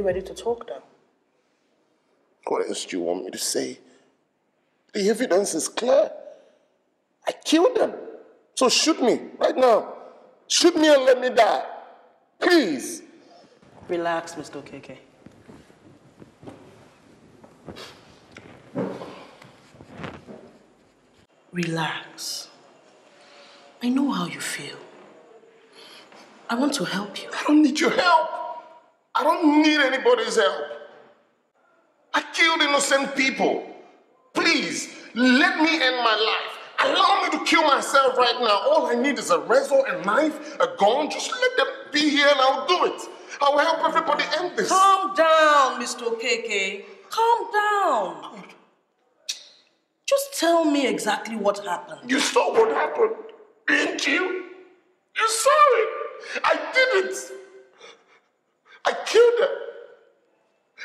you ready to talk now? What else do you want me to say? The evidence is clear. I killed them. So shoot me right now. Shoot me and let me die. Please. Relax, Mr. KK. Relax. I know how you feel. I want to help you. I don't need your help. I don't need anybody's help. I killed innocent people. Please, let me end my life. Allow me to kill myself right now. All I need is a razor, a knife, a gun. Just let them be here and I'll do it. I'll help everybody end this. Calm down, Mr. Okeke. Calm down. Just tell me exactly what happened. You saw what happened, didn't you? You saw it. I did it. I killed them.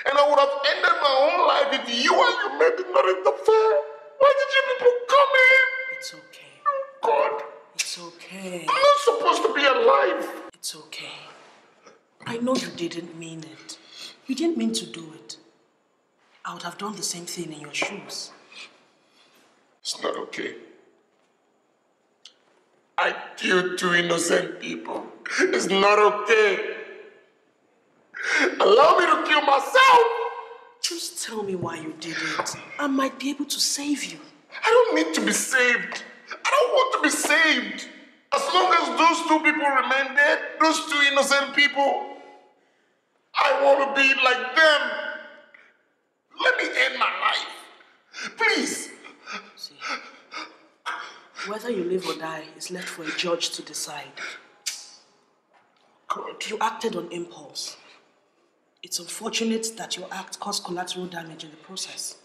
And I would have ended my own life if you and your men did not interfere. Why did you people come in? It's okay. Oh God. It's okay. I'm not supposed to be alive. It's okay. I know you didn't mean it. You didn't mean to do it. I would have done the same thing in your shoes. It's not okay. I killed two innocent people. It's not okay. Allow me to kill myself. Just tell me why you did it. I might be able to save you. I don't need to be saved. I don't want to be saved. As long as those two people remain dead, those two innocent people, I want to be like them. Let me end my life. Please. See, whether you live or die is left for a judge to decide. God. You acted on impulse. It's unfortunate that your act caused collateral damage in the process.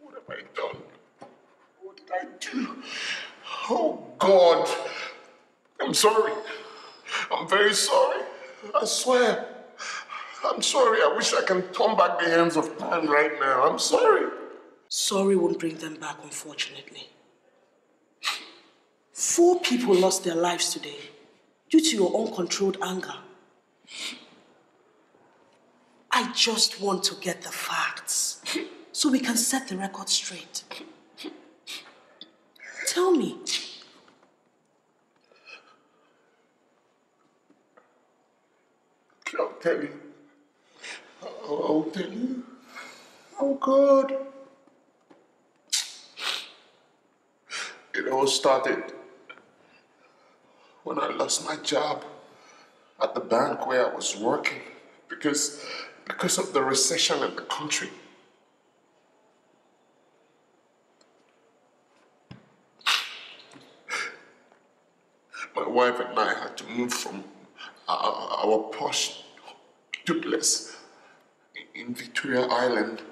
What have I done? What did I do? Oh, God. I'm sorry. I'm very sorry. I swear. I'm sorry. I wish I can turn back the hands of time right now. I'm sorry. Sorry won't bring them back, unfortunately. Four people lost their lives today due to your uncontrolled anger. I just want to get the facts so we can set the record straight. Tell me, I'll tell you. I'll tell you. Oh God. It all started when I lost my job at the bank where I was working because, because of the recession in the country. My wife and I had to move from our, our posh duplex in Victoria Island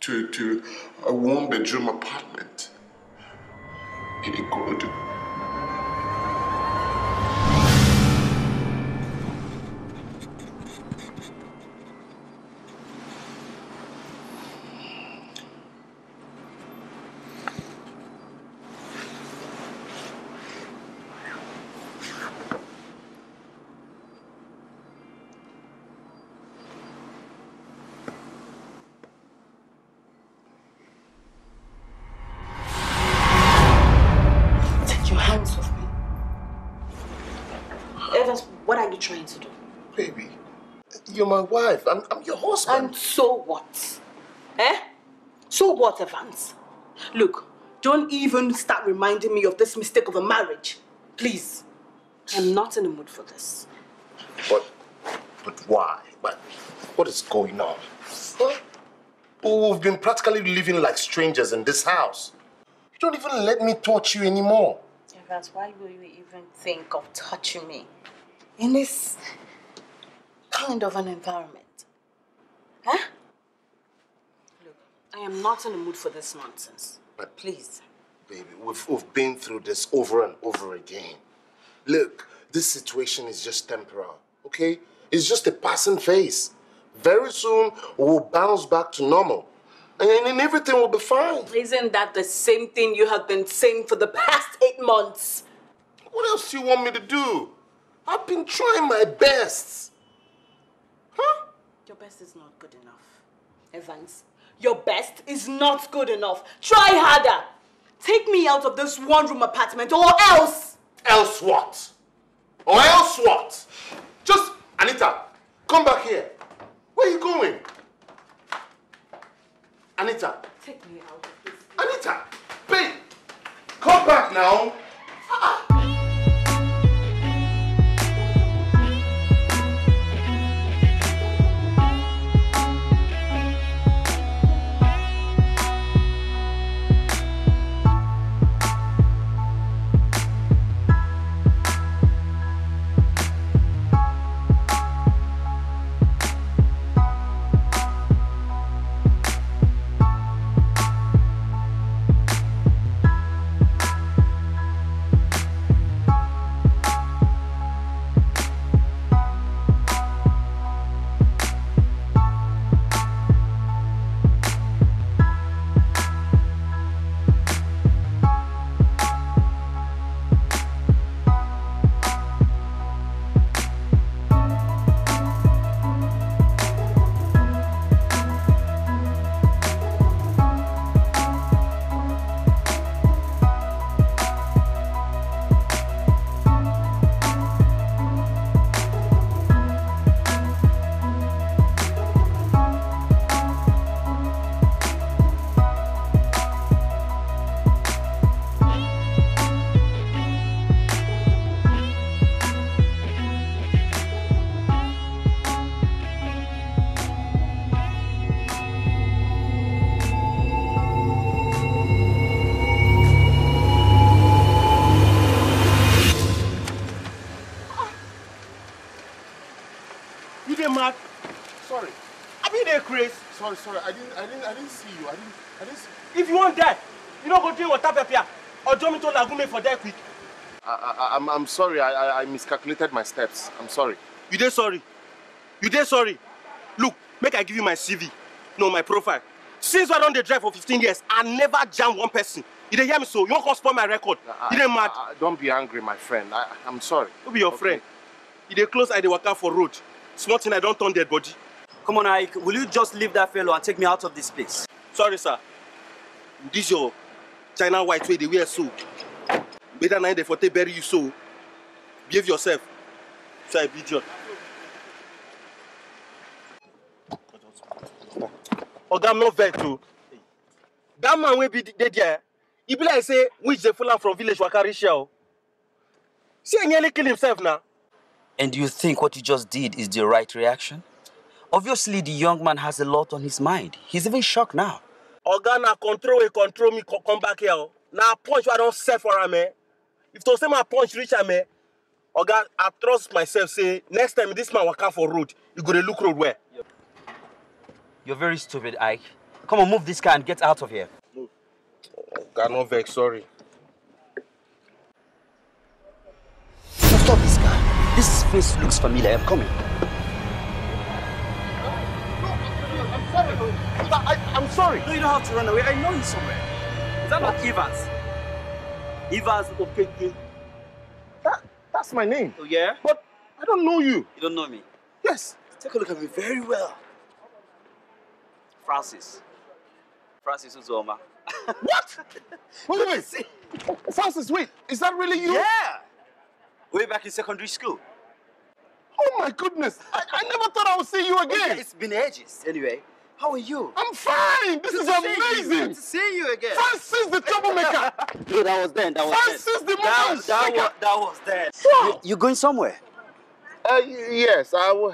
to, to a one bedroom apartment in a good. you my wife. I'm, I'm your husband. And so what? Eh? So what, Evans? Look, don't even start reminding me of this mistake of a marriage. Please. I'm not in the mood for this. But, but why? But what is going on? Huh? We've been practically living like strangers in this house. You don't even let me touch you anymore. Evans, why will you even think of touching me? In this kind of an environment? Huh? Look, I am not in the mood for this nonsense. But please. Baby, we've, we've been through this over and over again. Look, this situation is just temporal, okay? It's just a passing phase. Very soon, we'll bounce back to normal. And then everything will be fine. Isn't that the same thing you have been saying for the past eight months? What else do you want me to do? I've been trying my best. Huh? Your best is not good enough. Evans, your best is not good enough. Try harder. Take me out of this one-room apartment or else. Else what? Or else what? Just, Anita, come back here. Where are you going? Anita. Take me out of this. Anita, babe, come back now. for there quick. I, I, I'm, I'm sorry, I, I, I miscalculated my steps. I'm sorry. You dey sorry? You dey sorry? Look, make I give you my CV. No, my profile. Since I don dey drive for 15 years, I never jam one person. You dey hear me so? You won't come spoil my record? I, you dey mad? I, I, don't be angry, my friend. I, I'm sorry. Who be your okay. friend? You dey close eye dey waka for road. Small thing I don't turn dead body. Come on, Ike. Will you just leave that fellow and take me out of this place? Sorry, sir. This your China white way they wear so. Better now they for they bury you so. Behave yourself. So I beat you. Oga, I'm not vet oh, too. That man oh. will be dead there. He be like say, which the fulan from village Wakari shell. Oh. See, he nearly kill himself now. And do you think what you just did is the right reaction? Obviously, the young man has a lot on his mind. He's even shocked now. Organa, control, control me, come back here. Now punch wey i not sell for am eh if to say my punch reach am eh God, i trust myself say next time this man waka for road you gonna look road where. you're very stupid ike come on move this car and get out of here. move oga no vex sorry. stop this car this face looks familiar i'm coming. No, I'm sorry. I, I'm sorry. No, you don't have to run away. I know you somewhere. That's not Evans? Evans Okenge. That, that's my name. Oh, yeah? But I don't know you. You don't know me? Yes. Take a look at me very well. Francis. Francis Uzoma. what? wait, wait, wait. Francis, wait. Is that really you? Yeah. Way back in secondary school. Oh my goodness. I, I never thought I would see you oh, again. it's been ages. Anyway, how are you? I'm fine. This Good is amazing. You. see you again. Francis the troublemaker. yeah, that was then. That was Francis then. the that, that, was, that was then. You, are going somewhere? Uh, yes, I,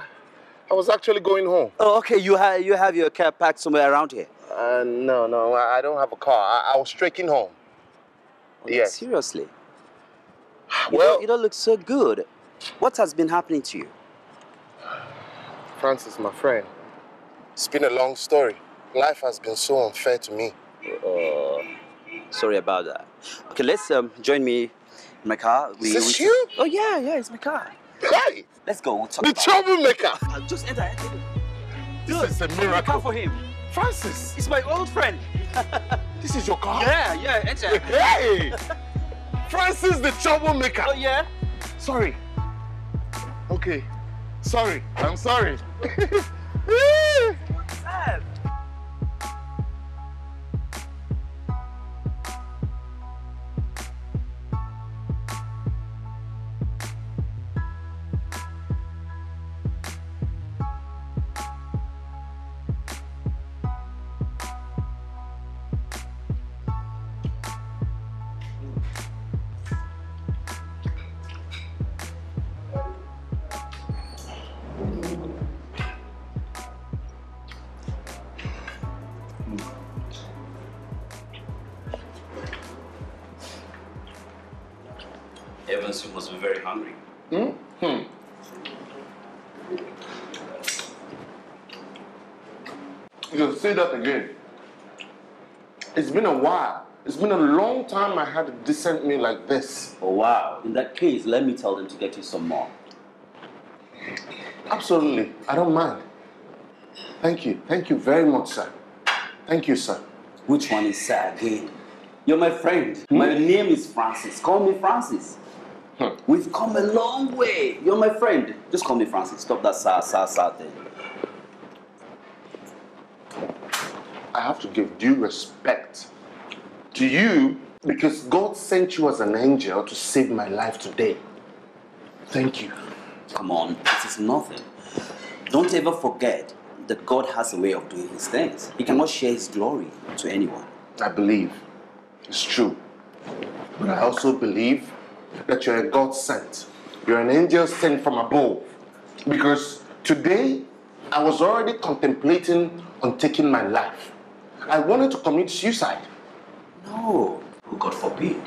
I was actually going home. Oh, okay. You, ha you have your car parked somewhere around here? Uh, no, no. I don't have a car. I, I was trekking home. Oh, yes. Seriously? You well, don't, you don't look so good. What has been happening to you? Francis, my friend. It's been a long story. Life has been so unfair to me. Uh, sorry about that. Okay, let's um, join me in my car. We, Is this we... you? Oh, yeah, yeah, it's my car. Hey! Let's go. We'll talk the troublemaker! I'll uh, just enter. enter. Dude, this is a miracle. Car for him. Francis! It's my old friend. this is your car? Yeah, yeah, enter. Hey! Francis the troublemaker! Oh, yeah? Sorry. Okay. Sorry. I'm sorry. Woo! they sent me like this. Oh, wow. In that case, let me tell them to get you some more. Absolutely. I don't mind. Thank you. Thank you very much, sir. Thank you, sir. Which one is sir again? You're my friend. Hmm? My name is Francis. Call me Francis. We've come a long way. You're my friend. Just call me Francis. Stop that sir, sir, sir thing. I have to give due respect to you because God sent you as an angel to save my life today. Thank you. Come on, it is nothing. Don't ever forget that God has a way of doing his things. He cannot share his glory to anyone. I believe. It's true. But I also believe that you're a God sent. You're an angel sent from above. Because today, I was already contemplating on taking my life. I wanted to commit suicide. No, God forbid.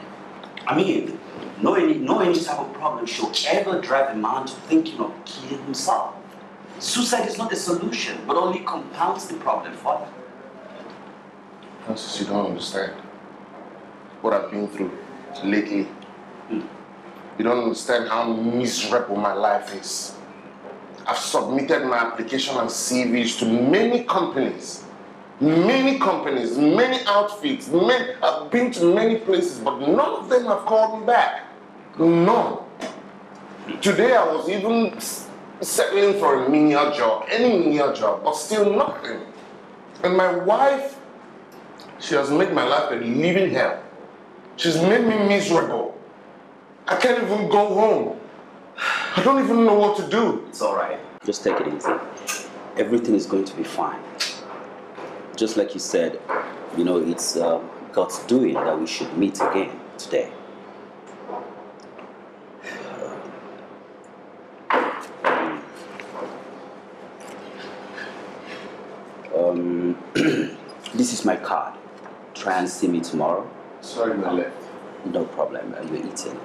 I mean, no any, no any type of problem should ever drive a man to thinking of killing himself. Suicide is not a solution, but only compounds the problem further. Francis, you don't understand what I've been through lately. Mm. You don't understand how miserable my life is. I've submitted my application and CVs to many companies. Many companies, many outfits, many, I've been to many places, but none of them have called me back. None. Today I was even settling for a menial job, any menial job, but still nothing. And my wife, she has made my life a living hell. She's made me miserable. I can't even go home. I don't even know what to do. It's all right. Just take it easy. Everything is going to be fine just like you said, you know, it's um, God's doing that we should meet again today. Um, this is my card. Try and see me tomorrow. Sorry, my left. No problem. Uh, you're eating.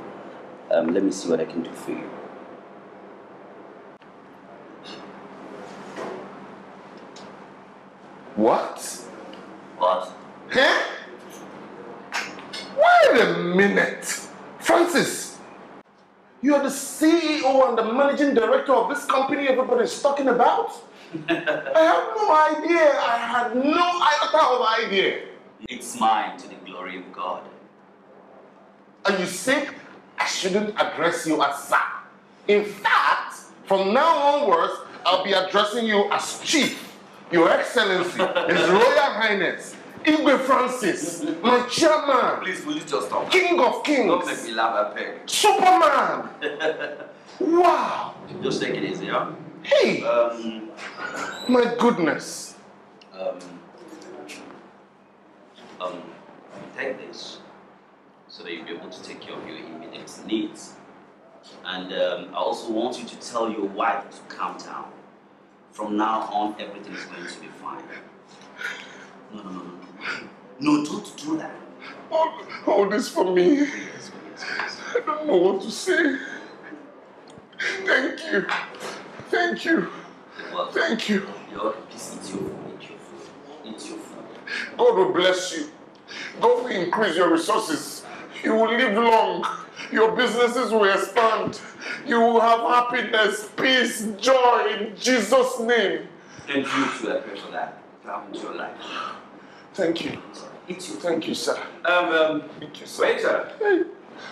Um, let me see what I can do for you. What? What? Huh? Wait a minute. Francis, you are the CEO and the managing director of this company everybody's talking about? I have no idea. I had no iota of idea. It's mine to the glory of God. Are you sick? I shouldn't address you as sir. In fact, from now onwards, I'll be addressing you as chief. Your Excellency, His Royal Highness, Igwe Francis, my chairman. Please, will you just stop? King of Kings. Don't make me laugh at peg. Superman. wow. Just take it easy, huh? Hey. Um, my goodness. Um, um, take this so that you'll be able to take care of your immediate needs. And um, I also want you to tell your wife to calm down from now on, everything is going to be fine. No, no, no, no. No, don't do that. Hold, hold this for me. I don't know what to say. Thank you. Thank you. Thank you. your food. your food. your food. God will bless you. God will increase your resources. You will live long. Your businesses will expand. You will have happiness, peace, joy in Jesus' name. Thank you to that person that happened to your life. Thank you. It's you. Thank you, sir. Um, um, Thank you, sir. Waiter, hey.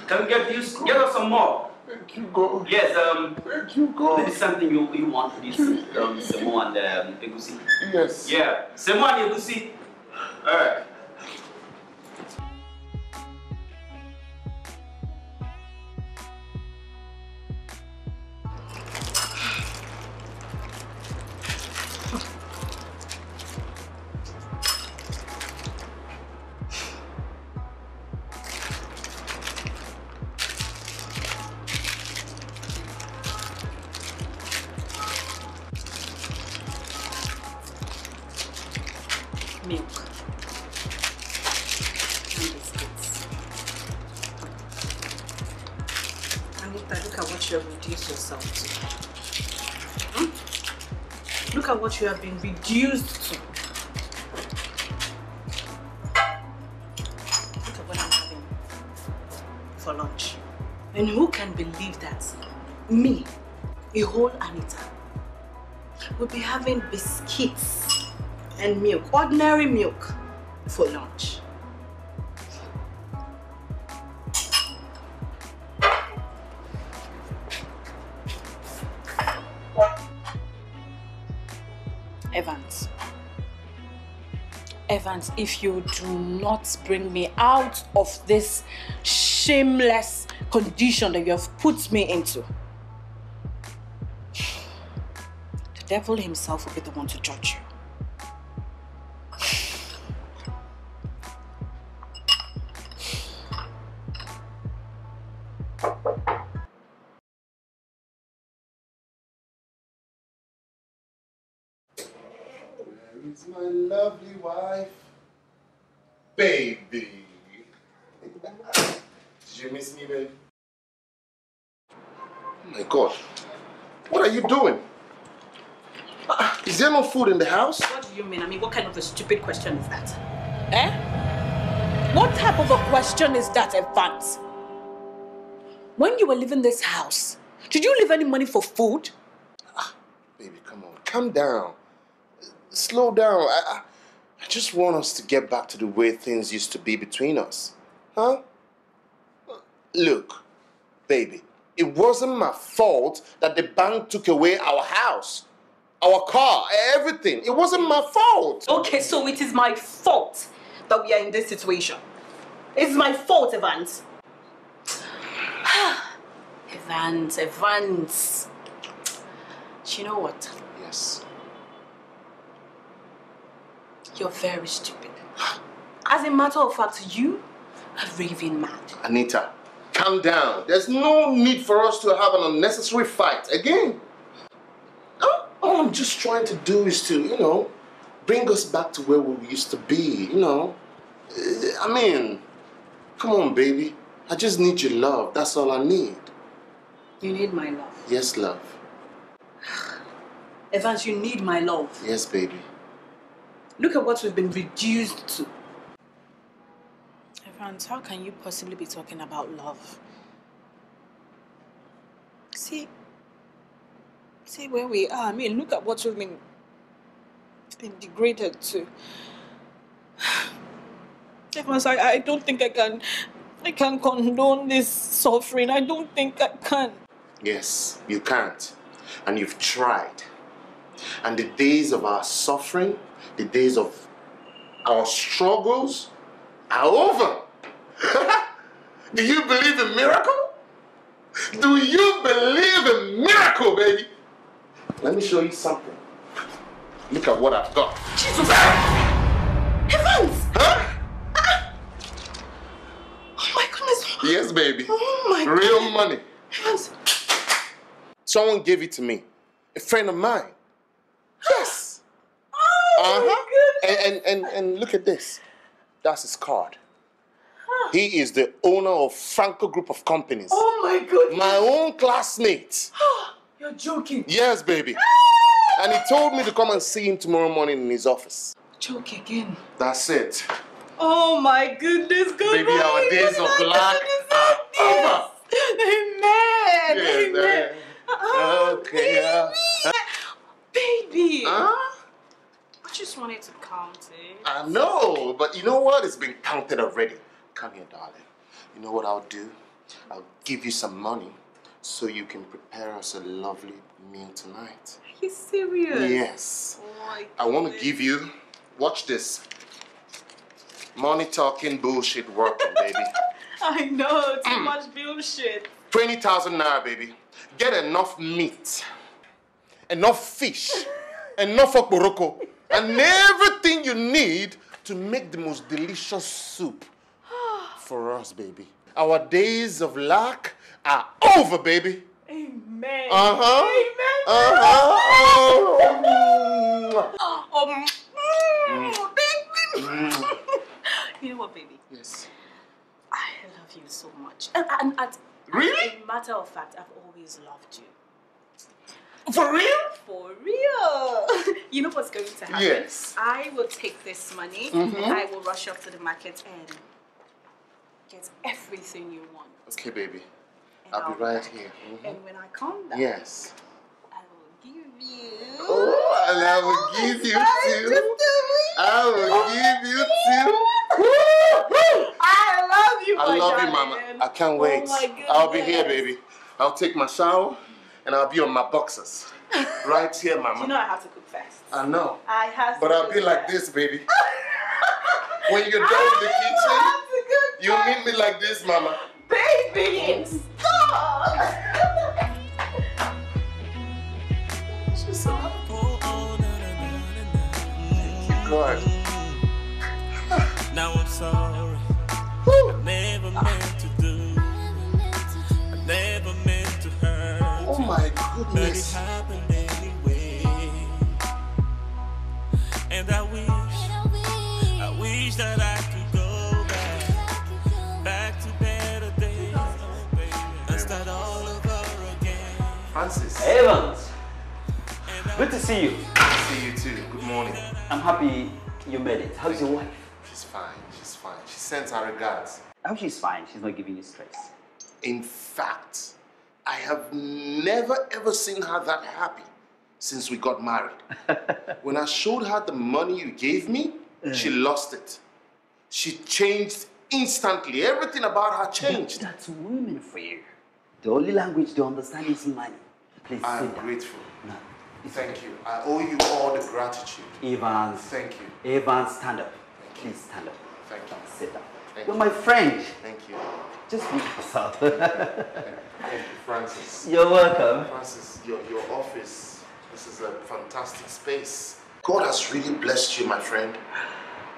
can we get you get us some more? Thank you, God. Yes, um. Thank you, God. This is something you, you want this um, Semo and um, Egusi. Yes. Yeah, Semo and Egusi. All right. used to. Look at what I'm having for lunch. And who can believe that me, a whole Anita, will be having biscuits and milk, ordinary milk, for lunch? Evans, if you do not bring me out of this shameless condition that you have put me into, the devil himself will be the one to judge you. my lovely wife. Baby. Did you miss me, baby? Oh my God. What are you doing? Uh, is there no food in the house? What do you mean? I mean, what kind of a stupid question is that? Eh? What type of a question is that, Evans? When you were leaving this house, did you leave any money for food? Ah, baby, come on. Calm down slow down. I, I just want us to get back to the way things used to be between us. Huh? Look, baby, it wasn't my fault that the bank took away our house, our car, everything. It wasn't my fault. Okay, so it is my fault that we are in this situation. It's my fault, Evans. Evans, Evans. Do you know what? Yes. You're very stupid. As a matter of fact, you are raving mad. Anita, calm down. There's no need for us to have an unnecessary fight again. All I'm just trying to do is to, you know, bring us back to where we used to be, you know. Eh, I mean, come on, baby. I just need your love. That's all I need. You need my love? Yes, love. Evans, you need my love. Yes, baby. Look at what we've been reduced to. Evans, how can you possibly be talking about love? See, see where we are. I mean, look at what we've been, been degraded to. Evans, I, I don't think I can, I can condone this suffering. I don't think I can. Yes, you can't. And you've tried. And the days of our suffering the days of our struggles are over. Do you believe in miracle? Do you believe in miracle, baby? Let me show you something. Look at what I've got. Jesus! Heavens! Huh? Oh my goodness. Yes, baby. Oh my Real God. money. Heavens. Someone gave it to me. A friend of mine. Yes huh. Oh and, and, and, and look at this. That's his card. He is the owner of Franco Group of Companies. Oh my goodness. My own classmate. You're joking. Yes, baby. Ah! and he told me to come and see him tomorrow morning in his office. Joke again. That's it. Oh my goodness, good Baby, our days of luck are over. Amen. Yes, Amen. Uh, okay. Baby. Uh, baby. Huh? just wanted to count it. I know, but you know what? It's been counted already. Come here, darling. You know what I'll do? I'll give you some money so you can prepare us a lovely meal tonight. Are you serious? Yes. Oh, I, want to give you, watch this. Money talking, bullshit working, baby. I know, too mm. much bullshit. 20,000 naira, baby. Get enough meat, enough fish, enough okporoko and everything you need to make the most delicious soup for us, baby. Our days of lack are over, baby. Amen. Uh huh. Amen. Uh huh. um, mm. Mm. Mm. you know what, baby? Yes. I love you so much. And, and, and really? As a matter of fact, I've always loved you. For real? For real. you know what's going to happen? Yes. I will take this money mm -hmm. and I will rush up to the market and get everything you want. Okay, baby. I'll, I'll, be right back. here. Mm -hmm. And when I come back, yes. I will give you. Oh, and I will oh, give you too. I will oh, give you too. I love you, I love darling. you, Mama. I can't wait. Oh, I'll be here, baby. I'll take my shower and I'll be on my boxes. right here, mama. You know I have to cook fast. I know. I have But I'll be fast. like this, baby. when you're done with the kitchen, you will meet me like this, mama. Baby, stop! She's so happy. Keep going. darkness. And I wish, I wish that I could go back, back to better days, and start all over again. Francis. Evans. Good to see you. Good to see you too. Good morning. I'm happy you made it. How's your wife? She's fine. She's fine. She sends her regards. I hope she's fine. She's not giving you stress. In fact, I have never ever seen her that happy since we got married. when I showed her the money you gave me, she lost it. She changed instantly. Everything about her changed. That, that's women for you. The only language they understand is money. Please I'm grateful. No. Thank okay. you. I owe you all the gratitude. Evans. Thank you. Evans, stand up. Please stand up. Thank you. Sit down. Thank You're you. my friend. Thank you. Just Thank you, Francis. You're welcome. Francis, your, your office, this is a fantastic space. God has really blessed you, my friend.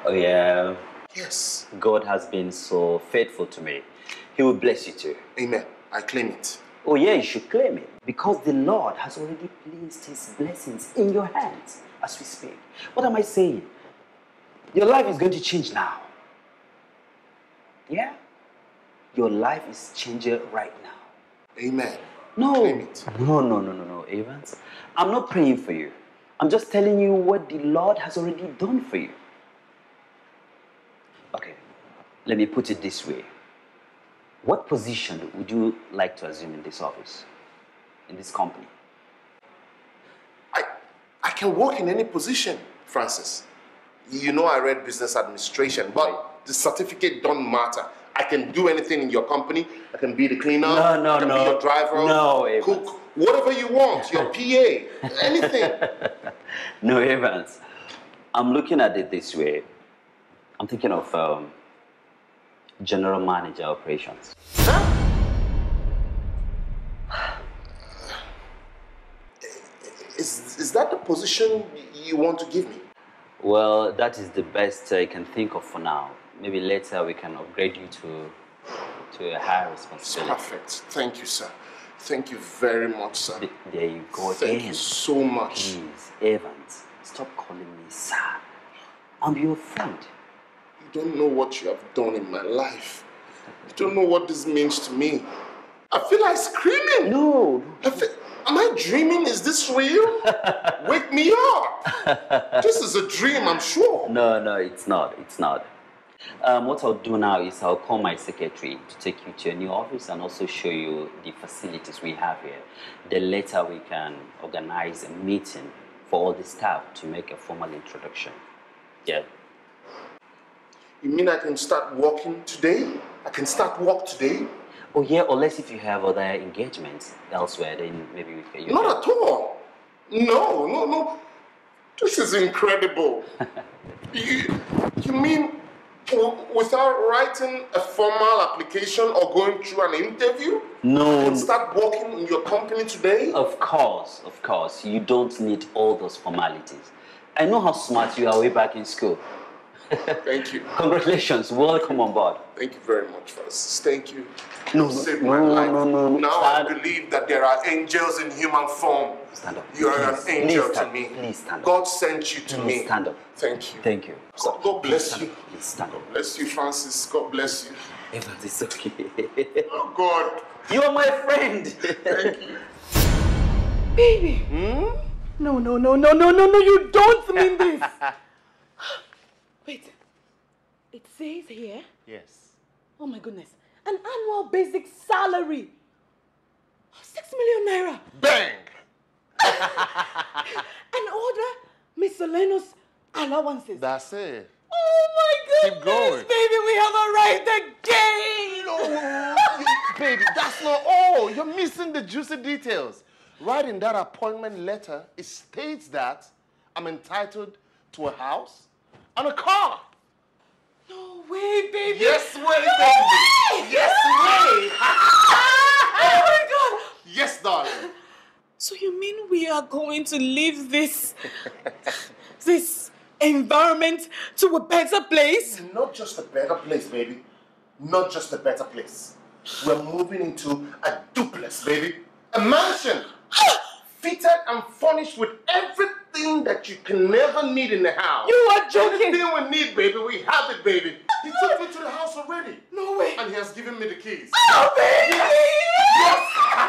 Oh, yeah. Yes. God has been so faithful to me. He will bless you too. Amen. I claim it. Oh, yeah, you should claim it. Because the Lord has already placed His blessings in your hands as we speak. What am I saying? Your life is going to change now. Yeah? Your life is changing right now. Amen. No. No, no, no, no, no, Evans. I'm not praying for you. I'm just telling you what the Lord has already done for you. Okay, let me put it this way. What position would you like to assume in this office, in this company? I, I can work in any position, Francis. You know I read business administration, but the certificate don't matter. I can do anything in your company. I can be the cleaner. No, no, I can no. Be your driver. No, Evans. Cook. Whatever you want. Your PA. Anything. no, Evans. I'm looking at it this way. I'm thinking of um, general manager operations. Is, is that the position you want to give me? Well, that is the best I can think of for now maybe later we can upgrade you to to a higher responsibility. perfect. Thank you, sir. Thank you very much, sir. Th there you go Thank you so much. Please, Evans, stop calling me sir. I'm your friend. You don't know what you have done in my life. You don't know what this means to me. I feel like screaming. No. I feel, am I dreaming? Is this real? Wake me up. this is a dream, I'm sure. No, no, it's not. It's not. Um, what I'll do now is I'll call my secretary to take you to your new office and also show you the facilities we have here. Then later we can organize a meeting for all the staff to make a formal introduction. Yeah. You mean I can start working today? I can start work today? Oh yeah, unless if you have other engagements elsewhere, then maybe we can. Not at all. No, no, no. This is incredible. you, you mean without writing a formal application or going through an interview? No. start working in your company today? Of course, of course. You don't need all those formalities. I know how smart you are way back in school. Thank you. Congratulations. Welcome on board. Thank you very much, Francis. Thank you. No, you no, no, no, no, Now Dad. I believe that there are angels in human form. Stand up. You are an angel please stand, to me. Please stand up. God sent you to please me. Stand up. Thank you. Thank you. God, God bless please you. Stand please stand up. God bless you, Francis. God bless you. Evans, it's okay. oh God. You are my friend. Thank you. Baby. Hmm? No, no, no, no, no, no, no. You don't mean this. Wait. It says here. Yes. Oh my goodness. An annual basic salary. Six million naira. Bang! and order miscellaneous allowances. That's it. Oh my goodness, going. baby, we have arrived again. No, baby, that's not all. You're missing the juicy details. Right in that appointment letter, it states that I'm entitled to a house and a car. No way, baby. Yes, way, no baby. Way. Yes, way. oh my God. Yes, darling. So you mean we are going to leave this, this environment to a better place? Not just a better place, baby. Not just a better place. We're moving into a duplex, baby. A mansion. fitted and furnished with everything that you can never need in the house. You are joking. Everything we need, baby, we have it, baby. He took me to the house already. No way. And he has given me the keys. Oh, baby! yes. yes.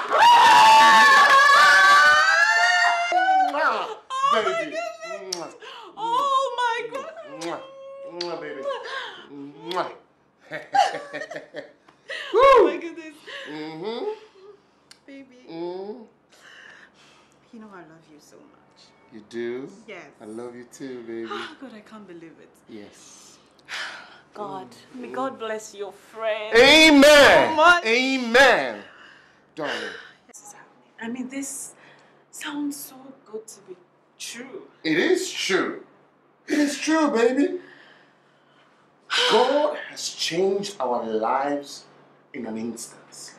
too, baby. God, I can't believe it. Yes. God, mm. may God bless your friend. Amen. So Amen. Darling. I mean, this sounds so good to be true. It is true. It is true, baby. God has changed our lives in an instant.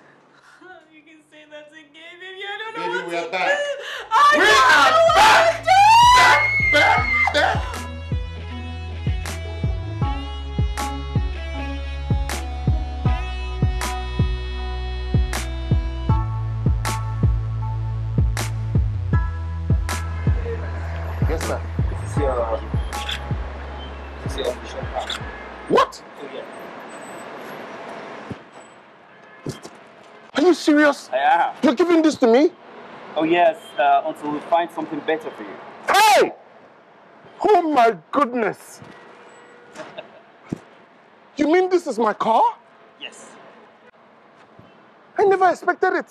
You can say that again, baby. I don't know baby, what we are back. Do. I we are back that? Yes, sir. This is your, this is your official card. What? Are you serious? I am. You're giving this to me? Oh yes, uh, until we find something better for you. Oh my goodness. you mean this is my car? Yes. I never expected it.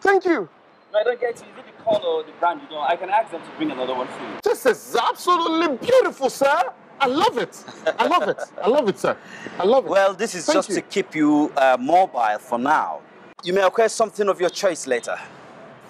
Thank you. No, I don't get it. Is it the color or the brand? You know, I can ask them to bring another one for you. This is absolutely beautiful, sir. I love it. I love it. I love it, sir. I love it. Well, this is Thank just you. to keep you uh, mobile for now. You may acquire something of your choice later.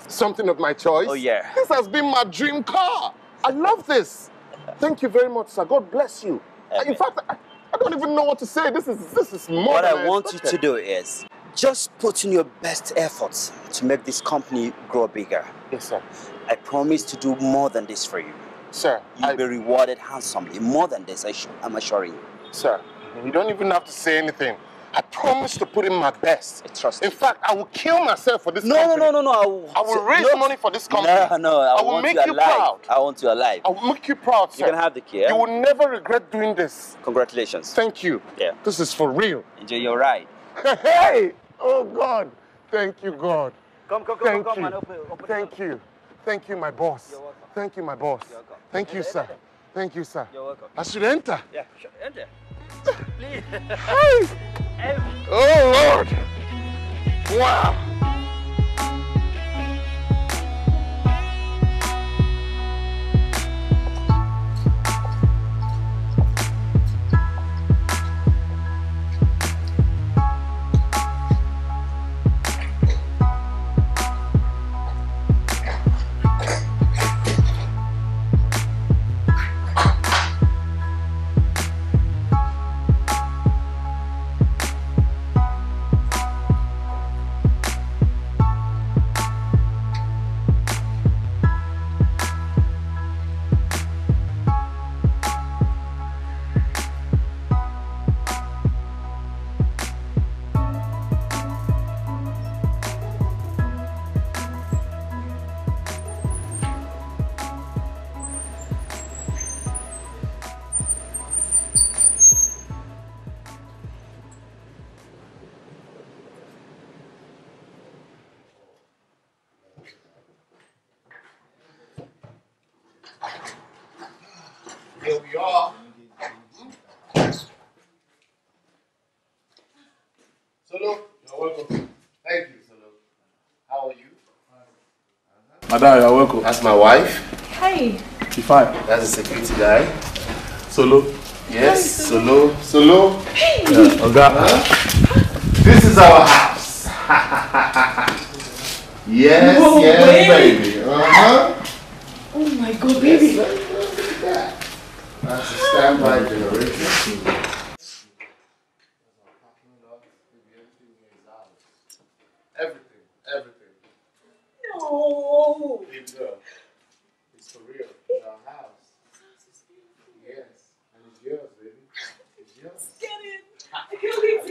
Something of my choice? Oh, yeah. This has been my dream car. I love this. Thank you very much, sir. God bless you. Amen. In fact, I, I don't even know what to say. This is this is more. What I, I want expected. you to do is just put in your best efforts to make this company grow bigger. Yes, sir. I promise to do more than this for you. Sir. You'll I... be rewarded handsomely. More than this, I am assuring you. Sir, you don't even have to say anything. I promise to put in my best. I trust. In fact, I will kill myself for this no, company. No, no, no, no, I will, I will raise no, money for this company. No, no, I, I will make you, you proud. I want you alive. I will make you proud, sir. You can have the key. You will never regret doing this. Congratulations. Thank you. Yeah. This is for real. Enjoy your ride. hey! Oh, God. Thank you, God. Come, come, come, Thank come, come, you. man. Open, open Thank you. Thank you, my boss. Thank you, my boss. Thank you, sir. Thank you, sir. You're welcome. I should enter. Yeah, sure. enter oh Lord! Wow! you're welcome. That's my wife. Hi. fine. That's the security guy. Solo. Yes, Hi, Solo. Solo. Hey. Yeah, okay. huh? This is our house. yes, no yes, way. baby. Uh-huh. Oh my god, baby. Yes, that's a standby generation.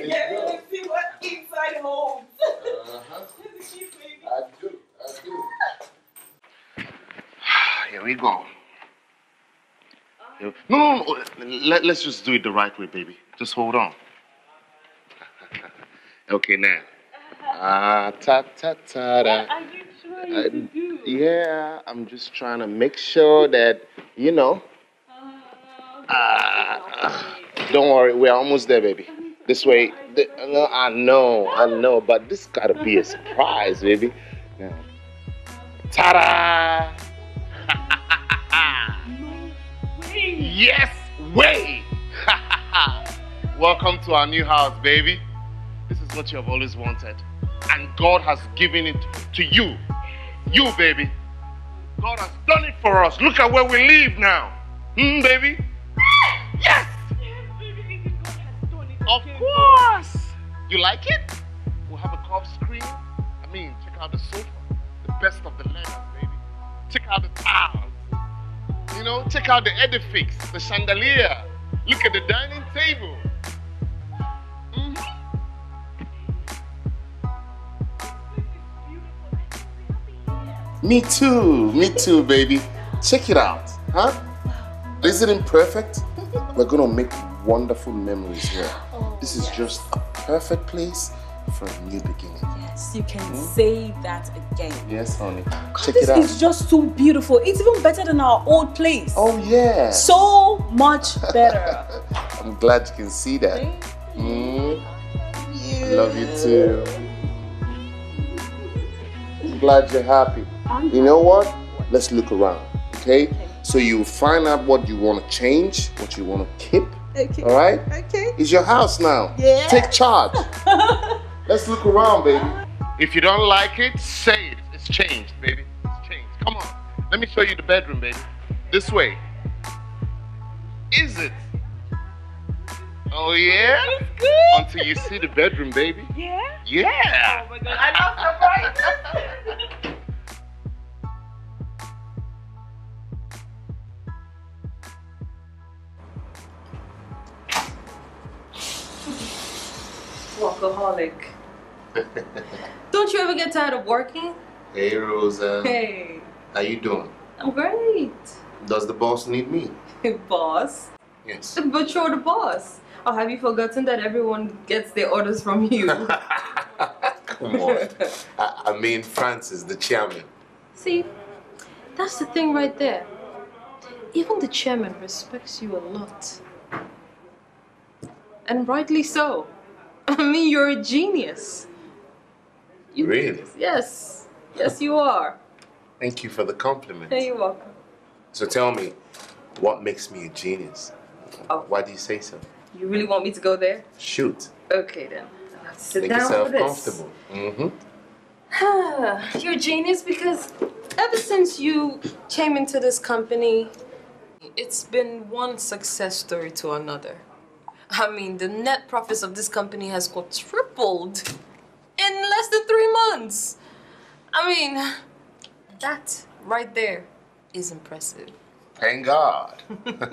Yeah, let not see what inside holds. Uh-huh. I do. I do. Here we go. No, no, no. Let, us just do it the right way, baby. Just hold on. okay, now. Ah, uh, ta ta ta da. What are you trying uh, to do? Yeah, I'm just trying to make sure that, you know. Uh, don't worry, we're almost there, baby. This way, no, I know, I know, but this gotta be a surprise, baby. ta da yes, way! Welcome to our new house, baby. This is what you have always wanted, and God has given it to you. You, baby. God has done it for us. Look at where we live now. Hmm, baby? Yes! Of course. You like it? We'll have a curved screen. I mean, check out the sofa. The best of the land, baby. Check out the tiles. You know, check out the edifix, the chandelier. Look at the dining table. Mm-hmm. Me too, me too, baby. Check it out, huh? Is it imperfect? We're gonna make wonderful memories here. Oh, this is yes. just a perfect place for a new beginning. Yes, you can mm. say that again. Yes, honey. God, Check this it out. is just too beautiful. It's even better than our old place. Oh yeah. So much better. I'm glad you can see that. Mm. Love you too. I'm glad you're happy. you know what? Let's look around. okay. okay. So you find out what you want to change, what you want to keep, Okay. All right? Okay. It's your house now. Yeah. Take charge. Let's look around, baby. If you don't like it, say it. It's changed, baby. It's changed. Come on. Let me show you the bedroom, baby. This way. Is it? Oh yeah. Until you see the bedroom, baby. Yeah. Yeah. Oh my god, I love surprises. workaholic. Don't you ever get tired of working? Hey, Rosa. Hey. How you doing? I'm great. Does the boss need me? boss? Yes. But you're the boss. Or oh, have you forgotten that everyone gets their orders from you? Come on. I, I mean Francis, the chairman. See, that's the thing right there. Even the chairman respects you a lot. And rightly so. I mean, you're a genius. You really? Yes. Yes, you are. Thank you for the compliment. You're welcome. So tell me, what makes me a genius? Oh. Why do you say so? You really want me to go there? Shoot. Okay then. Sit Make down yourself for this. comfortable. Mm-hmm. you're a genius because ever since you came into this company, it's been one success story to another. I mean, the net profits of this company has quadrupled in less than three months. I mean, that right there is impressive. Thank God.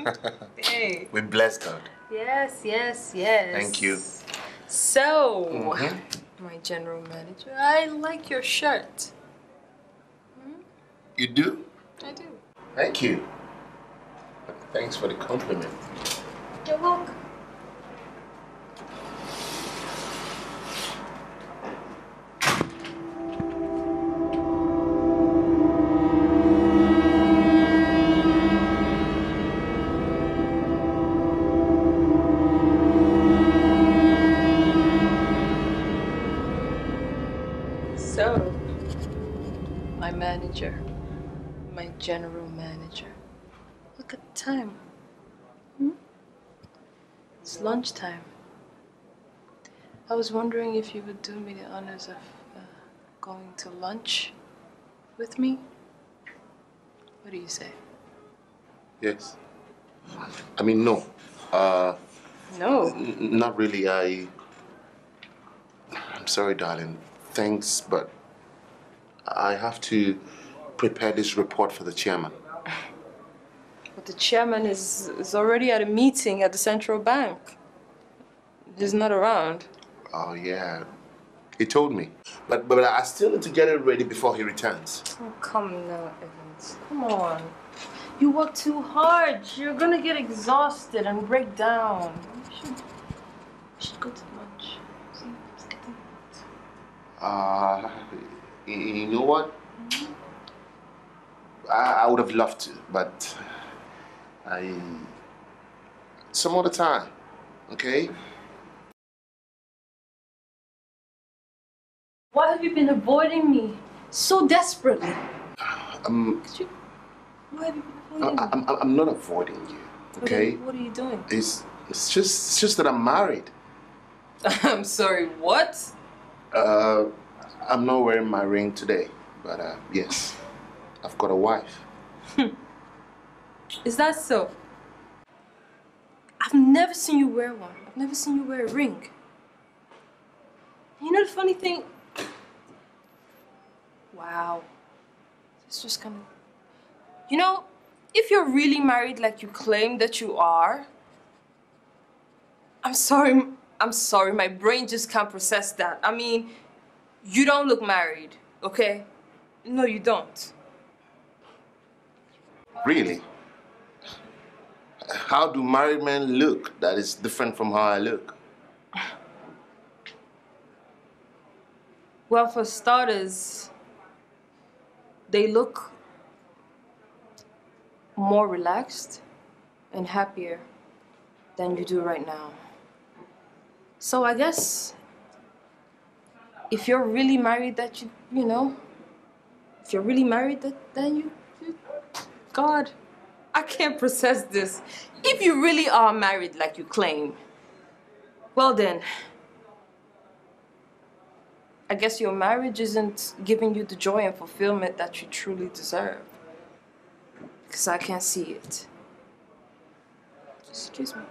hey. We bless God. Yes, yes, yes. Thank you. So, mm -hmm. my general manager, I like your shirt. Hmm? You do? I do. Thank you. Thanks for the compliment. You're welcome. time? Hmm? It's lunchtime. I was wondering if you would do me the honors of uh, going to lunch with me. What do you say? Yes. I mean, no. Uh, no. not really. I. I'm sorry, darling. Thanks, but I have to prepare this report for the chairman. But the chairman is, is already at a meeting at the central bank. He's not around. Oh, yeah. He told me. But, but I still need to get it ready before he returns. Oh, come now, Evans. Come on. You work too hard. You're going to get exhausted and break down. You should, you should go to lunch. Uh, you know what? Mm -hmm. I, I would have loved to, but Aí. Some other time. Okay? Why have you been avoiding me so desperately? Um, you, why have you been avoiding I, I, I'm not avoiding you, okay? What are, what are you doing? It's, it's, just, it's just that I'm married. I'm sorry, what? Uh, I'm not wearing my ring today, but uh, yes, I've got a wife. Is that so? I've never seen you wear one. I've never seen you wear a ring. You know the funny thing? Wow. It's just kind of... You know, if you're really married like you claim that you are... I'm sorry, I'm sorry, my brain just can't process that. I mean, you don't look married, okay? No, you don't. Really? how do married men look that is different from how I look? Well, for starters, they look more relaxed and happier than you do right now. So I guess if you're really married that you, you know, if you're really married that then you, you God. I can't process this. If you really are married like you claim, well then, I guess your marriage isn't giving you the joy and fulfillment that you truly deserve. Because I can't see it. Excuse me.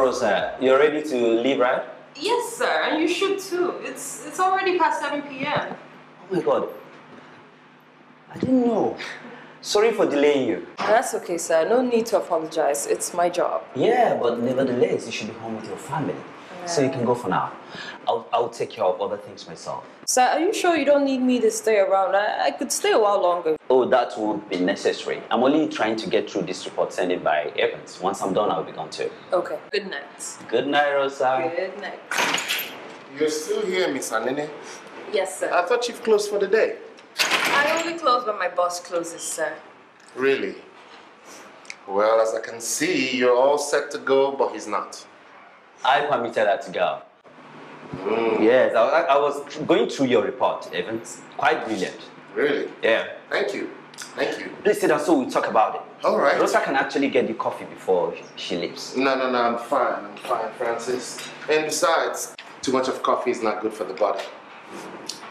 Rosa, you're ready to leave, right? Yes, sir, and you should too. It's it's already past 7 p.m. Oh my god. I didn't know. Sorry for delaying you. That's okay, sir. No need to apologize. It's my job. Yeah, but nevertheless, you should be home with your family. So you can go for now. I'll, I'll take care of other things myself. Sir, are you sure you don't need me to stay around? I, I could stay a while longer. Oh, that won't be necessary. I'm only trying to get through this report sent in by Evans. Once I'm done, I'll be gone too. Okay. Good night. Good night, Rosa. Good night. You're still here, Miss Anene? Yes, sir. I thought you've closed for the day. I only close when my boss closes, sir. Really? Well, as I can see, you're all set to go, but he's not. I permitted her to go. Mm. Yes, I, I, was going through your report, Evans. Quite brilliant. Really? Yeah. Thank you. Thank you. Please sit down so we talk about it. All right. Rosa can actually get the coffee before she leaves. No, no, no, I'm fine. I'm fine, Francis. And besides, too much of coffee is not good for the body.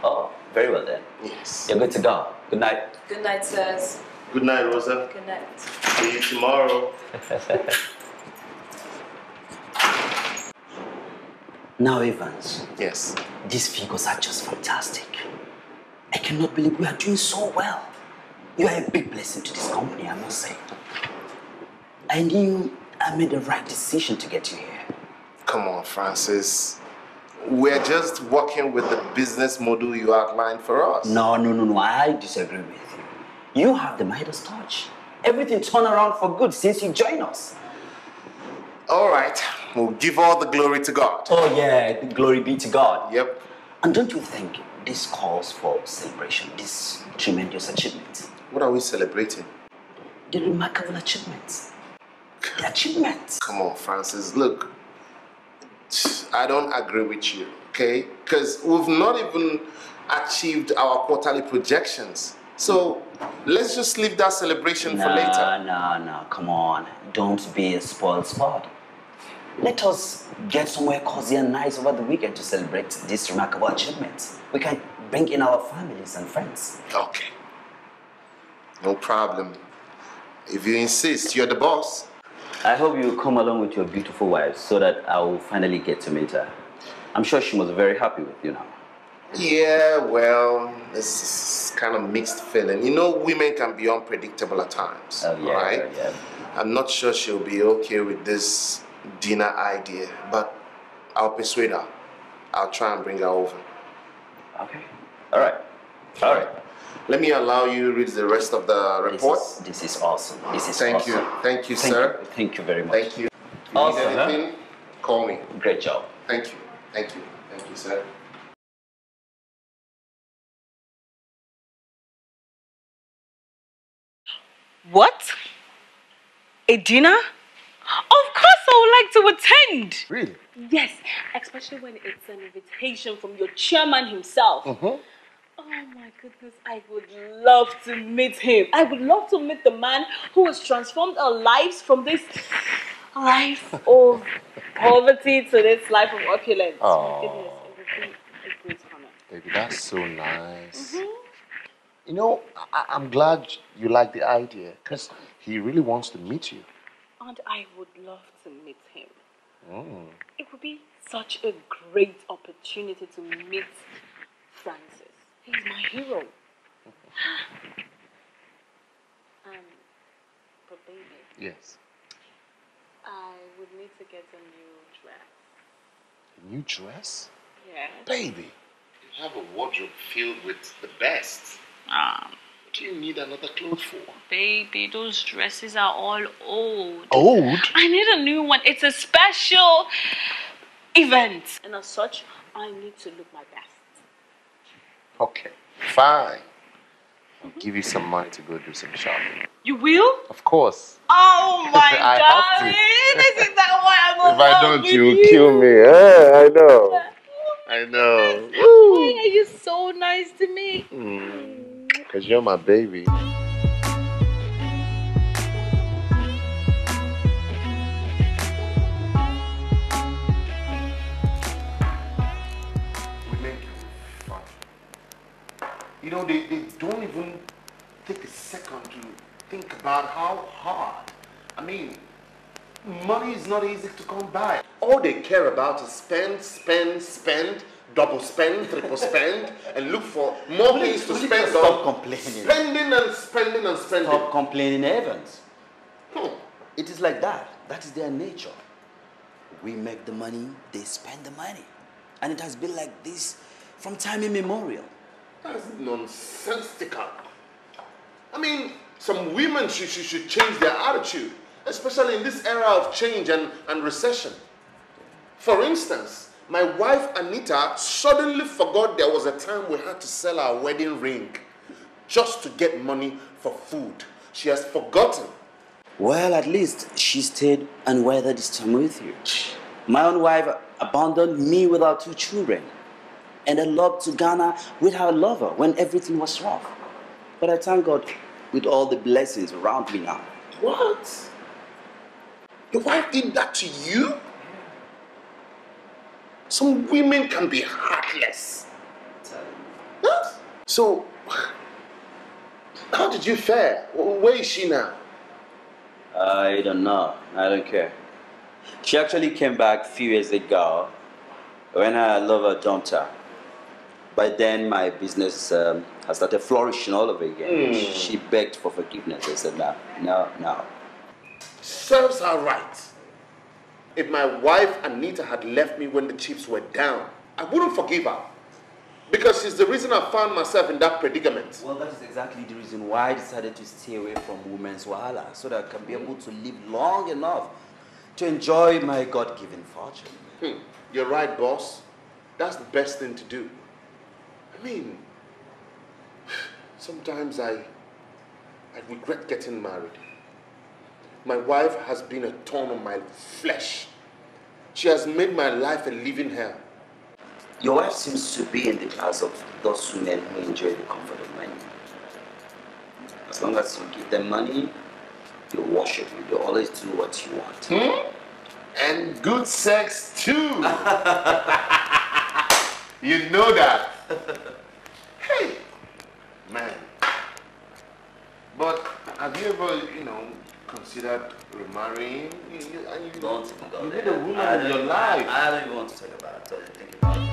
Oh, very well then. Yes. You're good to go. Good night. Good night, sirs. Good night, Rosa. Good night. See you tomorrow. Now, Evans. Yes. These figures are just fantastic. I cannot believe we are doing so well. You are a big blessing to this company, I must say. I knew I made the right decision to get you here. Come on, Francis. We're just working with the business model you outlined for us. No, no, no, no. I disagree with you. You have the Midas touch. Everything turned around for good since you joined us. All right. We'll give all the glory to God. Oh, yeah, glory be to God. Yep. And don't you think this calls for celebration, this tremendous achievement? What are we celebrating? The remarkable achievement. The achievement. Come on, Francis, look. I don't agree with you, okay? Because we've not even achieved our quarterly projections. So let's just leave that celebration for later. No, no, no, come on. Don't be a spoiled sport. Let us get somewhere cozy and nice over the weekend to celebrate this remarkable achievement. We can bring in our families and friends. Okay. No problem. If you insist, you're the boss. I hope you'll come along with your beautiful wife so that I will finally get to meet her. I'm sure she was very happy with you now. Yeah, well, it's kind of mixed feeling. You know, women can be unpredictable at times, oh, yeah, right? Yeah. I'm not sure she'll be okay with this dinner idea, but I'll persuade her. I'll try and bring her over. Okay. All right. All right. Let me allow you to read the rest of the report. This is, this is awesome. This is Thank awesome. you. Thank you, Thank sir. You. Thank you very much. Thank you. If you need anything, huh? call me. Great job. Thank you. Thank you. Thank you, sir. What? A dinner? Of course I would like to attend. Really? Yes, especially when it's an invitation from your chairman himself. Uh -huh. Oh my goodness, I would love to meet him. I would love to meet the man who has transformed our lives from this life of poverty to this life of opulence. Oh. Goodness, Baby, that's so nice. Mm -hmm. You know, I- I'm glad you like the idea because he really wants to meet you and I would love to meet him. Mm. It would be such a great opportunity to meet Francis. He's my hero. um, but baby. Yes. I would need to get a new dress. A new dress? Yeah. Baby. You have a wardrobe filled with the best. Um do you need another clothes for? Baby, those dresses are all old. Old? I need a new one. It's a special event. And as such, I need to look my best. Okay, fine. I'll give you some money to go do some shopping. You will? Of course. Oh my god. darling! Have to. Isn't that why I'm If I don't, you'll you. kill me. Yeah, I know. I know. Why are you so nice to me? Mm because you're my baby. You know, they, they don't even take a second to think about how hard. I mean, money is not easy to come by. All they care about is spend, spend, spend, double spend, triple spend, and look for more ways things to spend on. Stop complaining. Spending and spending and spending. Stop complaining, Evans. Hmm. It is like that. That is their nature. We make the money, they spend the money. And it has been like this from time immemorial. That's nonsensical. I mean, some women should, should, should change their attitude, especially in this era of change and, and recession. For instance, my wife Anita suddenly forgot there was a time we had to sell our wedding ring just to get money for food. She has forgotten. Well, at least she stayed and weathered this time with you. My own wife abandoned me with our two children and eloped to Ghana with her lover when everything was rough. But I thank God with all the blessings around me now. What? Your wife did that to you? Some women can be heartless. Huh? So, how did you fare? Where is she now? I don't know. I don't care. She actually came back a few years ago when her lover dumped her. By then, my business um, has started flourishing all over again. Mm. She begged for forgiveness. I said, no, no, no. Serves her right if my wife Anita had left me when the chips were down, I wouldn't forgive her. Because she's the reason I found myself in that predicament. Well, that is exactly the reason why I decided to stay away from women's wahala, so that I can be able to live long enough to enjoy my God given fortune. Hmm. You're right, boss. That's the best thing to do. I mean, sometimes I, I regret getting married. My wife has been a thorn on my flesh she has made my life a living hell. Your wife seems to be in the class of those women who enjoy the comfort of money. As long as you give them money, they worship you. They always do what you want. Hmm? And good sex too. you know that. hey, man. But have you ever, you know, considered remarrying? You, you, and you, don't even go You there. need a woman I in your life. I don't even want to talk about it. Don't think about it.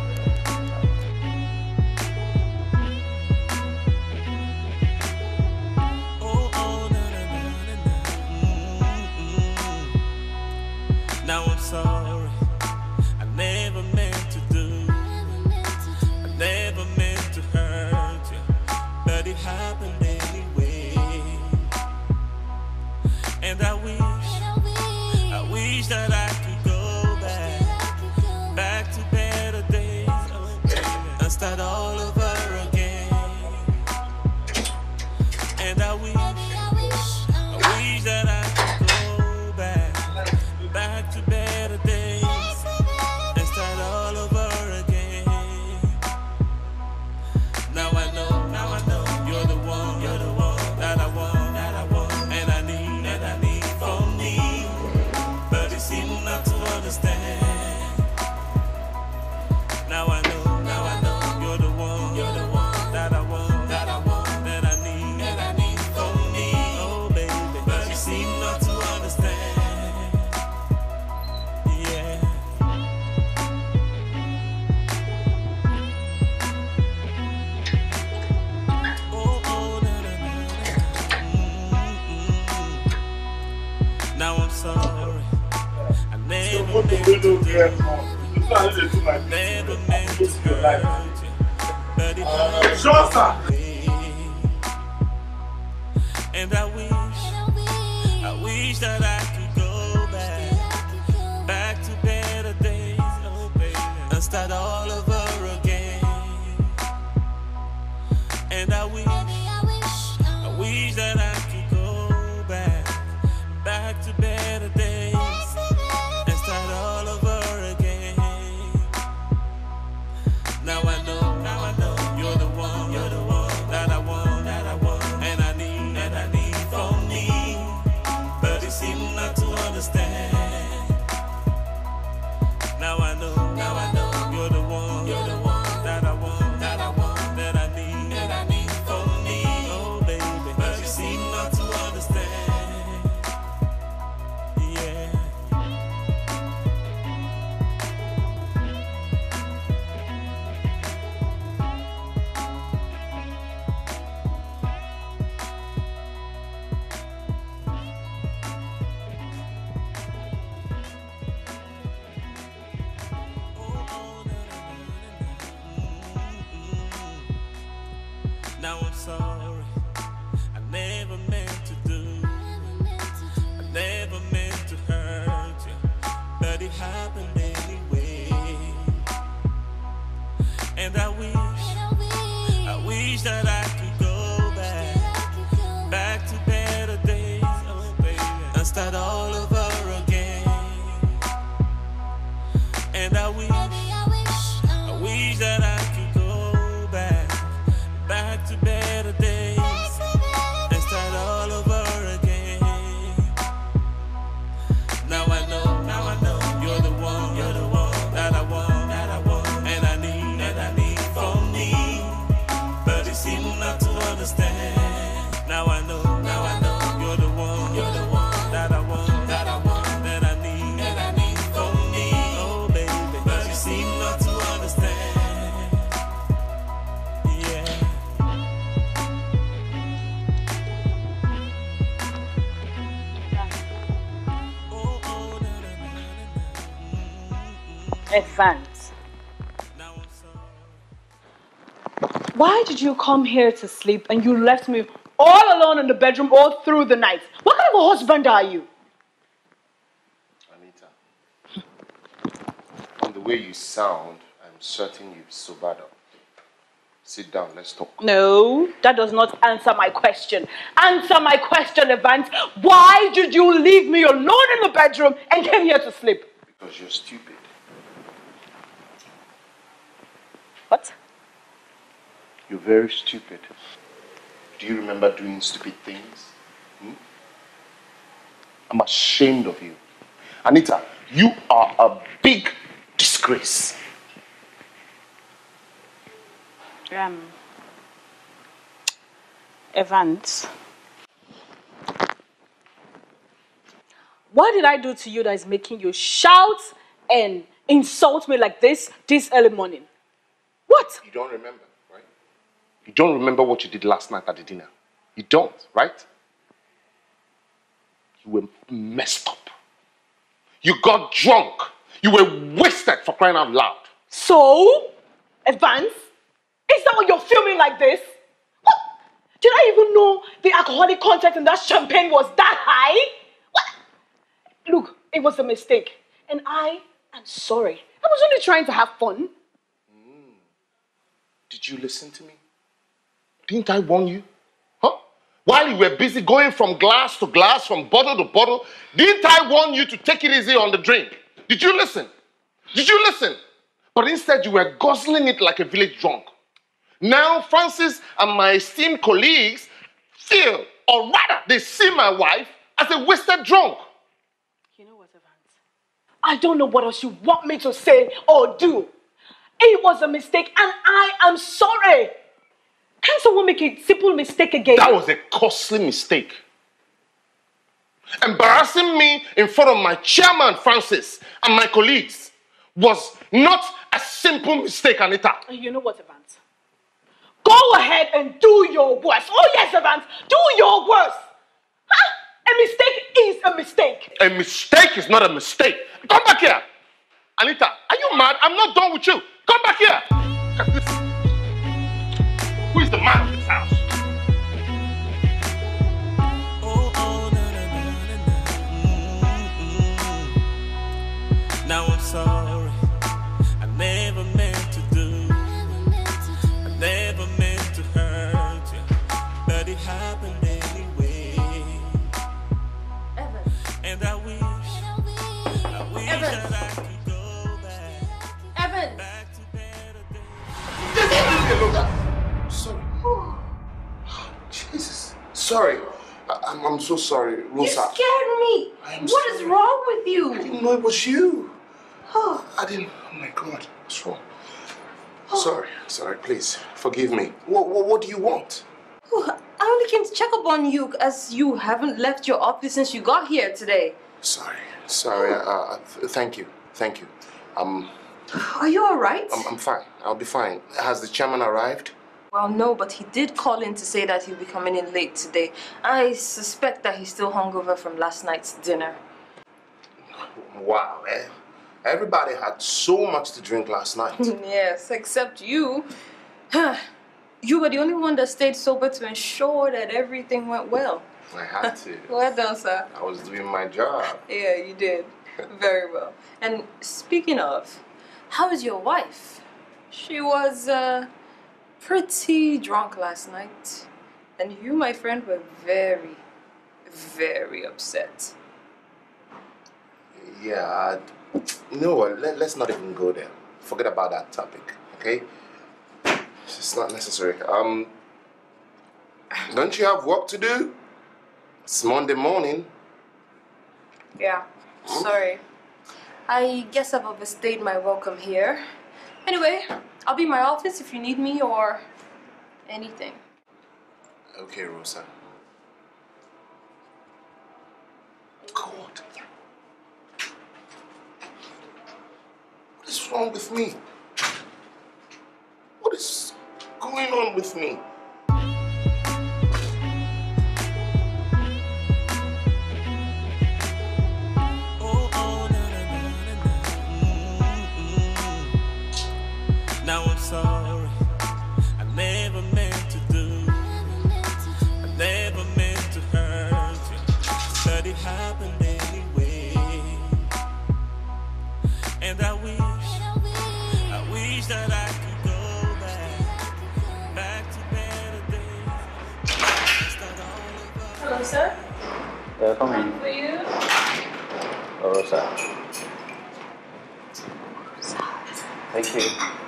Oh, oh, mm-hmm. Now I'm sorry. You can't Uh, sure, sir. Why did you come here to sleep and you left me all alone in the bedroom all through the night? What kind of a husband are you? Anita, on the way you sound, I'm certain you've sobered up. Sit down, let's talk. No, that does not answer my question. Answer my question, Evans. Why did you leave me alone in the bedroom and came here to sleep? Because you're stupid. What? You're very stupid. Do you remember doing stupid things? Hmm? I'm ashamed of you. Anita, you are a big disgrace. Um, Evans. What did I do to you that is making you shout and insult me like this this early morning? What? You don't remember. You don't remember what you did last night at the dinner. You don't, right? You were messed up. You got drunk. You were wasted for crying out loud. So, Advance, is that what you're filming like this? What? Did I even know the alcoholic content in that champagne was that high? What? Look, it was a mistake. And I am sorry. I was only trying to have fun. Mm. Did you listen to me? Didn't I warn you? Huh? While you were busy going from glass to glass, from bottle to bottle, didn't I warn you to take it easy on the drink? Did you listen? Did you listen? But instead, you were guzzling it like a village drunk. Now, Francis and my esteemed colleagues feel, or rather, they see my wife as a wasted drunk. You know what, Evans? I don't know what else you want me to say or do. It was a mistake, and I am sorry. Can someone make a simple mistake again? That was a costly mistake. Embarrassing me in front of my chairman, Francis, and my colleagues was not a simple mistake, Anita. Uh, you know what, Evans? Go ahead and do your worst. Oh, yes, Evans, do your worst. Huh? A mistake is a mistake. A mistake is not a mistake. Come back here. Anita, are you mad? I'm not done with you. Come back here. Who's the man of this house? sorry. I, am so sorry, Rosa. You scared me. What sorry. is wrong with you? I didn't know it was you. Oh. I didn't. Oh my God. What's wrong? Oh. Sorry, sorry. Please forgive me. What, what, what do you want? I only came to check up on you as you haven't left your office since you got here today. Sorry, sorry. Uh, uh thank you, thank you. Um. Are you all right? I'm, I'm fine. I'll be fine. Has the chairman arrived? Well, no, but he did call in to say that he'll be coming in late today. I suspect that he's still hungover from last night's dinner. Wow, eh? Everybody had so much to drink last night. yes, except you. you were the only one that stayed sober to ensure that everything went well. I had to. well done, sir. I was doing my job. yeah, you did. Very well. And speaking of, how is your wife? She was, uh, pretty drunk last night, and you, my friend, were very, very upset. Yeah, no, you know what? Let, us not even go there. Forget about that topic, okay? It's not necessary. Um, don't you have work to do? It's Monday morning. Yeah, hmm? sorry. I guess I've overstayed my welcome here. Anyway, I'll be in my office if you need me or anything. Okay, Rosa. God. What is wrong with me? What is going on with me? Claire Comín. Rosa. Thank you.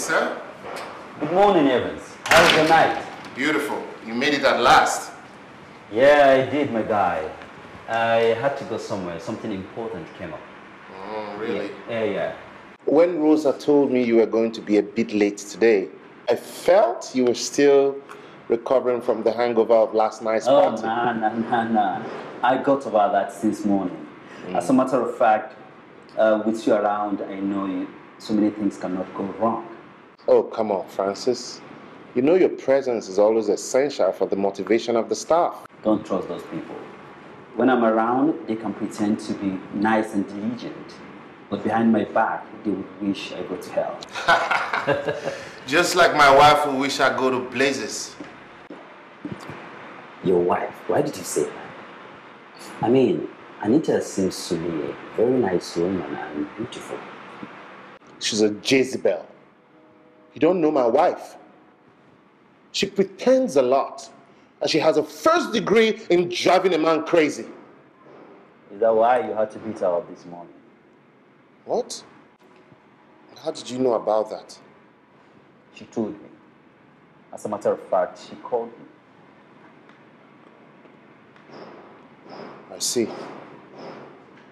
sir. Good morning, Evans. How's the night? Beautiful. You made it at last. Yeah, I did, my guy. I had to go somewhere. Something important came up. Oh, really? Yeah, yeah. yeah. When Rosa told me you were going to be a bit late today, I felt you were still recovering from the hangover of last night's oh, party. Oh, nah, nah, nah, nah. I got over that since morning. Mm. As a mm. matter of fact, uh, with you around, I know you, so many things cannot go wrong. Oh, come on, Francis. You know your presence is always essential for the motivation of the staff. Don't trust those people. When I'm around, they can pretend to be nice and diligent. But behind my back, they would wish I go to hell. Just like my wife would wish I go to blazes. Your wife? Why did you say that? I mean, Anita seems to be a very nice woman and beautiful. She's a Jezebel. You don't know my wife. She pretends a lot. And she has a first degree in driving a man crazy. Is that why you had to beat her up this morning? What? How did you know about that? She told me. As a matter of fact, she called me. I see.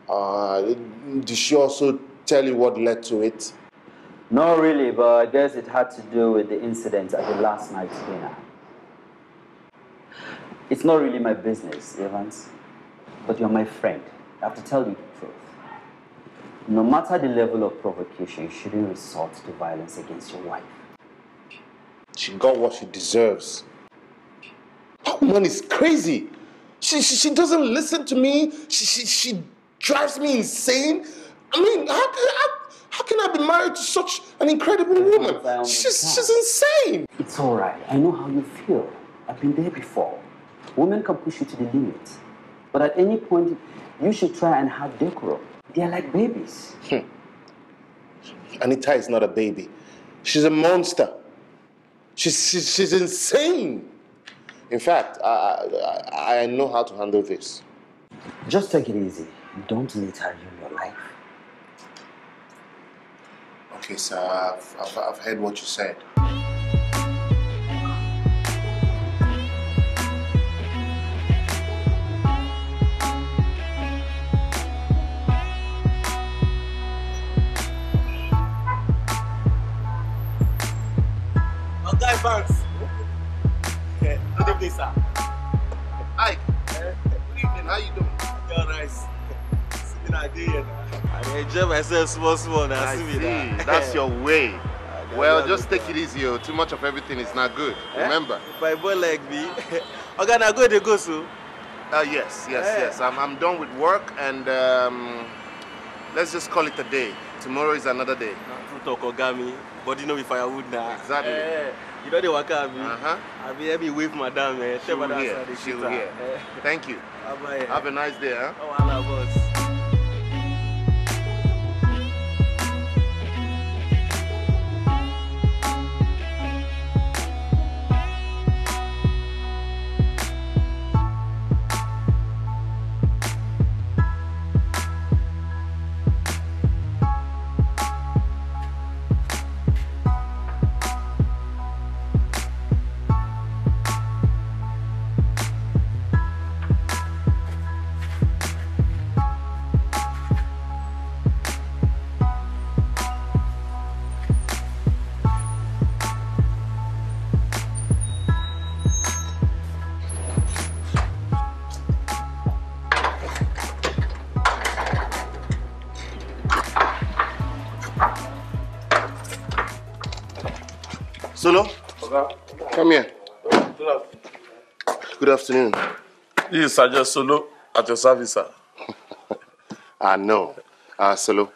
Uh, did she also tell you what led to it? Not really, but I guess it had to do with the incident at the last night's dinner. It's not really my business, Evans, but you're my friend. I have to tell you the truth. No matter the level of provocation, you shouldn't resort to violence against your wife. She got what she deserves. That woman is crazy. She, she, she doesn't listen to me. She, she, she drives me insane. I mean, how, how how can I be married to such an incredible woman? She's, she's insane. It's all right. I know how you feel. I've been there before. Women can push you to the limit. But at any point, you should try and have decorum. They're like babies. Hmm. Anita is not a baby. She's a monster. She's, she's, she's insane. In fact, I, I, I know how to handle this. Just take it easy. Don't let her ruin your life. Okay, sir, I've, I've, I've heard what you said. Guy Banks. Good evening, sir. Hi. Good evening. How you doing? All right everything I did. I enjoy myself small, small. Now. I see. see. That. That's your way. Well, just take it easy. Oh. Too much of everything is not good. Eh? Remember. By boy like me. okay, now go to go so. Uh, yes, yes, yeah. yes. I'm, I'm done with work and um, let's just call it a day. Tomorrow is another day. True talk, Ogami. know if I would now. Exactly. Eh, eh. you know the work I be. Uh-huh. I be every with madam. Eh. She'll hear. She'll hear. Eh. Thank you. Eh. Have a nice day. Huh? Oh, I love us. afternoon. This is Sergeant Solo at your service, sir. I know. Uh, Solo,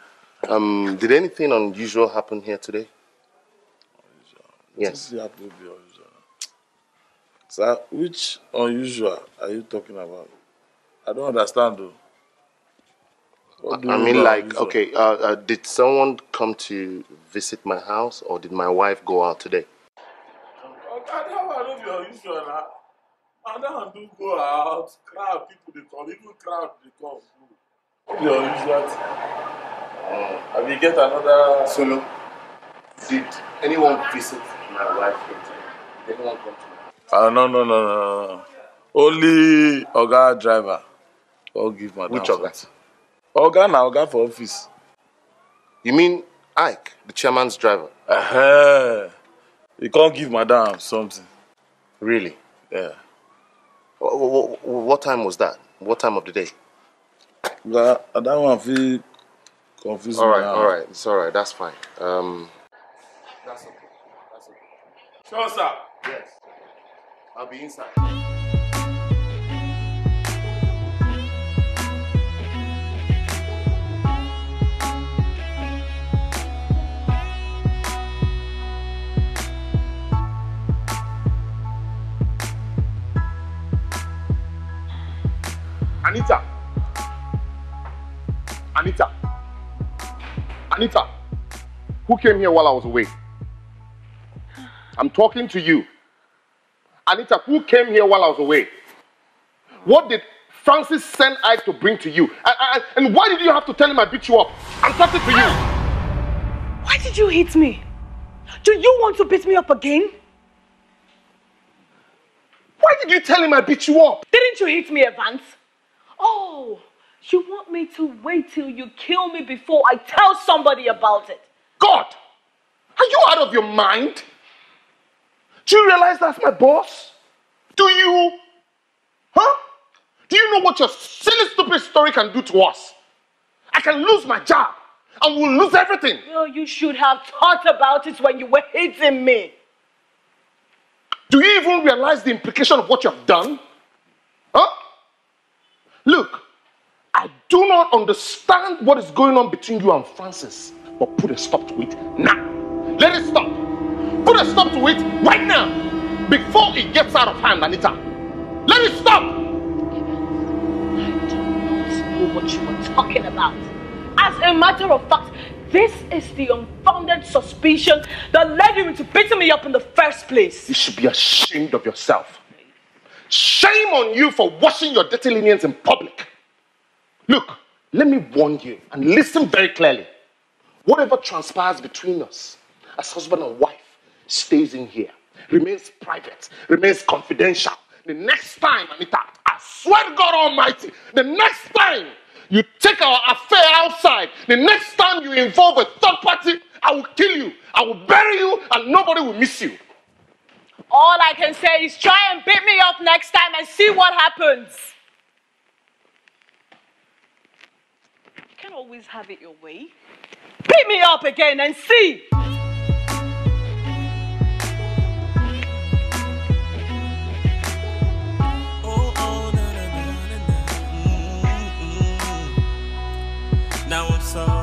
um, did anything unusual happen here today? Yes. Sir, which unusual are you talking about? I don't understand though. Do I mean, like, unusual? okay, uh, uh, did someone come to visit my house or did my wife go out today? and now do go out crowd people dey come even crowd dey come go no be your usual thing um, uh, i get another. solo did anyone visit my wife did anyone come to Uh, no no no no no only oga driver go give my. which oga oga na oga for office. you mean ike the chairman's driver. Uh -huh. he can't give madam something. really. Yeah. What time was that? What time of the day? That, that one be confused. All right, all right, it's all right. That's fine. Um, that's okay. That's okay. Sure, sir. Yes. I'll be inside. Anita. Anita. Anita. Who came here while I was away? I'm talking to you. Anita, who came here while I was away? What did Francis send I to bring to you? I, I, and why did you have to tell him I beat you up? I'm talking to you. Why did you hit me? Do you want to beat me up again? Why did you tell him I beat you up? Didn't you hit me, Evans? Oh, you want me to wait till you kill me before I tell somebody about it? God, are you out of your mind? Do you realize that's my boss? Do you? Huh? Do you know what your silly, stupid story can do to us? I can lose my job and we'll lose everything. Well, you should have thought about it when you were hitting me. Do you even realize the implication of what you have done? Huh? Look, I do not understand what is going on between you and Francis, but put a stop to it now. Let it stop. Put a stop to it right now before it gets out of hand, Anita. Let it stop. I don't know what you are talking about. As a matter of fact, this is the unfounded suspicion that led you into beating me up in the first place. You should be ashamed of yourself. Shame on you for washing your dirty linens in public. Look, let me warn you and listen very clearly. Whatever transpires between us as husband and wife stays in here, remains private, remains confidential. The next time, Anita, I swear to God Almighty, the next time you take our affair outside, the next time you involve a third party, I will kill you, I will bury you, and nobody will miss you. All I can say is try and beat me up next time and see what happens. You can't always have it your way. Beat me up again and see. Oh, oh, mm-hmm. Now I'm sorry.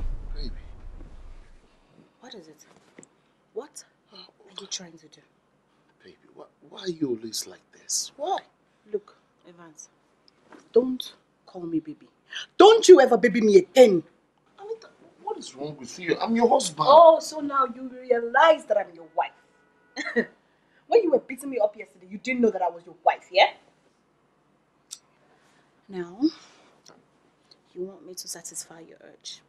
are you always like this? Why? Look, Evans, don't call me baby. Don't you ever baby me again. Anita, what is wrong with you? I'm your husband. Oh, so now you realize that I'm your wife. when you were beating me up yesterday, you didn't know that I was your wife, yeah? Now, you want me to satisfy your urge.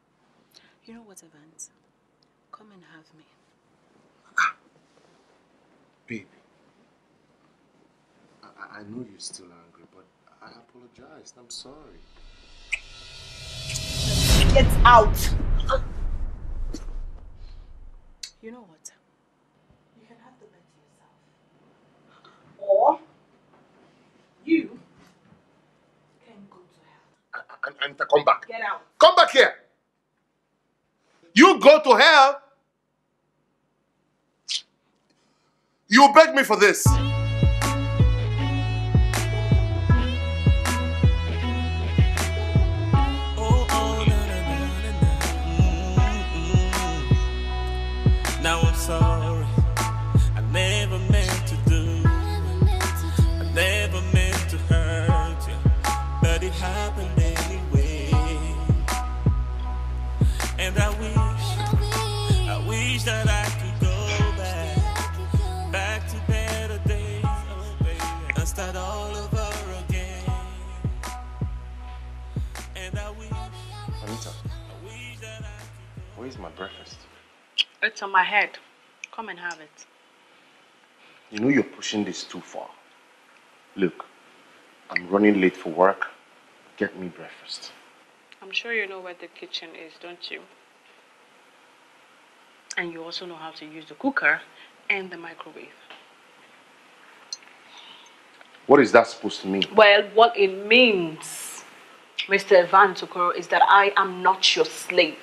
You know what, Evans? Come and have me. Ah. Baby. I, I know you're still angry, but I apologized. I'm sorry. Get out! You know what? You can have the bed yourself. Or you can go to hell. And, and, come back. Get out. Come back here. You go to hell. You beg me for this. Where's my breakfast? It's on my head. Come and have it. You know you're pushing this too far. Look, I'm running late for work. Get me breakfast. I'm sure you know where the kitchen is, don't you? And you also know how to use the cooker and the microwave. What is that supposed to mean? Well, what it means, Mr. Evan Tokoro, is that I am not your slave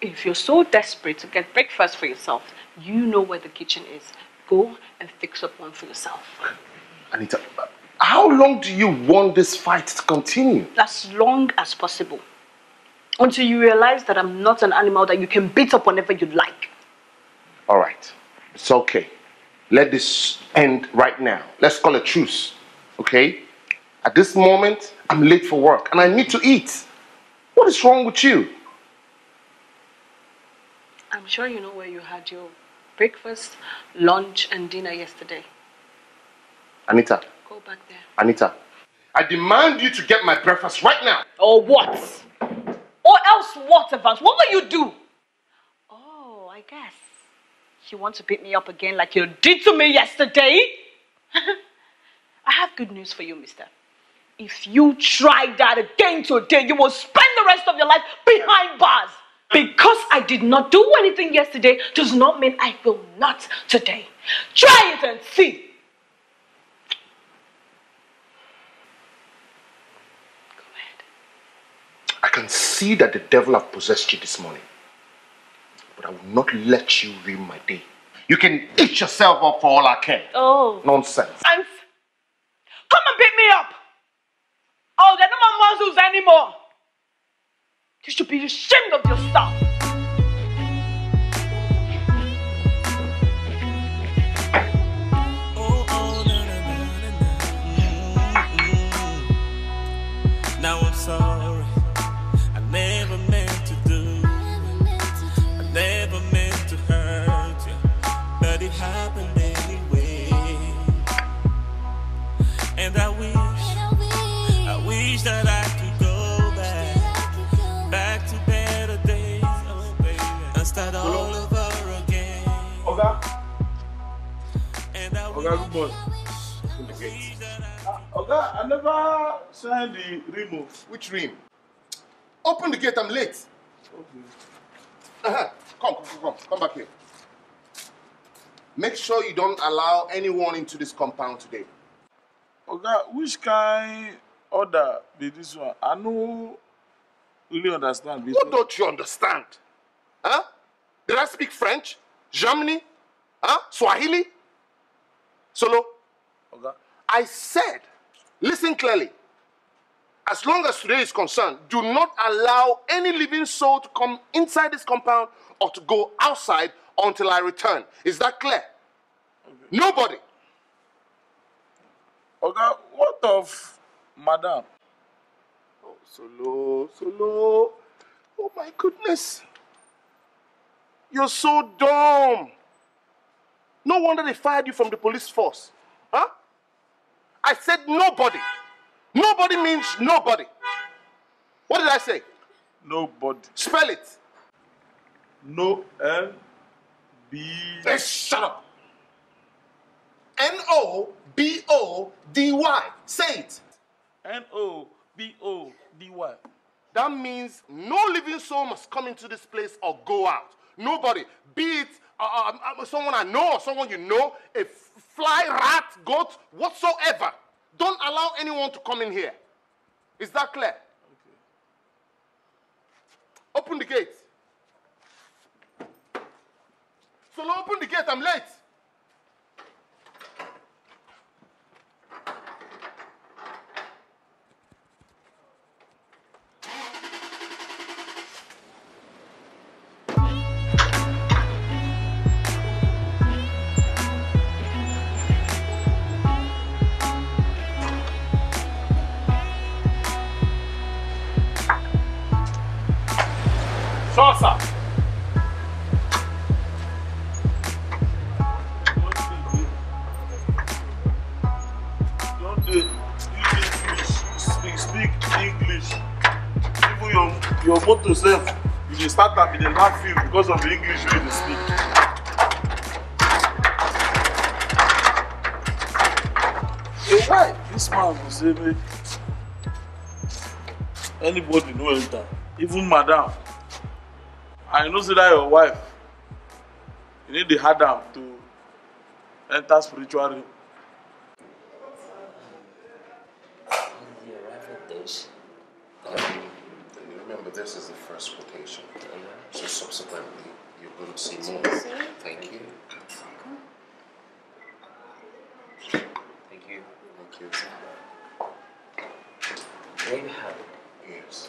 if you're so desperate to get breakfast for yourself, you know where the kitchen is. Go and fix up one for yourself. Anita, how long do you want this fight to continue? As long as possible. Until you realize that I'm not an animal that you can beat up whenever you like. All right. It's okay. Let this end right now. Let's call a truce, okay? At this moment, I'm late for work and I need to eat. What is wrong with you? I'm sure you know where you had your breakfast, lunch, and dinner yesterday. Anita. Go back there. Anita. I demand you to get my breakfast right now. Or what? Or else what, Evans? What will you do? Oh, I guess. You want to beat me up again like you did to me yesterday? I have good news for you, mister. If you try that again today, you will spend the rest of your life behind bars. Because I did not do anything yesterday does not mean I will not today. Try it and see. Go ahead. I can see that the devil have possessed you this morning. But I will not let you ruin my day. You can eat yourself up for all I care. Oh. Nonsense. I'm Come and pick me up. Oh, there are no more muscles anymore. You should be ashamed of yourself. Oga Rubus. Ah, Oga, I never signed the rim. Which rim? Open the gate, I'm late. Okay. Uh -huh. Come, come, come, come back here. Make sure you don't allow anyone into this compound today. Oga, which kind order be this one? I know. really understand. this. What don't you understand? Huh? Did I speak French? Germany? Huh? Swahili? Solo, okay. I said, listen clearly. As long as today is concerned, do not allow any living soul to come inside this compound or to go outside until I return. Is that clear? Okay. Nobody. Okay, what of Madame? Oh, Solo, Solo. Oh my goodness. You're so dumb. No wonder they fired you from the police force. Huh? I said nobody. Nobody means nobody. What did I say? Nobody. Spell it. No l b. Hey, shut up. N O B O D Y. Say it. N O B O D Y. That means no living soul must come into this place or go out. Nobody, be it uh, uh, someone I know or someone you know, a fly, rat, goat, whatsoever. Don't allow anyone to come in here. Is that clear? Okay. Open the gate. So open the gate, I'm late. because of the English way they speak. So why this man go say me anybody no enter even madam I know say that your wife you need the hard am to enter spiritual realm. Um, remember, this is the first quotation. So subsequently, you will see more. Thank you. Thank you. Thank you. There you have it. Yes.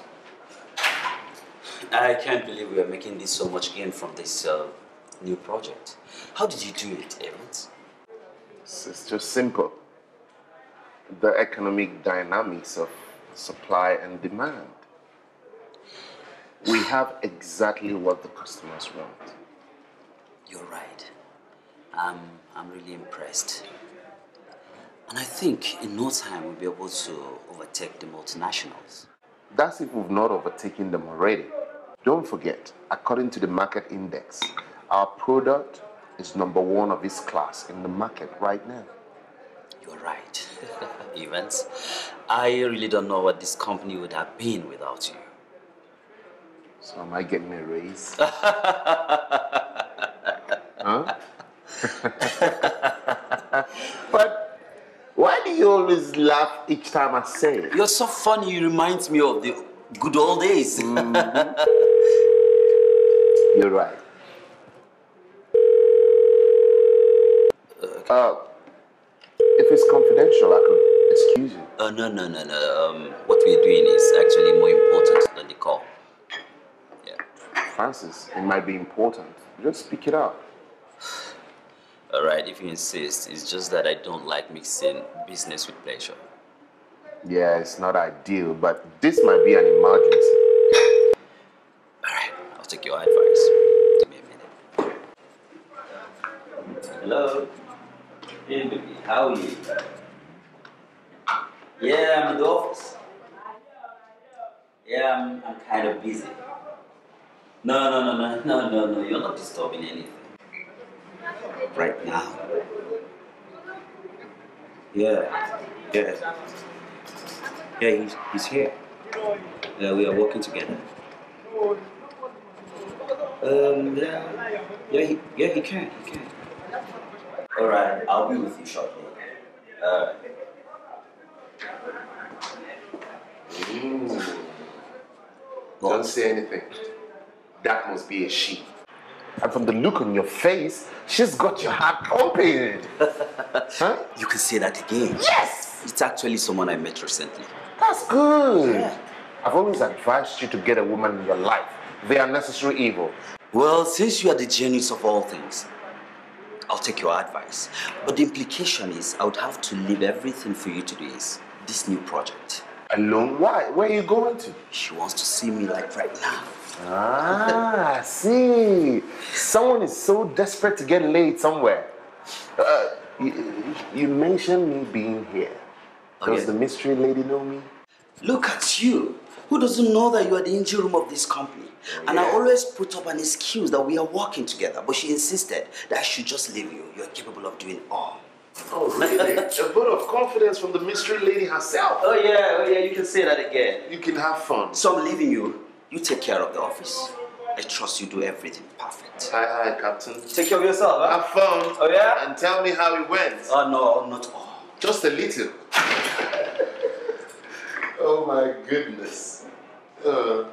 I can't believe we are making this so much gain from this uh, new project. How did you do it, Evans? It's just simple. The economic dynamics of supply and demand. We have exactly what the customers want. You're right. Um, I'm really impressed. And I think in no time we'll be able to overtake the multinationals. That's if we've not overtaken them already. Don't forget, according to the market index, our product is number one of its class in the market right now. You're right, Evans. I really don't know what this company would have been without you. So am I getting a raise? huh? but why do you always laugh each time I say it? You're so funny. You remind me of the good old days. Mm -hmm. You're right. Okay. Uh, if it's confidential, I can excuse you. Oh uh, no no no no. Um, what we're doing is actually more important. Francis, it might be important. Just speak it up. All right, if you insist, it's just that I don't like mixing business with pleasure. Yeah, it's not ideal, but this might be an emergency. All right, I'll take your advice. Give me a minute. Hello. how are you? Yeah, I'm in the office. Yeah, I'm, I'm kind of busy. No, no, no, no, no, no, no. You're not disturbing anything right now. Yeah, yeah, yeah. He's he's here. Yeah, we are working together. Um, yeah, yeah, he, yeah, he can, he can. All right, I'll be with you shortly. Uh, Ooh. Don't say anything that must be a she. And from the look on your face, she's got your heart pumping. huh? You can say that again. Yes! It's actually someone I met recently. That's good. Yeah. I've always advised you to get a woman in your life. They are necessary evil. Well, since you are the genius of all things, I'll take your advice. But the implication is I would have to leave everything for you to do is this new project. Alone? Why? Where are you going to? She wants to see me like right now. Ah, see. Someone is so desperate to get laid somewhere. Uh, you, you, mentioned me being here. Oh, Does okay. the mystery lady know me? Look at you. Who doesn't know that you are the engine room of this company? Oh, and yeah. I always put up an excuse that we are working together, but she insisted that I should just leave you. You are capable of doing all. Oh, really? a vote of confidence from the mystery lady herself. Oh, yeah, oh, yeah, you can say that again. You can have fun. So I'm leaving you. You take care of the office. I trust you do everything perfect. Hi, hi, Captain. Take care of yourself, huh? Have fun. Oh, yeah? And tell me how it went. Oh, no, not all. Just a little. oh, my goodness. Uh.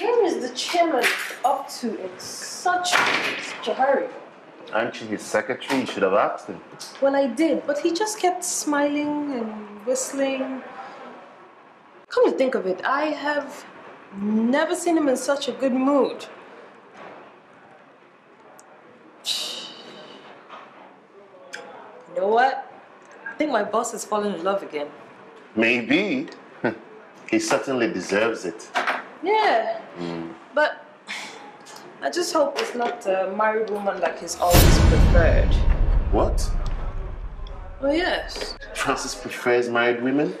Where is the chairman up to in such a hurry? Aren't you his secretary? You should have asked him. Well, I did, but he just kept smiling and whistling. Come to think of it, I have never seen him in such a good mood. You know what? I think my boss has fallen in love again. Maybe. he certainly deserves it. Yeah. Mm. But I just hope it's not a married woman like he's always preferred. What? Oh, yes. Francis prefers married women?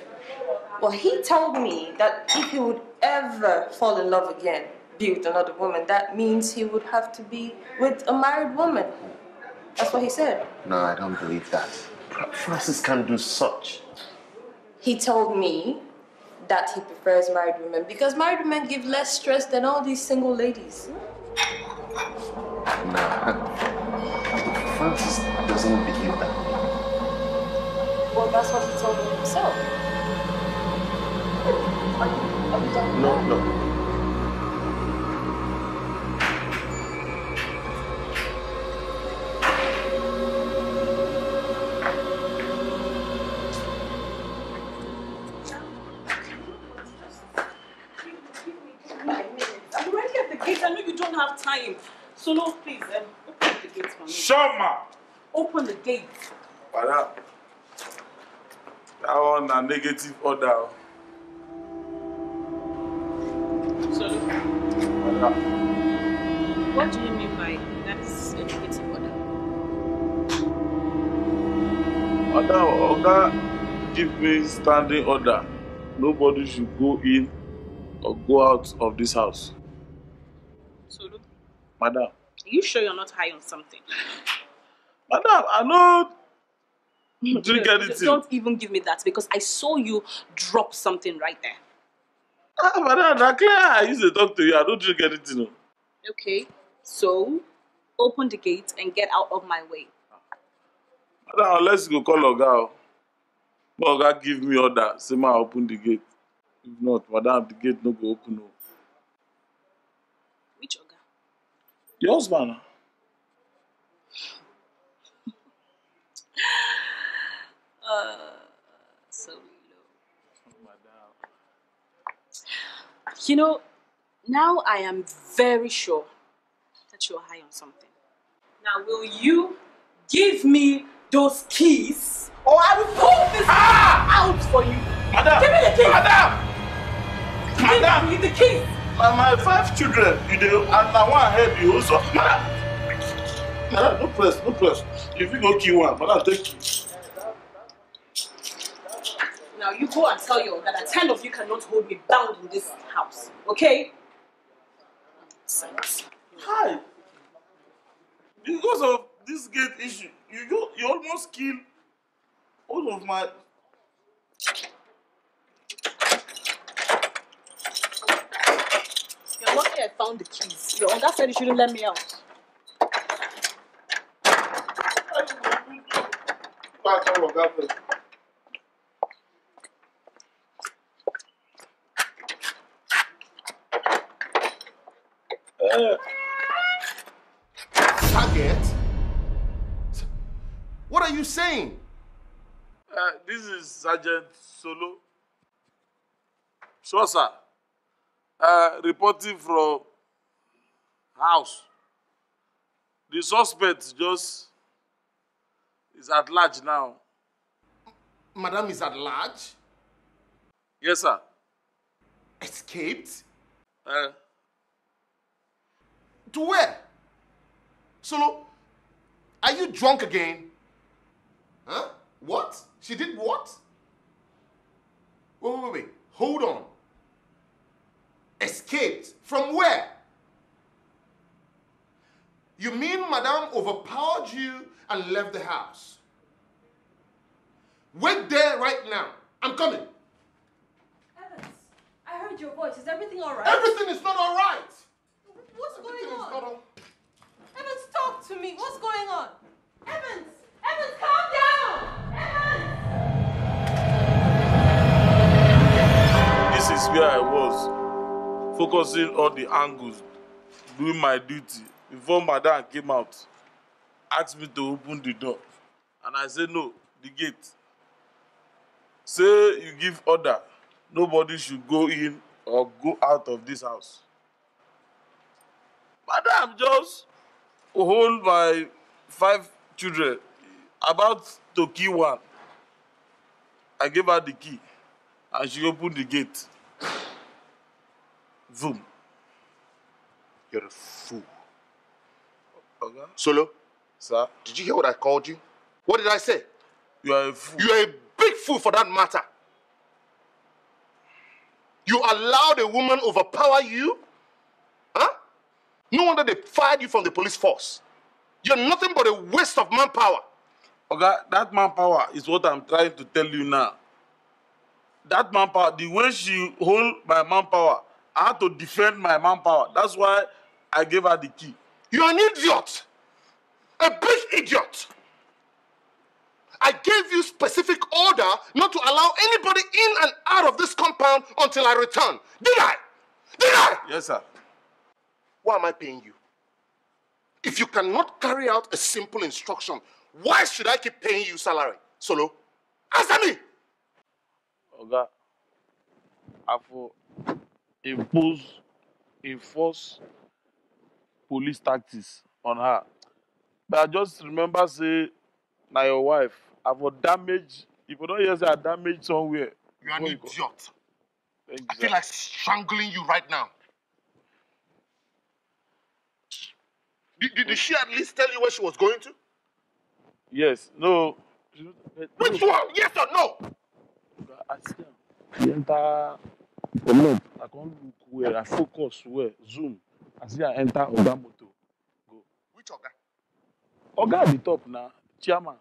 Well, he told me that if he would ever fall in love again, be with another woman, that means he would have to be with a married woman. That's what he said. No, I don't believe that. Francis can't do such. He told me that he prefers married women because married women give less stress than all these single ladies. Nah. Francis doesn't believe that way. Well, that's what he told me himself. Are you, are you done? No, no. So please, um, open the gate for me. Shoma! Open the gate. Madam, that one a negative order. Sorry. Madam. What do you mean by that's a negative order? Madam, Oga give me standing order. Nobody should go in or go out of this house. Madam, Are you sure you're not high on something? Madam, I know hmm, drink no, anything. Don't even give me that because I saw you drop something right there. Ah, madam, now clear. I used to talk to you. I don't drink anything. No. Oh. Okay, so open the gate and get out of my way. Madam, let's go call Oga. Oh. Oga give me order. Say, ma, open the gate. If not, madam, the gate no go open. No. Oh. Diyoruz bana. Uh, you know, now I am very sure that you're high on something. Now, will you give me those keys or I will pull this ah! out for you? Give me the keys! Adam! Give me the keys! na my five children you dey and na one head you hold so ma, ah! madam no press no press you fit go kill one madam take you. Now you go and tell your that ten of you cannot hold me bound in this house, okay? Hi. Because of this gate issue, you you, you almost kill all of my I found the keys. Your uncle said you shouldn't let me out. Target? What are you saying? Uh, this is Sergeant Solo. Sure, sir. uh, reporting from house. The suspect just is at large now. Madam is at large? Yes, sir. Escaped? Uh, to where? Solo, are you drunk again? Huh? What? She did what? Wait, wait, wait, wait. Hold on. Escaped? From where? You mean Madame overpowered you and left the house? Wait there right now. I'm coming. Evans, I heard your voice. Is everything all right? Everything is not all right. What's everything going on? All... Evans, talk to me. What's going on? Evans! Evans, calm down! Evans! This is where I was focusing on the angles, doing my duty. Before Madame came out, asked me to open the door. And I said, no, the gate. Say you give order, nobody should go in or go out of this house. Madam just hold my five children, about to key one. I gave her the key and she opened the gate. Zoom. You're a fool. Okay. Solo. Sir. Did you hear what I called you? What did I say? You are a fool. You are a big fool for that matter. You allowed a woman overpower you? Huh? No wonder they fired you from the police force. You're nothing but a waste of manpower. Okay, that manpower is what I'm trying to tell you now. That manpower, the way she hold my manpower, I had to defend my manpower. That's why I gave her the key. You're an idiot. A big idiot. I gave you specific order not to allow anybody in and out of this compound until I return. Did I? Did I? Yes, sir. Why am I paying you? If you cannot carry out a simple instruction, why should I keep paying you salary? Solo, answer me! Oga, Afo, impose enforce police tactics on her but i just remember say na your wife i for damage if you don hear say i damage somewhere you are an idiot exactly. i feel like strangling you right now did, did, did she at least tell you where she was going to yes no which one yes or no from now i come look well i focus well zoom i see i enter oga motor go which oga oga at the top na chairman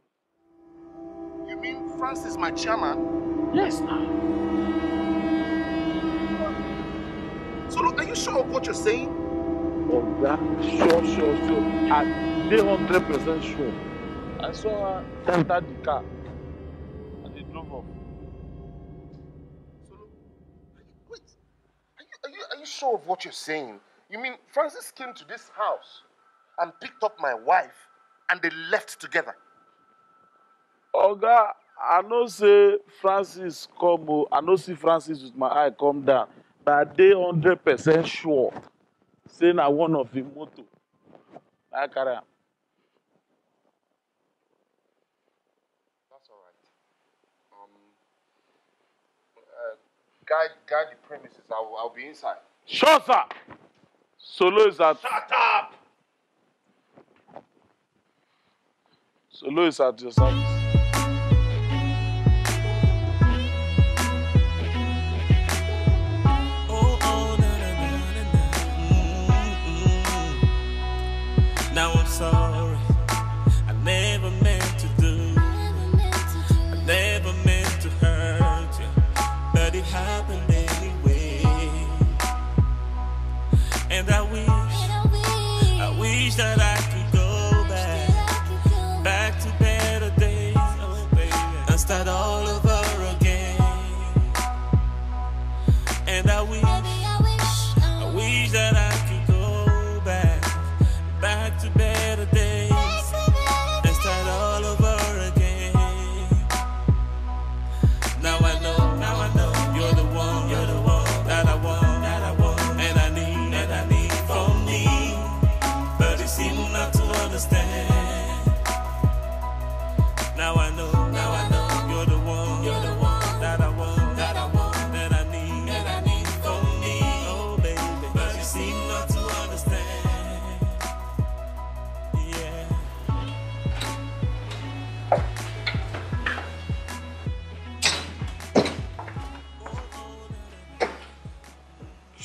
you mean francis my chairman yes na so look are you sure of what you're saying oga sure sure sure i dey hundred percent sure i saw her enter the car sure of what you're saying. You mean Francis came to this house and picked up my wife and they left together? Oga, I know say Francis come, I know see Francis with my eye come down, but they 100% sure saying I one of him moto. I carry am. That's all right. Um, uh, guide, guide the premises. I'll, I'll be inside. Shut up! Solo is at. Shut up! Solo is at your service. Now I'm sorry.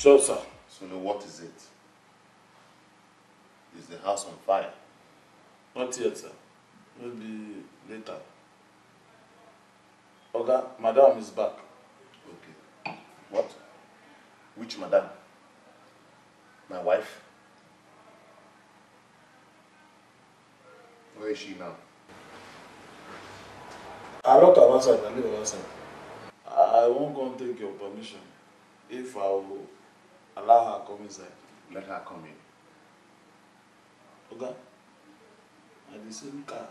Sure, sir. So now what is it? Is the house on fire? Not yet, sir. Maybe later. Oga, madam is back. Okay. What? Which madam? My wife? Where is she now? I lock outside. I leave outside. I won't go and take your permission if I will Allow her come inside. Let her come in. Oga, okay. At the same car,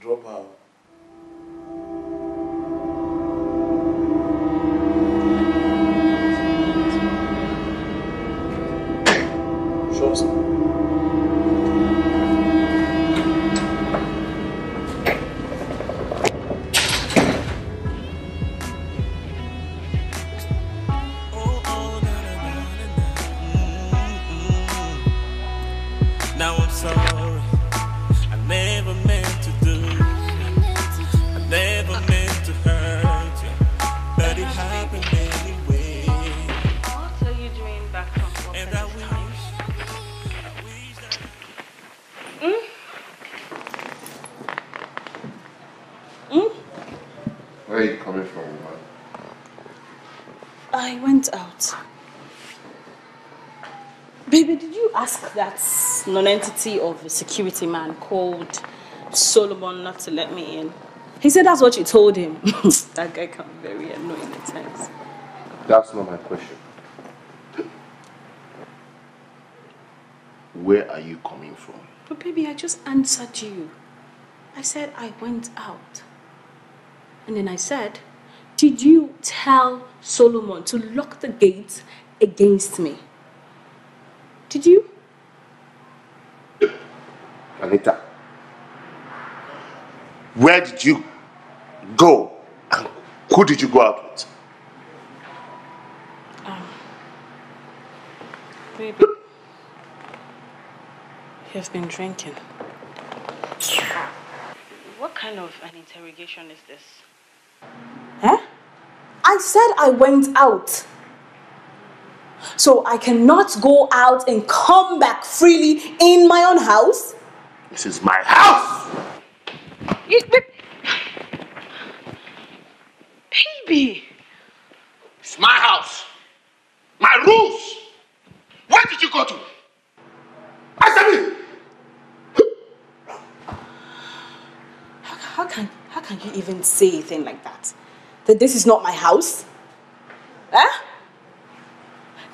drop her. nonentity of a security man called Solomon not to let me in. He said that's what you told him. that guy can be very annoying at times. That's not my question. Where are you coming from? But baby, I just answered you. I said I went out. And then I said, did you tell Solomon to lock the gates against me? Did you? Anita, where did you go and who did you go out with? Um, baby, he has been drinking. What kind of an interrogation is this? Huh? I said I went out. So I cannot go out and come back freely in my own house? This is my house! baby! It's my house! My rules! Where did you go to? Asabi! How, how, can, how can you even say a thing like that? That this is not my house? Huh? Eh?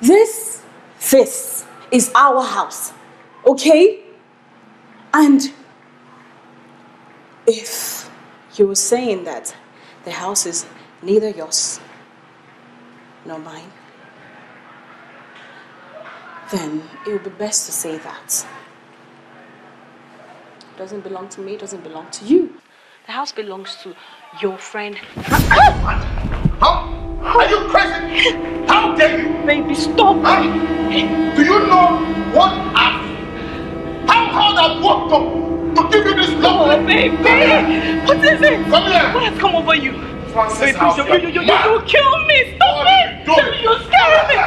This, this is our house, okay? And if you're saying that the house is neither yours nor mine, then it would be best to say that. It doesn't belong to me, it doesn't belong to you. The house belongs to your friend. Huh? Are you crazy? How dare you? Baby, stop! Do you know what crowd that walked to, to give you this love. Oh, baby. What is it? Come here. What has come over you? Francis, Wait, please, you, you, you, you, you, you kill me. Stop oh, it. Don't. You, you scared me.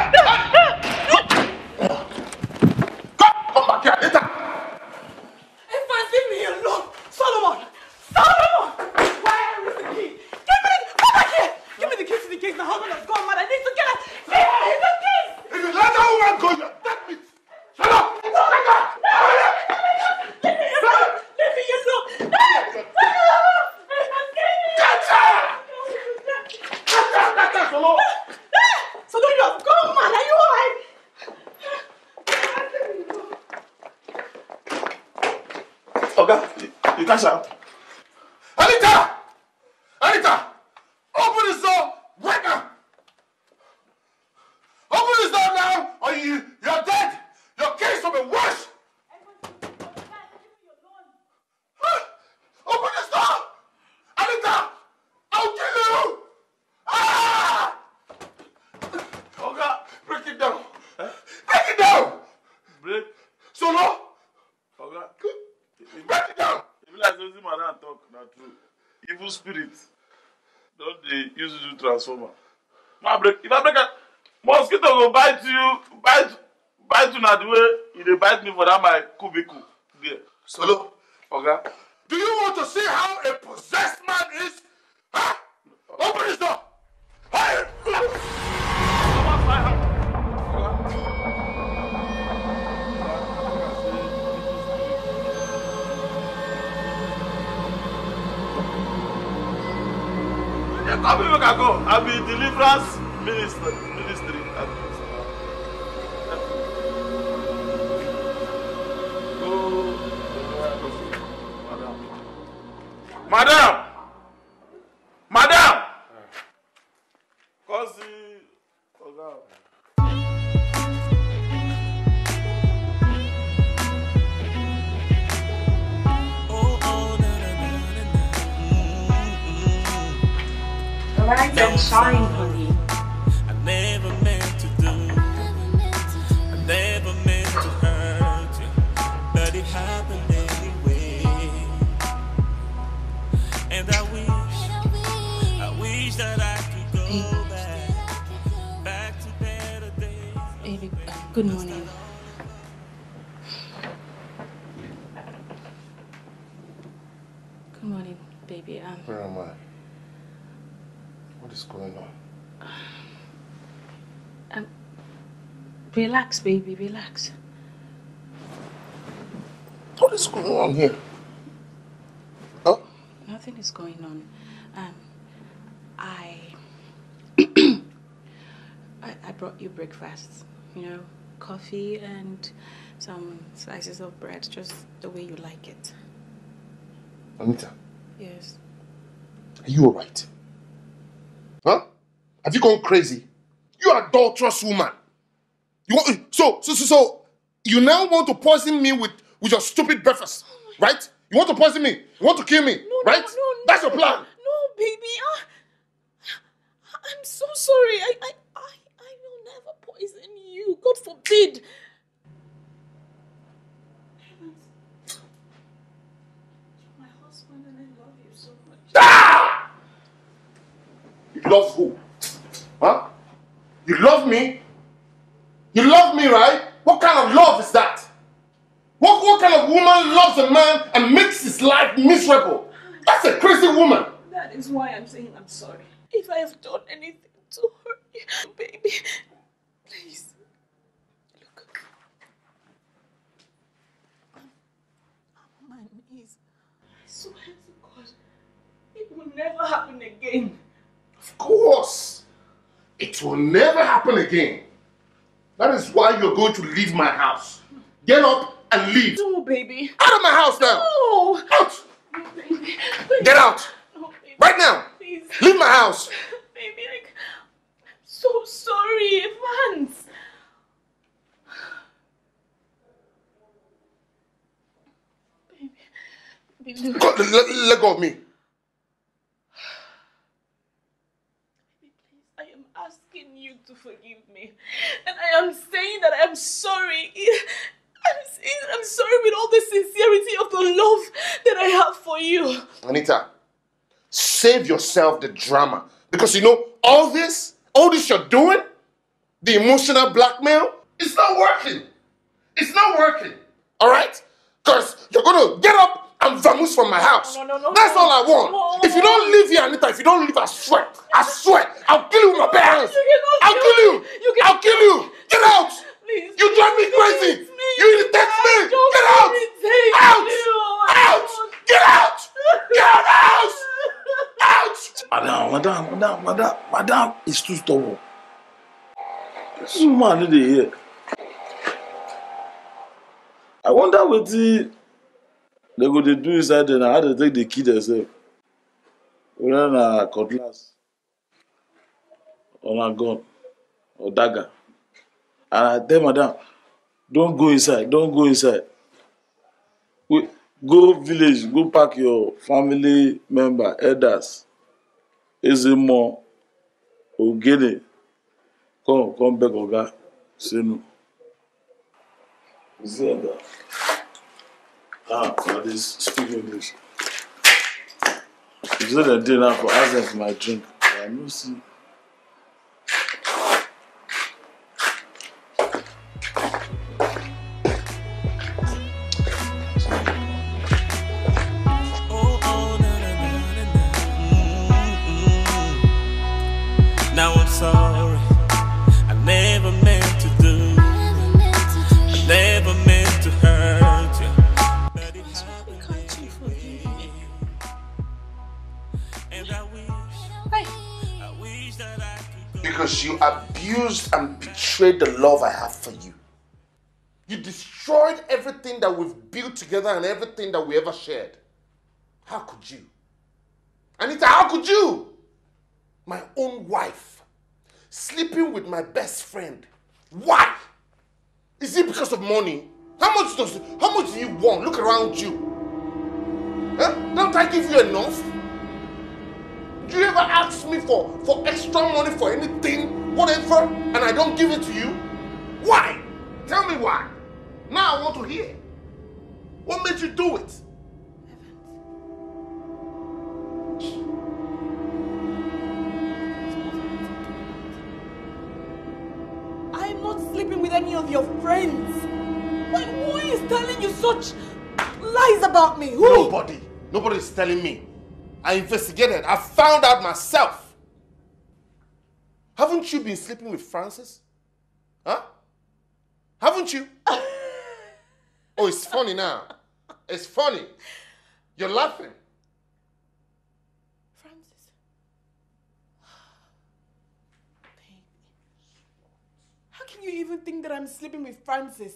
transformer. Now break. If I break it, mosquito go bite you, bite, bite you na the way e dey bite me for that my cubicle there. Solo. Good morning, baby. Um, Where am I? What is going on? Um, relax, baby, relax. What is going on here? Oh. Nothing is going on. Um, I, I, I brought you breakfast. You know, coffee and some slices of bread, just the way you like it. Anita. Yes. Are you alright? Huh? Have you gone crazy? You adulterous woman. You want, so, so, so, so, you now want to poison me with, with your stupid breakfast, oh right? You want to poison me? You want to kill me, no, right? No, no, That's your plan. No, baby. I, I'm so sorry. I, I, I, I will never poison you. God forbid. Ah! You love who? Huh? You love me? You love me, right? What kind of love is that? What, what kind of woman loves a man and makes his life miserable? That's a crazy woman. That is why I'm saying I'm sorry. If I have done anything to hurt you, baby, please never happen again. Of course. It will never happen again. That is why you're going to leave my house. Get up and leave. No, baby. Out of my house now. No. Out. No, baby. Please. Get out. No, right now. Please. Leave my house. Baby, I'm so sorry, Vance. Baby. baby. Let, let go of me. And I am saying that I am sorry. I'm, I'm sorry with all the sincerity of the love that I have for you. Anita, save yourself the drama. Because you know, all this, all this you're doing, the emotional blackmail, it's not working. It's not working. All right? Because you're going to get up and vamoose from my house. No, no, no, That's all I want. If you don't leave here, Anita, if you don't leave, I swear, I swear, I'll kill you with my bare hands. I'll kill you. you I'll kill you. Get out. Please, you drive me crazy. Please, you irritate me. Get out. Out. Out. Get out. Get out of the house. Out. Madam, madam, madam, madam, madam is too stubborn. This woman dey here. I wonder what wetin They go they do inside there now. How they take the key themselves? Whether a cutlass or na gun or dagger. And I tell madam, don't go inside, don't go inside. We, go village, go pack your family member, elders, Ezemo, Ogene. Come, come back, Oga. Say no. You see that? Ah, I just speak English. If you I the deal now for asking for my drink, I know see. betrayed the love I have for you. You destroyed everything that we've built together and everything that we ever shared. How could you? Anita, how could you? My own wife, sleeping with my best friend. Why? Is it because of money? How much does how much do you want? Look around you. Huh? Don't I give you enough? Do you ever ask me for, for extra money for anything? for? and I don't give it to you? Why? Tell me why. Now I want to hear. What made you do it? I'm not sleeping with any of your friends. Why who is telling you such lies about me? Who? Nobody. Nobody is telling me. I investigated. I found out myself. Haven't you been sleeping with Francis? Huh? Haven't you? oh, it's funny now. It's funny. You're laughing. Francis. Baby. How can you even think that I'm sleeping with Francis?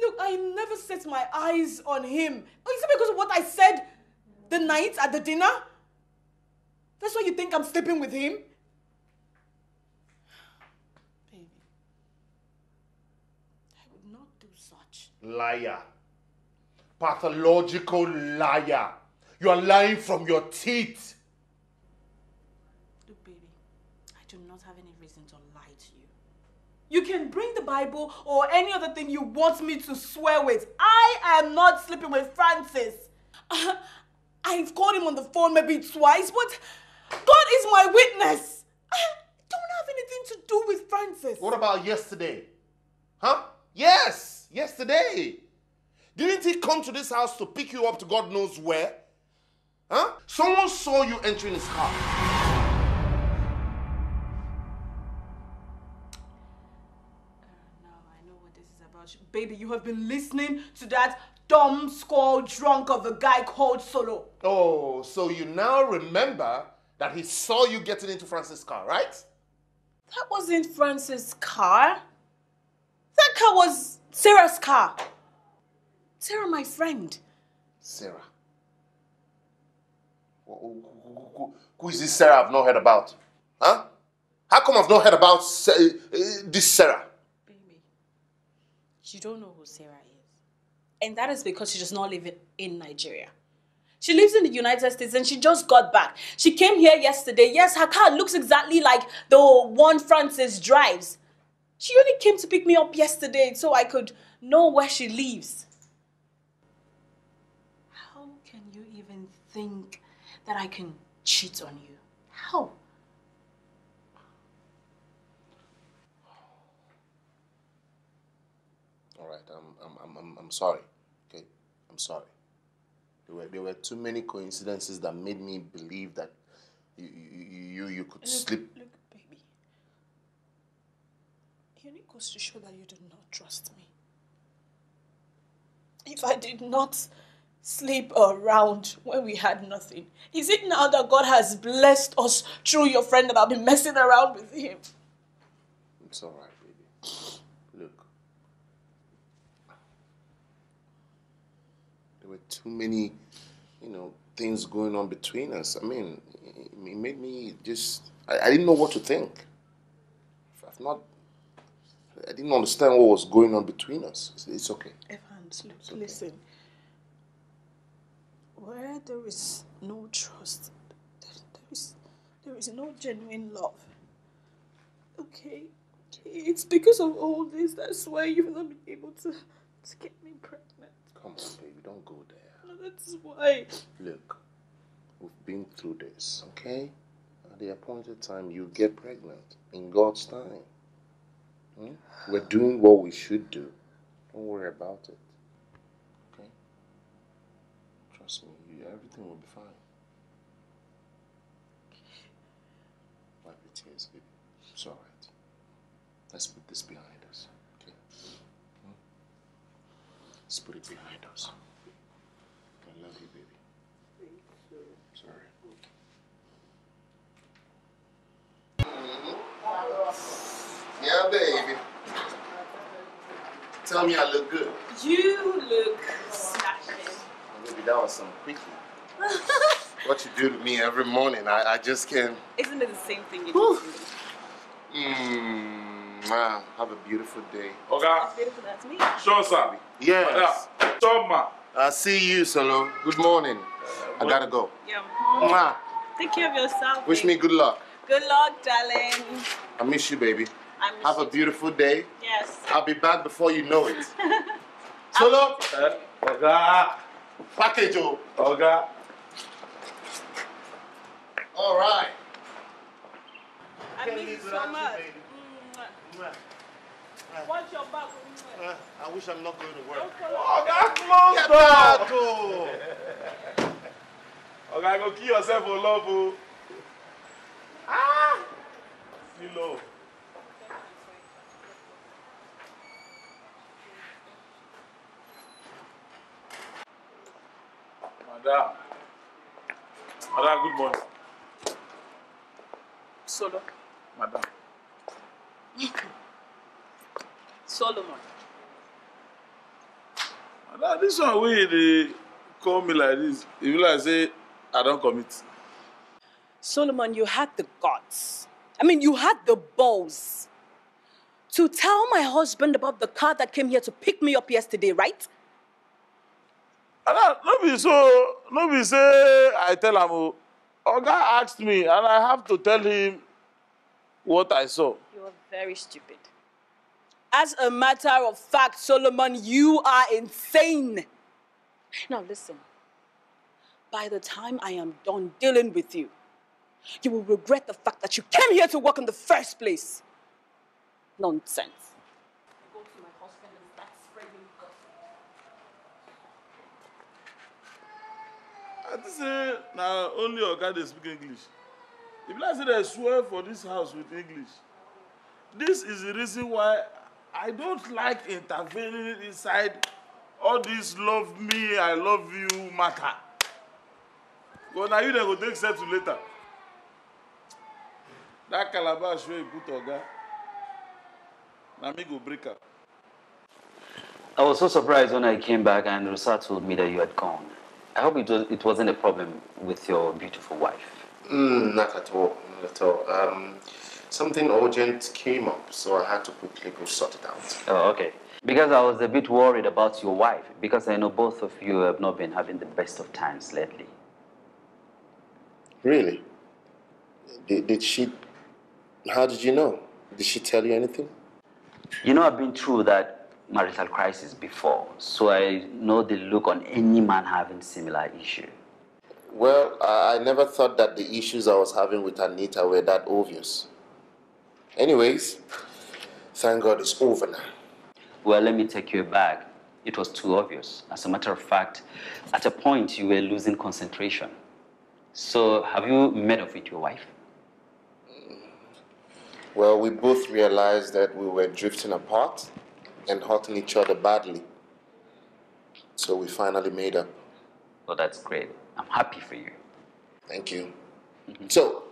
Look, I never set my eyes on him. Oh, is it because of what I said the night at the dinner? That's why you think I'm sleeping with him? liar, pathological liar. You are lying from your teeth. Look, baby, I do not have any reason to lie to you. You can bring the Bible or any other thing you want me to swear with. I am not sleeping with Francis. Uh, I've called him on the phone maybe twice, but God is my witness. I don't have anything to do with Francis. What about yesterday? Huh? Yes! yesterday. Didn't he come to this house to pick you up to God knows where? Huh? Someone saw you entering his car. Baby, you have been listening to that dumb, squall, drunk of a guy called Solo. Oh, so you now remember that he saw you getting into Francis' car, right? That wasn't Francis' car. That car was Sarah's car. Sarah, my friend. Sarah. Who is this Sarah I've not heard about? Huh? How come I've not heard about uh, uh, this Sarah? Baby, you don't know who Sarah is. And that is because she does not live in Nigeria. She lives in the United States and she just got back. She came here yesterday. Yes, her car looks exactly like the one Francis drives. She only came to pick me up yesterday so I could know where she lives. How can you even think that I can cheat on you? How? All right, I'm, I'm, I'm, I'm sorry, okay? I'm sorry. There were, there were too many coincidences that made me believe that you, you, you, you could look, sleep. Again, it goes to show that you do not trust me. If I did not sleep around when we had nothing, is it now that God has blessed us through your friend that I'll be messing around with him? It's all right, baby. Look, there were too many, you know, things going on between us. I mean, it made me just, I, I didn't know what to think. I've not I didn't understand what was going on between us. It's, it's okay. Evans, look, okay. listen. Where there is no trust, there, there is there is no genuine love. Okay, it's because of all this. That's why you've not been able to to get me pregnant. Come on, baby, don't go there. No, that's why. Look, we've been through this, okay? At the appointed time, you get pregnant in God's time. Hmm? We're doing what we should do. Don't worry about it. Okay? Trust me, everything will be fine. Wipe your tears, baby. It's alright. Let's put this behind us. Okay? Hmm? Let's put it behind us. Yeah, baby. Tell me I look good. You look smashing. Maybe that was some quickie. what you do to me every morning, I, I just can't. Isn't it the same thing you do to me? Mmm. have a beautiful day. Okay. That's beautiful, that's me. Sure, Sabi. Yes. Toma. I see you, Solo. Good morning. Uh, I gotta go. Yeah. Mwah. Take care of yourself. Wish me good luck. Good luck, darling. I miss you, baby. Have a beautiful day. Yes. I'll be back before you know it. Solo. Oga. Package. Oh. Oga. All right. I miss you so much. Mm-hmm. Watch your back. Uh, I wish I'm not going to work. Oga, come on, though. Get back, oh. go kill yourself for love. Oh. Ah! Slow. Madam. Madam, good morning. Solo. Madam. Solomon. Madam, this one wey they call me like this, if be like say I don't commit. Solomon, you had the guts. I mean, you had the balls to tell my husband about the car that came here to pick me up yesterday, right? no be so no be say i tell him. oga asked me and i have to tell him what i saw you are very stupid as a matter of fact solomon you are insane now listen by the time i am done dealing with you you will regret the fact that you came here to work in the first place nonsense i say na only your guy dey speak english e be like say dem swear for dis house with english this is the reason why i don't like intervening inside all this love me i love you matter but na you dem go take settle later dat calabash wey you put oga na me go break am. i was so surprised when i came back and rosa told me that you had gone. I hope it, was, it wasn't a problem with your beautiful wife. Mm, not at all. Not at all. Um, something urgent came up, so I had to quickly go sort it out. Oh, okay. Because I was a bit worried about your wife, because I know both of you have not been having the best of times lately. Really? Did, did she. How did you know? Did she tell you anything? You know, I've been through that marital crisis before, so I know the look on any man having similar issue. Well, I never thought that the issues I was having with Anita were that obvious. Anyways, thank God it's over now. Well, let me take you back. It was too obvious. As a matter of fact, at a point you were losing concentration. So, have you met up with your wife? Well, we both realized that we were drifting apart and hurting each other badly. So we finally made up. Well, that's great. I'm happy for you. Thank you. Mm-hmm. So,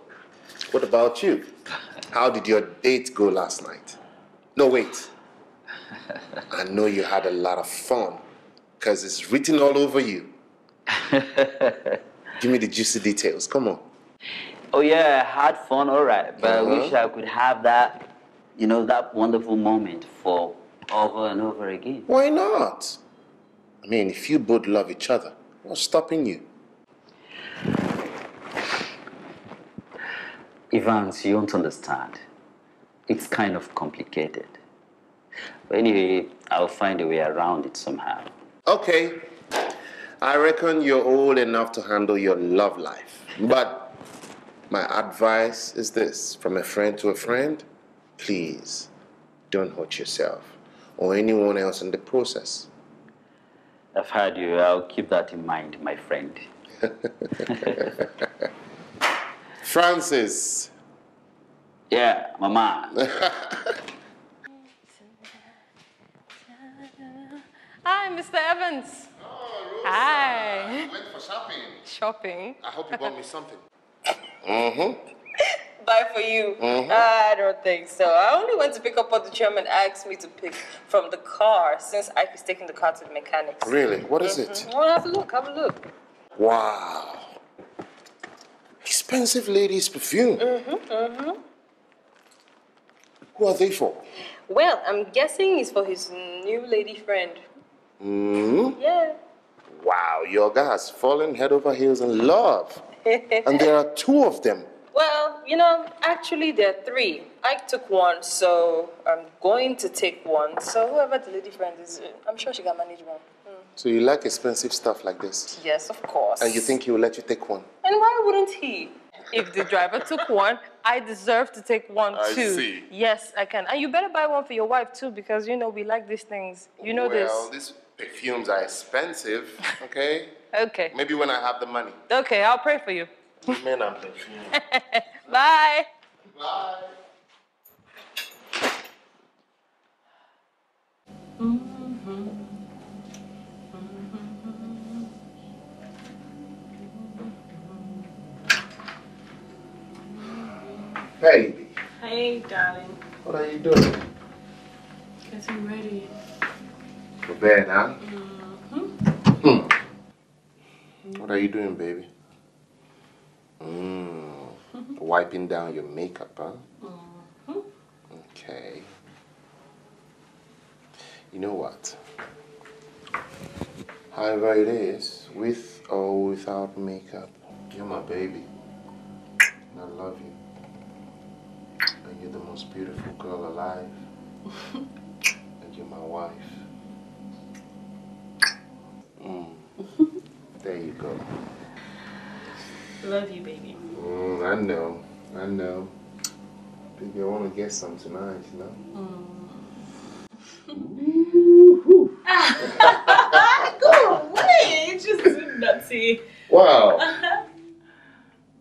what about you? How did your date go last night? No, wait. I know you had a lot of fun because it's written all over you. Give me the juicy details. Come on. Oh, yeah, I had fun, all right. But uh-huh. I wish I could have that, you know, that wonderful moment for over and over again. Why not? I mean, if you both love each other, what's stopping you? Evans, you don't understand. It's kind of complicated. But anyway, I'll find a way around it somehow. Okay. I reckon you're old enough to handle your love life. But my advice is this from a friend to a friend, please don't hurt yourself or anyone else in the process. I've heard you. I'll keep that in mind, my friend. Francis. Yeah, Mama. Hi, Mr. Evans. Oh, Rosa. Hi. I went for shopping. Shopping. I hope you bought me something. mm-hmm buy for you. Mm-hmm. Ah, I don't think so. I only went to pick up what the chairman asked me to pick from the car since I was taking the car to the mechanics. Really? What is mm-hmm. it? Well, have a look. Have a look. Wow. Expensive lady's perfume. Mm-hmm. Mm-hmm. Who are they for? Well, I'm guessing it's for his new lady friend. Mm-hmm. Yeah. Wow, your guy has fallen head over heels in love. and there are two of them. Well, you know, actually, there are three. I took one, so I'm going to take one. So whoever the lady friend is, I'm sure she can manage one. Mm. So you like expensive stuff like this? Yes, of course. And you think he'll let you take one? And why wouldn't he? If the driver took one, I deserve to take one I too. See. Yes, I can. And you better buy one for your wife too, because you know we like these things. You know well, this. Well, these perfumes are expensive. Okay. okay. Maybe when I have the money. Okay, I'll pray for you. Women and perfume. Bye. Bye. mm Baby. Hey, darling. What are you doing? Getting ready. For bed, huh? Mm-hmm. Hmm. What are you doing, baby? Mm. Wiping down your makeup, huh? Mm-hmm. Okay. You know what? However it is, with or without makeup, you're my baby. And I love you. And you're the most beautiful girl alive. and you're my wife. Mm. there you go. Love you, baby. Mm, I know. I know. Baby, I want to get some tonight, you know? Mm. ah, go away! It's just nutsy. Wow.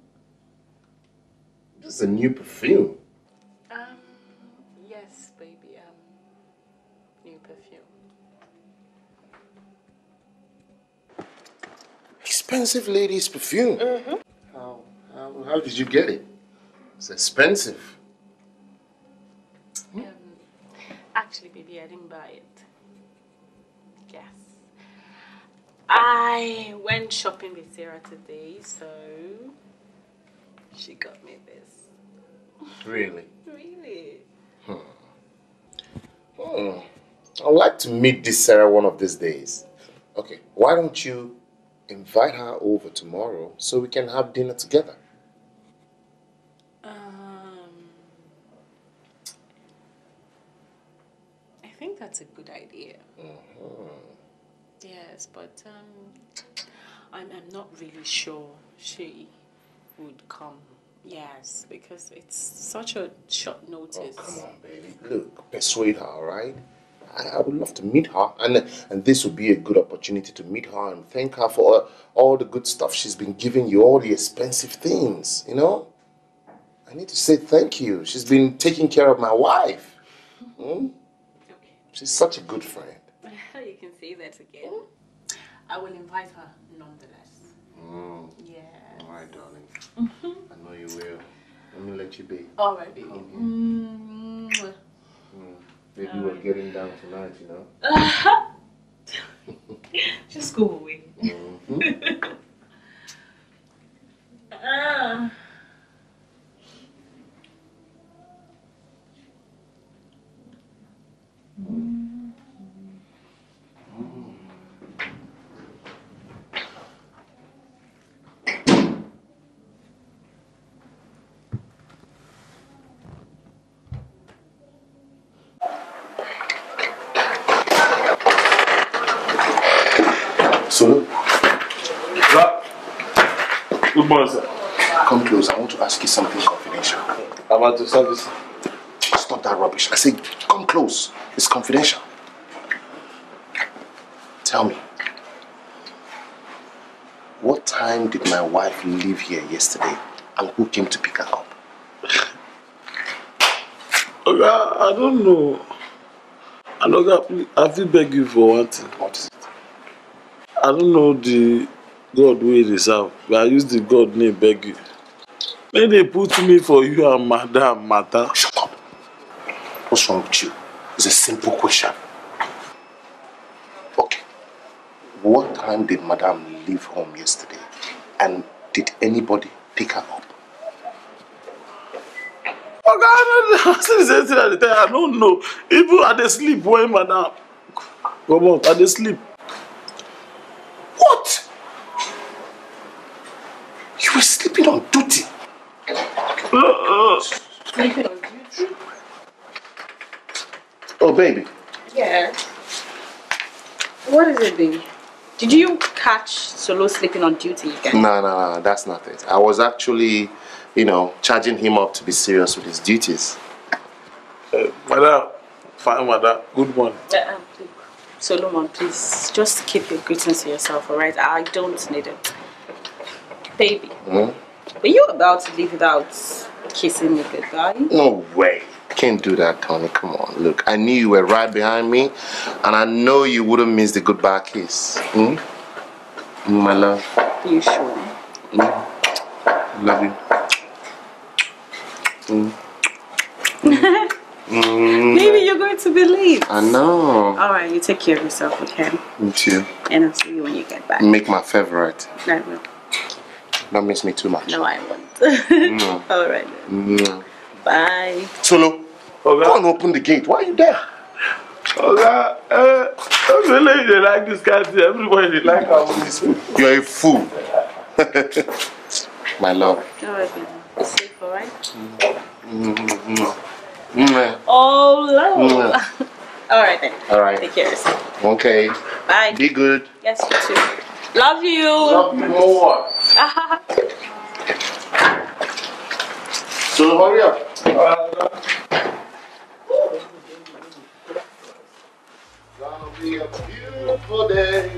this is a new perfume. Um, yes, baby. Um, new perfume. Expensive lady's perfume. Mm -hmm. Well, how did you get it? It's expensive. Um, actually, baby, I didn't buy it. Yes. I went shopping with Sarah today, so she got me this. Really? really. Hmm. Hmm. I'd like to meet this Sarah one of these days. Okay, why don't you invite her over tomorrow so we can have dinner together? that's a good idea. Mm-hmm. Yes, but um, I'm, I'm not really sure she would come. Yes, because it's such a short notice. Oh, come on, baby. Look, persuade her, all right? I, I would love to meet her, and and this would be a good opportunity to meet her and thank her for all the good stuff she's been giving you, all the expensive things, you know. I need to say thank you. She's been taking care of my wife. Mm? She's such a good friend. you can say that again. Oh. I will invite her nonetheless. Mm. Yeah. All right, darling. Mm-hmm. I know you will. Let me let you be. All right, baby. Mm-hmm. Mm -hmm. Maybe All we're right. getting down tonight, you know? Just go away. -hmm. ah. Solo? Good morning, sir. Come close. I want to ask you something confidential. I About the service. Stop that rubbish. I say, come close. It's confidential. Tell me, what time did my wife leave here yesterday and who came to pick her up? Oga, I don't know. And Oga, I feel beg you for one thing. What is it? I don't know the God wey dey but I use the God name beg you. May they put me for you and madam matter. Shut up. What's wrong with you? It's a simple question. Okay. What time did Madame leave home yesterday? And did anybody pick her up? Okay, I don't know. Even at the sleep when Madame come out, at the sleep. What? You were sleeping on duty. Uh, uh. Oh, baby. Yeah. What is it, baby? Did you catch Solo sleeping on duty again? No, no, no, that's not it. I was actually, you know, charging him up to be serious with his duties. Uh, madam, fine, mother, Good one. Uh, um, Solomon, please, just keep your greetings to yourself, all right? I don't need it. Baby, mm? were you about to leave without kissing me goodbye? No way. I can't do that, Tony. Come on. Look, I knew you were right behind me, and I know you wouldn't miss the goodbye kiss. Mm? My love. You sure? Mm. Love you. Mm. mm. Maybe you're going to believe. I know. All right, you take care of yourself, okay? Me too. And I'll see you when you get back. Make my favorite. I will. Don't miss me too much. No, I won't. no. All right. No. Bye. Solo. Oga. Go and open the gate. Why are you there? Oga, uh, everybody they like this guy. Everybody they like our people. You're a fool. My love. Alright, be safe, alright? Mm -hmm. -hmm. Oh, love. Mm-hmm. alright then. Alright. Take care Okay. Bye. Be good. Yes, you too. Love you. Love you more. so hurry up. Uh, Gonna be a beautiful day.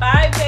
Bye,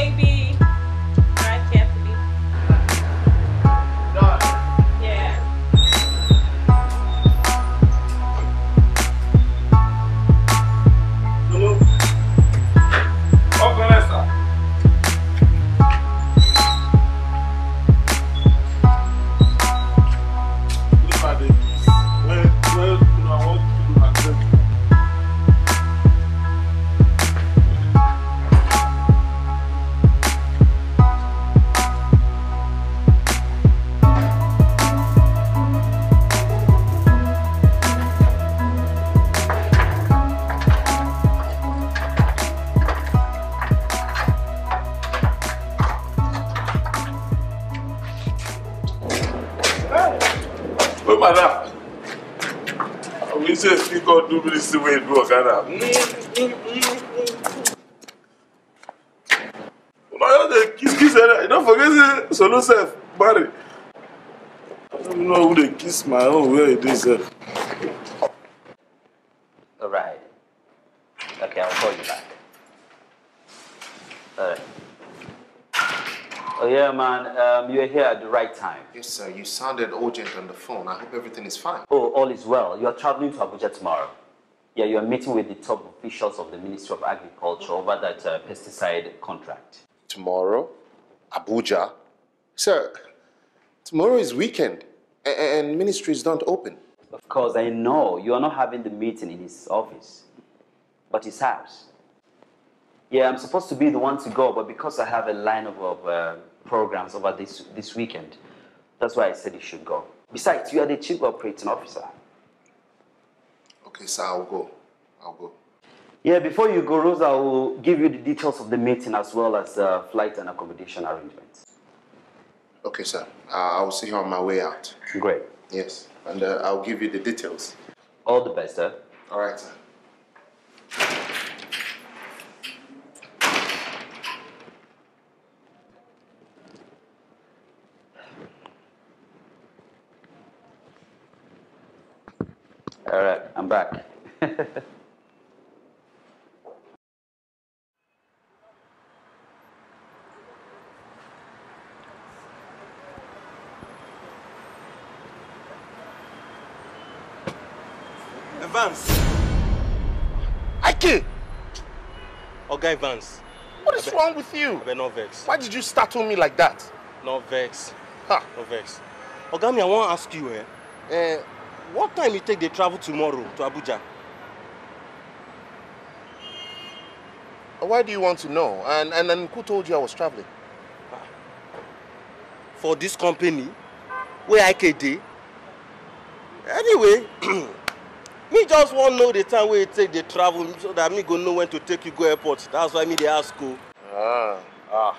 two ways to do a Ghana. Now they kiss kiss and don't forget solo self, buddy. I don't know who they kiss my own where it is. Alright. Okay, I'll call you back. Alright. Oh yeah, man. Um, you're here at the right time. Yes, sir. You sounded urgent on the phone. I hope everything is fine. Oh, all is well. You're traveling to Abuja tomorrow. Yeah, you are meeting with the top officials of the Ministry of Agriculture over that uh, pesticide contract. Tomorrow, Abuja. Sir, tomorrow is weekend and ministries don't open. Of course, I know you are not having the meeting in his office, but his house. Yeah, I'm supposed to be the one to go, but because I have a line of, of uh, programs over this, this weekend, that's why I said you should go. Besides, you are the chief operating officer. Okay, sir, I'll go. I'll go. Yeah, before you go, Rosa, I will give you the details of the meeting as well as uh, flight and accommodation arrangements. Okay, sir. Uh, I'll see you on my way out. Great. Yes, and uh, I'll give you the details. All the best, sir. All right, sir. I'm back. Advance! Ike! Oh, guy Vance. What is wrong with you? I'm not vex. Why did you startle me like that? Not vex. Ha. Not vex. Ogami, I want to ask you, eh? Eh, what time you take dey travel tomorrow to Abuja? Why do you want to know? And, and, and who told you I was traveling? Ah, for this company, where I can dey. Anyway, me just wan know the time wey you take dey travel so that me go know when to take you go airport. That's why me dey ask o. Oh. Ah, ah,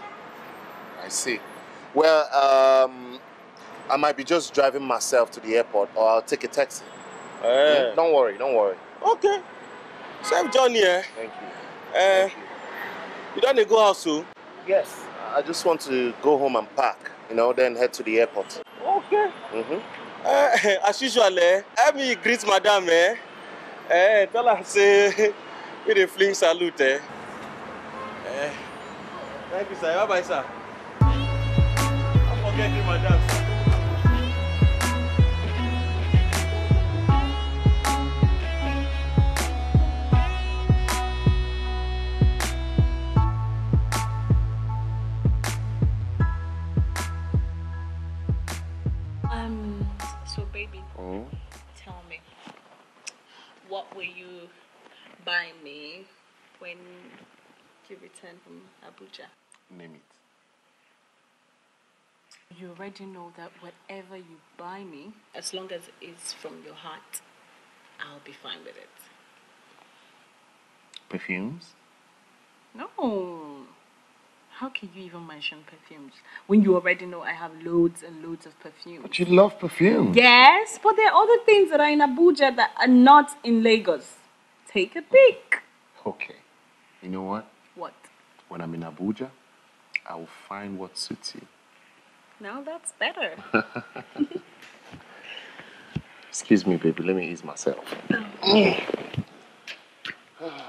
I see. Well, um, I might be just driving myself to the airport or I'll take a taxi. Hey. Eh. Mm, don't worry, don't worry. Okay. Safe journey, eh? Thank you. Uh, Thank you. you don't need to go out soon? Yes. I just want to go home and park, you know, then head to the airport. Okay. Mm-hmm. Uh, as usual, eh? Let me greet madam, eh? Eh, tell her, say, with a fling salute, eh? eh? Thank you, sir. Bye-bye, sir. I'm forgetting madam. when you return from Abuja? Name it. You already know that whatever you buy me, as long as it's from your heart, I'll be fine with it. Perfumes? No. How can you even mention perfumes when you already know I have loads and loads of perfumes? But you love perfume. Yes, but there are other things that are in Abuja that are not in Lagos. Take a peek. Okay. You know what? What? When I'm in Abuja, I will find what suits you. Now that's better. Excuse me, baby. Let me ease myself. Oh.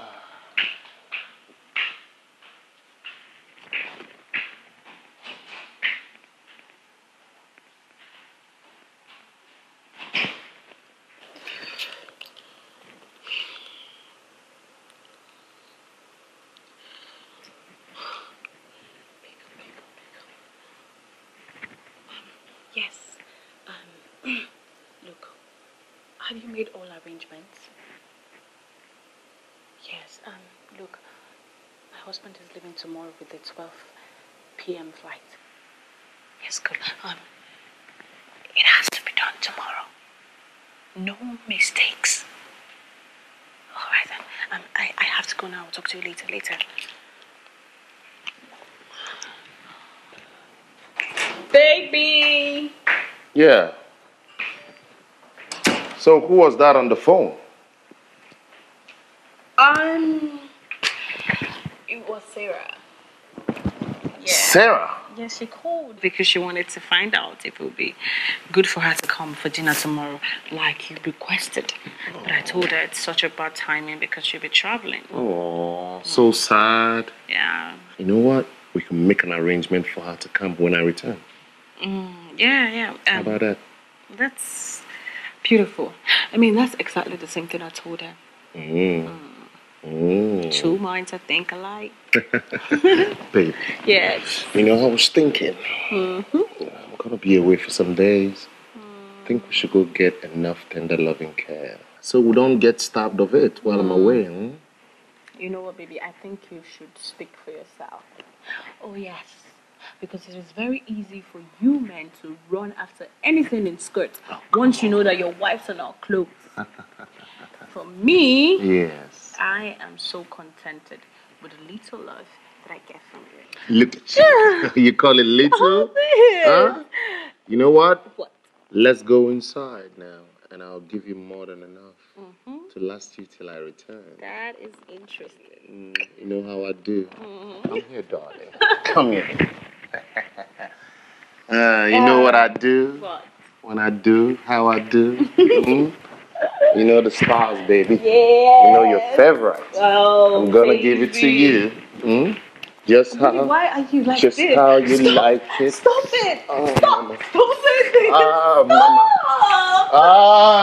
tomorrow with the 12 p.m. flight. Yes, good. Um, it has to be done tomorrow. No mistakes. All right, then. Um, I, I have to go now. I'll talk to you later. Later. Baby! Yeah. So who was that on the phone? Sarah. Yes, she called because she wanted to find out if it would be good for her to come for dinner tomorrow, like you requested. But I told her it's such a bad timing because she'll be traveling. Oh, so sad. Yeah. You know what? We can make an arrangement for her to come when I return. Mm, yeah, yeah. Um, How about that? That's beautiful. I mean, that's exactly the same thing I told her. Mm. mm. Too Two mm. minds that think alike. Baby. Yes. You know, I was thinking, mm-hmm. I'm going to be away for some days. Mm. I think we should go get enough tender loving care. So we don't get starved of it while mm. I'm away. Hmm? You know what, baby? I think you should speak for yourself. Oh, yes because it is very easy for you men to run after anything in skirts oh, once you know that your wives are not close for me, yes, I am so contented with the little love that I get from you. Look at you. you call it little? Oh, huh? You know what? What? Let's go inside now, and I'll give you more than enough mm-hmm. to last you till I return. That is interesting. Mm, you know how I do. Mm-hmm. Come here, darling. Come here. uh, you know what uh, I do? What? When I do, how I do. mm-hmm. You know the stars, baby. Yeah. You know your favorite. Oh, I'm gonna baby. give it to you. Mm? Just how. Baby, why are you like just this? Just how you Stop. like it. Stop it! Oh, Stop! Mama. Stop not say Ah,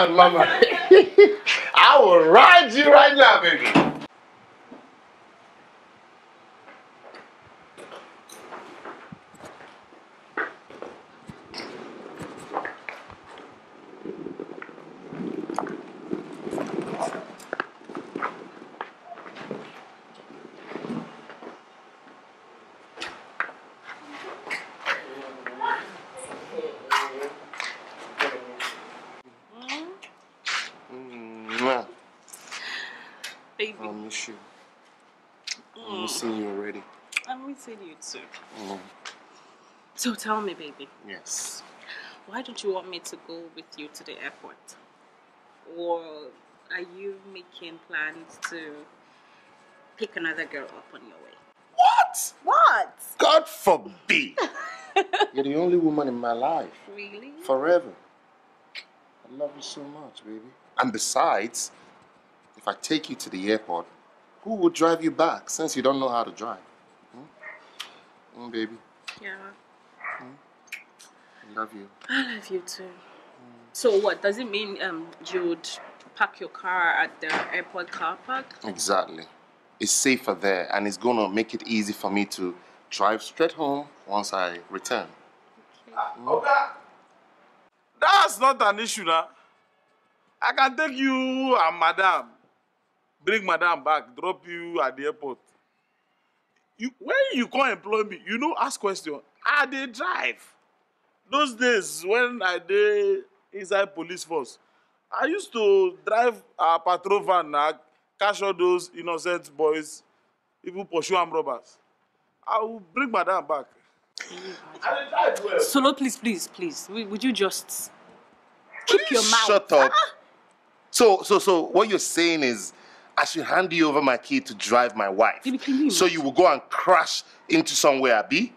mama. Ah, mama. I will ride you right now, baby. soup. Mm. So tell me, baby. Yes. Why don't you want me to go with you to the airport? Or are you making plans to pick another girl up on your way? What? What? God forbid! You're the only woman in my life. Really? Forever. I love you so much, baby. And besides, if I take you to the airport, who will drive you back since you don't know how to drive? Mm, baby. Yeah. Mm. I love you. I love you too. Mm. So what does it mean? Um, you would park your car at the airport car park? Exactly. It's safer there, and it's gonna make it easy for me to drive straight home once I return. Okay. Mm. That's not an issue, now. I can take you and Madame, bring Madame back, drop you at the airport. you when you come employ me you know, ask question i dey drive those days when i did inside police force i used to drive a patrol van na catch all those innocent boys even pursue armed robbers i will bring my dad back solo please please please would you just keep please your mouth. shut up. Ah. ah. so so so what you're saying is I should hand you over my key to drive my wife. You so you will go and crash into somewhere, Be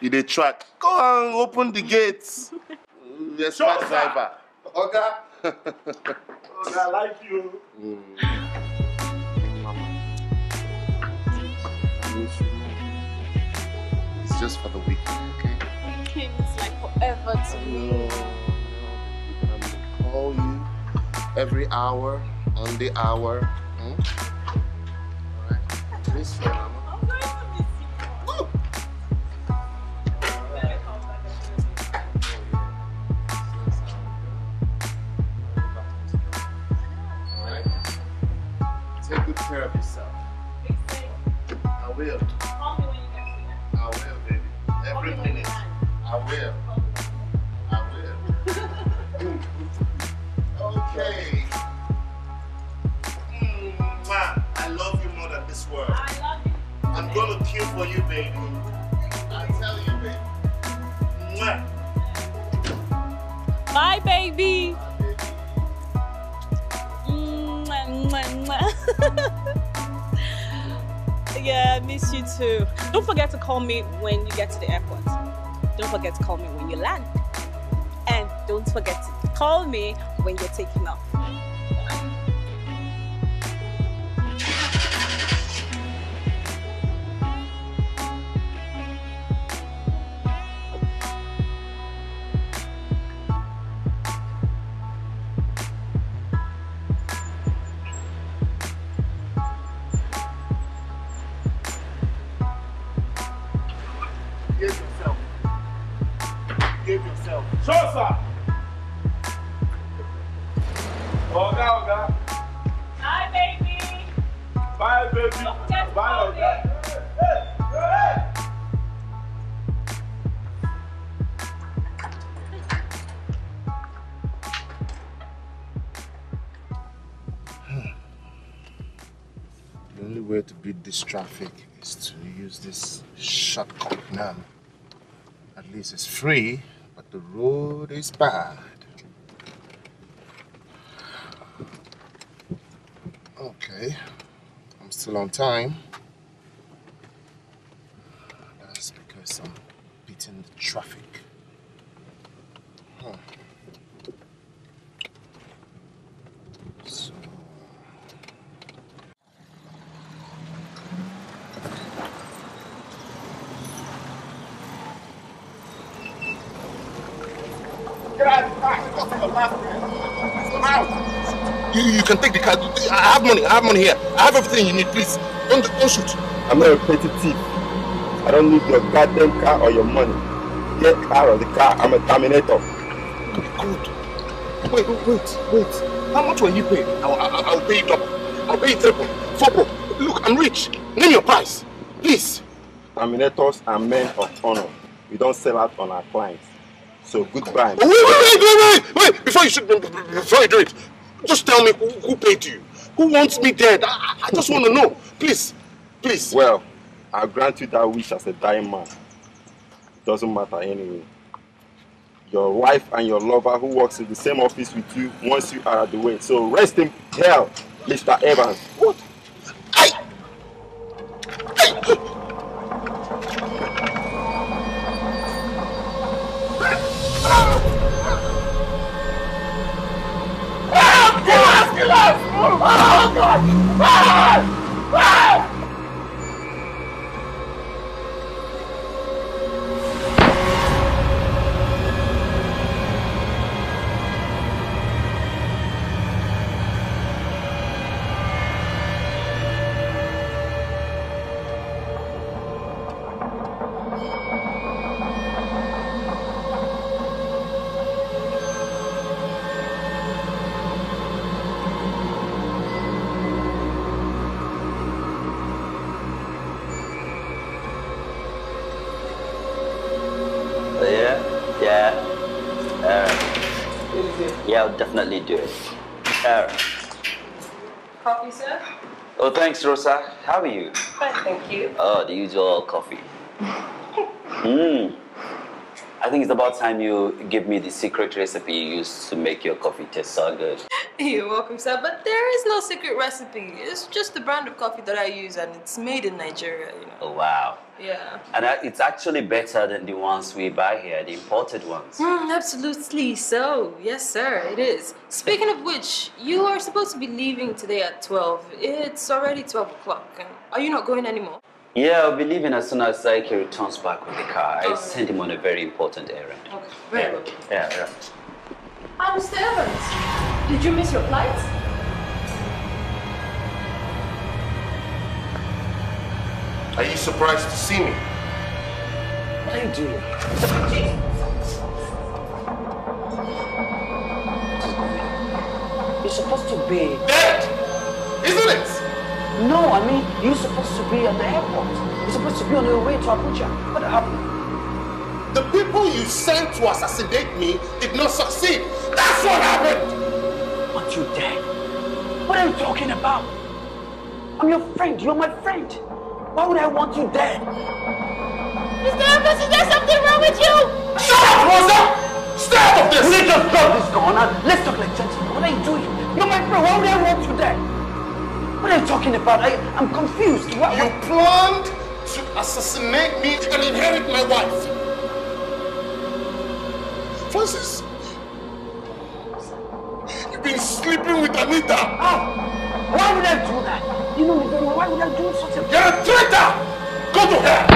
in the truck. Go and open the gates. Yes, my smart driver. Oga. Oga, I like you. Mm. It's just for the weekend, okay? Weekend is like forever to me. I call you every hour, on the hour, Take good care of yourself. I will. Call me when you get I will, baby. Every minute. I will. world. I'm gonna kill for you, baby. I tell you, baby. Mwah. Bye, baby. yeah, I miss you too. Don't forget to call me when you get to the airport. Don't forget to call me when you land. And don't forget to call me when you're taking off. yourself. Sure, sir. Oga, Oga. Hi, baby. Bye, baby. do Bye, Oga. The only way to beat this traffic is to use this shortcut now. At least it's free the road is bad. Okay, I'm still on time. money. I have money here. I have everything you need. Please, don't don't shoot. I'm not a petty thief. I don't need your goddamn car or your money. Get out of the car. I'm a terminator. Good. Wait, wait, wait. How much will you pay? I'll, I'll, pay you double. I'll pay you triple, fourple. Look, I'm rich. Name your price, please. Terminators are men of honor. We don't sell out on our clients. So goodbye. Wait, wait, wait, wait, wait! Before you should, before you do it, just tell me who, who paid you. Who wants me dead? I, I just want to know. Please, please. Well, I grant you that wish as a dying man. It doesn't matter anyway. Your wife and your lover who works in the same office with you wants you out of the way. So rest in hell, Mr. Evans. What? are Fine, thank you. Oh, the usual coffee think it's about time you give me the secret recipe you used to make your coffee taste so good. You're welcome, sir. But there is no secret recipe. It's just the brand of coffee that I use, and it's made in Nigeria. You know. Oh wow. Yeah. And uh, it's actually better than the ones we buy here, the imported ones. Mm, absolutely so. Yes, sir, it is. Speaking of which, you are supposed to be leaving today at 12. It's already 12 o'clock. Are you not going anymore? Yeah, I'll be leaving as soon as Zaike returns back with the car. I oh. sent him on a very important errand. Okay, very yeah. good. Yeah, yeah. Hi, Mr. Evans. Did you miss your flight? Are you surprised to see me? What are you doing? You're supposed to be... Dead! Isn't it? No, I mean, you're supposed to be at the airport. You're supposed to be on your way to Abuja. What happened? The people you sent to assassinate me did not succeed. That's what happened! Aren't you dead? What are you talking about? I'm your friend. You're my friend. Why would I want you dead? Mr. Evans, is there something wrong with you? Shut up, Rosa! Stay out of this! We just drop this Let's talk like gentlemen. What are you doing? You're my friend. Why would I want you dead? What are you talking about? I, I'm confused. What, you what? planned to assassinate me and inherit my wife. Francis, you've been sleeping with Anita. Ah, why would I do that? You know me Why would I do such a thing? You're a traitor! Go to hell!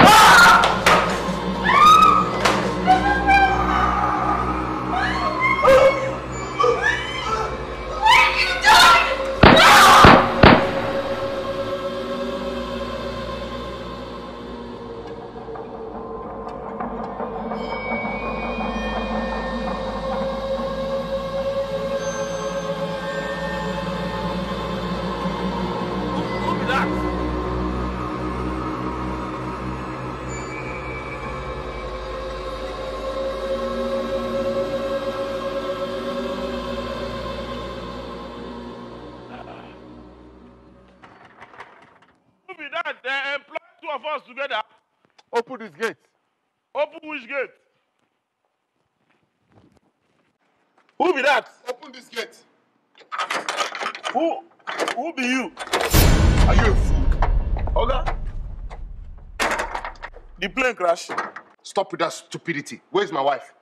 Stop with that stupidity. Where's my wife?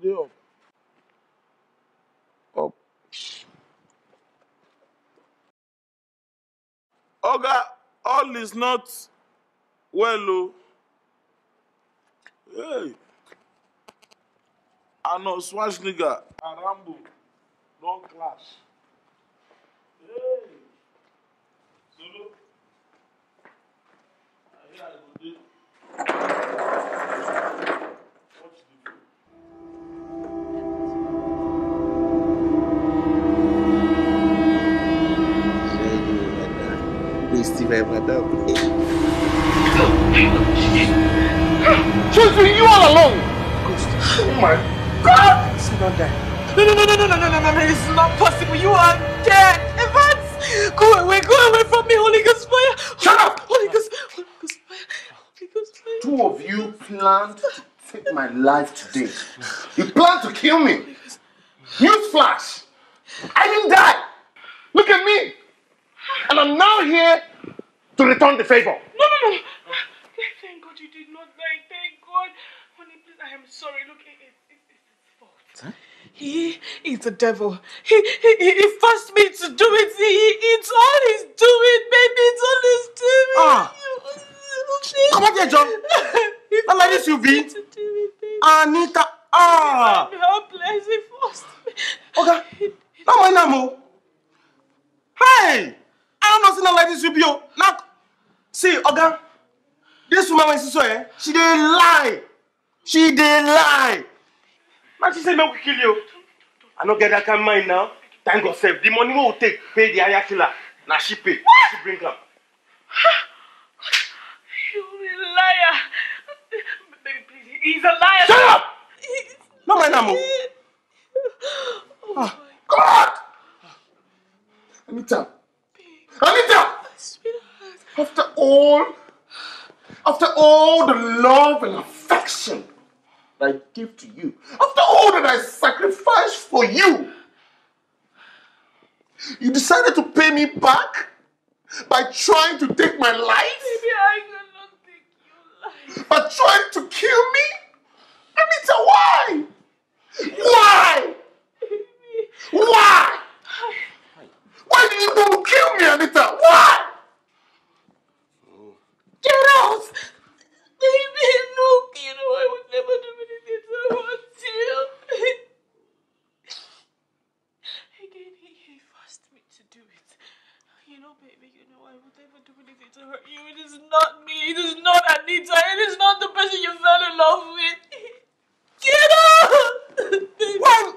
Day off. Oga, all is not well. Oh. Hey. And no Schwarzenegger and Rambo don't clash. Hey. Solo. tiver mandado. Children, you all alone! Oh my god! It's not dead. No, no, no, no, no, no, no, no, no, no, it's not possible. You are dead. Evans! Go away, go away from me, Holy Ghost fire! Shut up! Holy Ghost, Holy Ghost. Two of you planned to take my life today. You planned to kill me. Newsflash! I didn't die! Look at me! And I'm now here to return the favor. No, no, no! Thank God you did not die. Thank God. Honey, please, I am sorry. Look, it, it, it, it's fault. Huh? He is the devil. He, he, he forced me to do it. He, it's all he's doing, baby. It's all he's doing. Ah. Come back here, John. Not like this, you be. Anita. Ah. Oh. I'm helpless. He forced me. Okay. Now my name. Hey. I don't know nothing like this, you be. Now, see, okay. This woman when she she didn't lie. She didn't lie. Man, she said make will kill you. I no get that kind of mind now. Thank God, sef. The money we will take pay the higher killer. Now she pay. She bring am. He's a liar. Shut up! He's... No, my name. Oh, oh God! Anita! Anita! Sweetheart. After all, after all the love and affection that I give to you, after all that I sacrificed for you, you decided to pay me back by trying to take my life? Baby, I know but trying to kill me? Anita, why? Why? Why? Why did you want to kill me, Anita? Why? out, Baby, no, you know I baby, you know I would never do anything to hurt you. It is not me. It is not Anita. It is not the person you fell in love with. Get up! Why?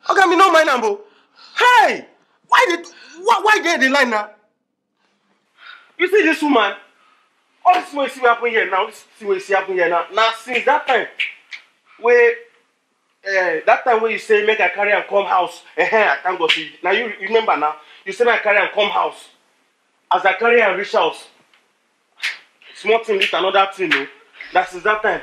How come you know my number? Hey! Why did why, why get the line now? You see this woman? All this way see what happen here now. This way see happen here now. Now since that time, where uh, that time when you say make I carry and come house, uh -huh, I thank God for you. Now you remember now. You see, I carry am come house. As I carry am reach house, small thing lead another thing o. Oh. That since that time,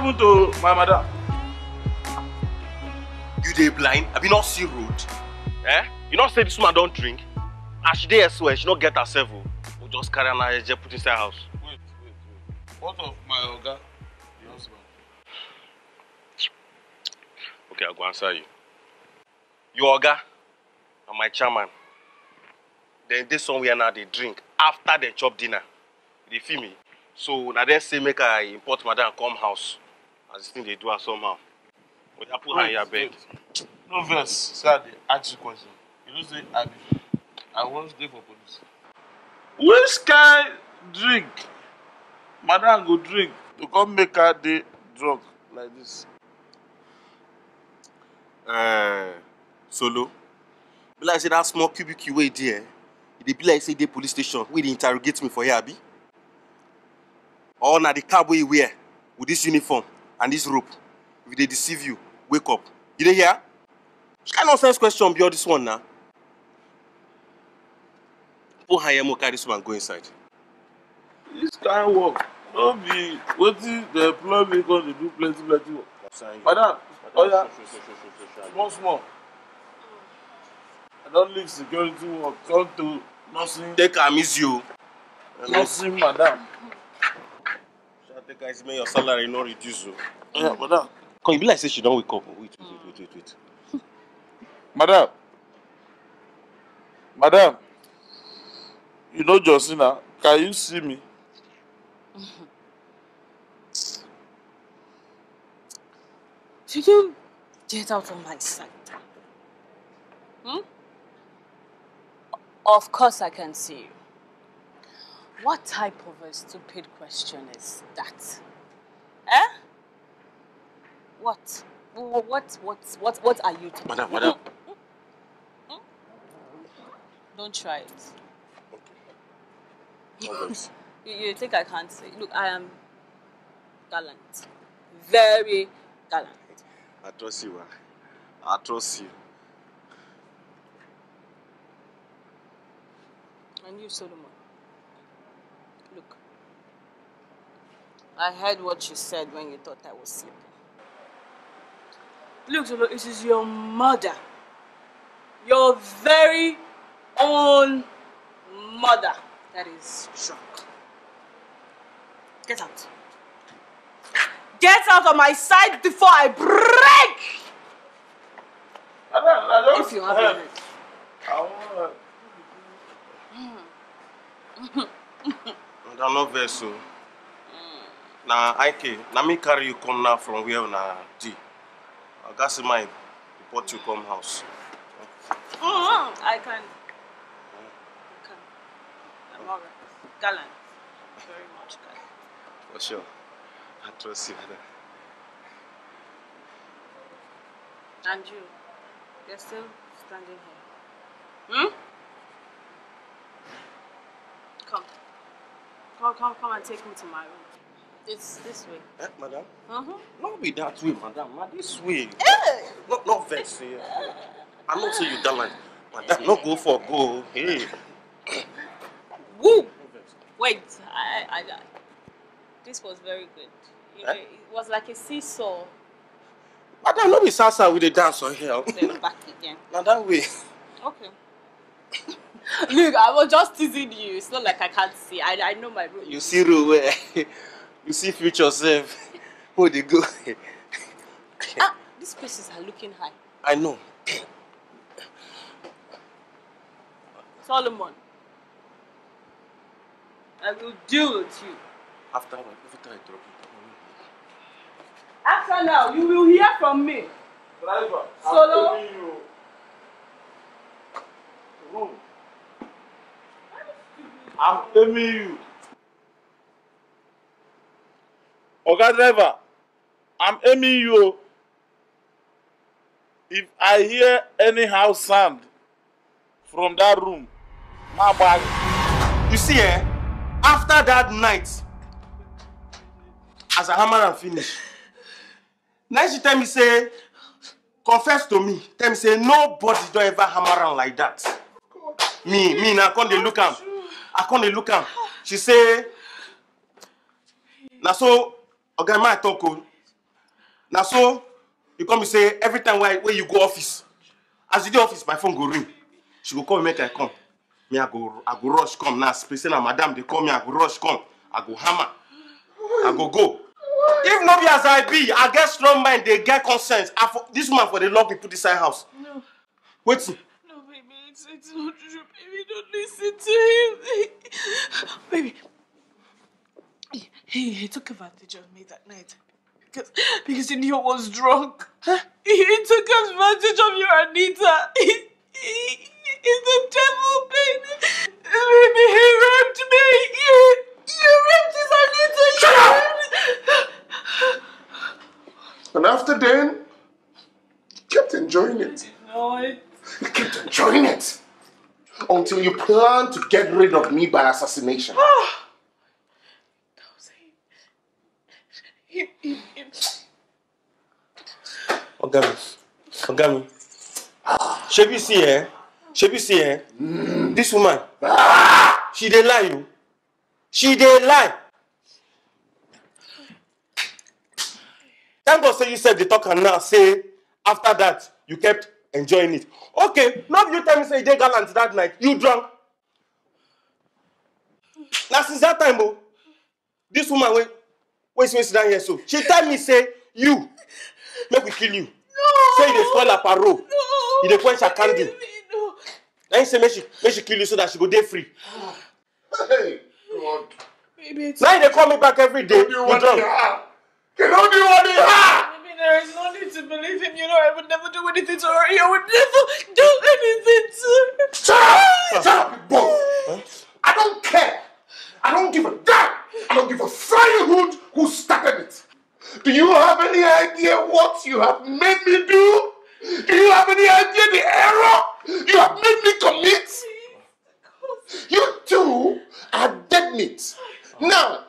happened to my madam? You dey blind? Have you not see road? Eh? You not say this woman don't drink? As she dey elsewhere, she not get herself. Oh. We We'll just carry her and put inside house. Wait, wait, wait. What of my oga, the husband? Okay, I'll go answer you. Your oga and my chairman, Then dem dey somewhere now dey drink after dem chop dinner. They dey feel me? So now they say make I import madam come house as the thing they do her somehow oya put her in your bed. no verse. say i ask you question you know say i i once dey for police. which guy drink madam go drink to come make her day drunk like this. Uh, solo be like say that small cubicle wey e dey eh e dey be like say e police station wey dey interrogate me for here abi or na the cowboy e wear with this uniform and this rope if they deceive you wake up you dey hear which kind nonsense question be all this one now. put hand here make carry this woman go inside. this kind work no be wetin the employ me come dey do plenty plenty work madam oya small small i don leave security work come to nursing. take am easy o. nursing madam. The guys may your salary not reduce. Yeah, madam. Come, you be like say she don't wake up. Wait, wait, wait, wait, wait. madam. Madam. You know Josina, can you see me? Should you get out of my sight? Hmm? Of course I can see you. What type of a stupid question is that? Eh? What? What, what, what, what are you doing? Madam, madam. Hmm? Hmm? Don't try it. Okay. you, you think I can't say? Look, I am gallant. Very gallant. I trust you. I trust you. And you, Solomon. I heard what you said when you thought I was sleeping. Look, Zolo, it is your mother. Your very own mother that is drunk. Get out. Get out of my sight before I break! I don't, I don't, if you have uh, I don't know vessel na IK, na me carry you come now from where na D. I got see my report you come house. Mm -hmm. I can. I can. I'm alright. Gallant. Very much gallant. For sure. I trust you, madam. And you, you're still standing here. Hmm? Come. Come, come, come and take me to my room. It's this way. Eh, madam? Uh-huh. Not be that way, madam. Not this way. Eh. Not, not vex here. I not say you that line. Madam, not go for go. Hey. Woo! Wait, I, I, I, this was very good. eh? it was like a seesaw. Madam, not be salsa with the dance on here. Then back again. Now that way. Okay. Look, I was just teasing you. It's not like I can't see. I, I know my room. You see room where? you see future self. Who they go? ah, these places are looking high. I know. Solomon, I will deal with you. After what? After I drop you. After now, you will hear from me. Driver, Solo. I'm you room. I'm telling you. Oga driver, I'm aiming you. If I hear any house sound from that room, my bag. You see, eh? After that night, as I hammer and finish, now she tell me, say, confess to me. Tell me, say, nobody don't ever hammer on like that. Me, me, now I come dey look am. I come dey look am. She say, na so oga my talk o oh? na so you come be say every time wey you go office as you dey office my phone go ring she go call me make i come me i go i go rush come now say na madam dey call me i go rush come i go hammer i go go if no be as i be i get strong mind dey get consent and for this woman for dey lock me put inside house no wetin no baby it's it's not true baby don't lis ten to him baby He, he took advantage of me that night because because Indio was drunk. Huh? He, took advantage of you, Anita. He, he, he's the devil, baby. Baby, he raped me. You, you raped his Anita. Shut up! And after then, he kept enjoying it. No, it. You kept enjoying it until you planned to get rid of me by assassination. Ah! ọ̀gá mi ọ̀gá mi ṣebí see eh ṣebí see eh this woman she dey lie o she dey lie thank God say you sef dey talk am now say after that you kept enjoying it okay no be you tell me say you dey gallant that night you drunk na since that time o this woman wey wait wait sit down here so she tell me say you make we kill you no say you dey spoil her parole no you dey quench her candle no na him say make she make she kill you so that she go dey free. hey god. now you dey call me back every day you drunk. you no do one dey ha. maybe there is no need to believe him you know i would never do anything to her i would never do anything to her. shut up shut up boy huh? i don't care i don't give a damn. I don't Looking for Friarhood who started it. Do you have any idea what you have made me do? Do you have any idea the error you have made me commit? You two are dead meat. Now,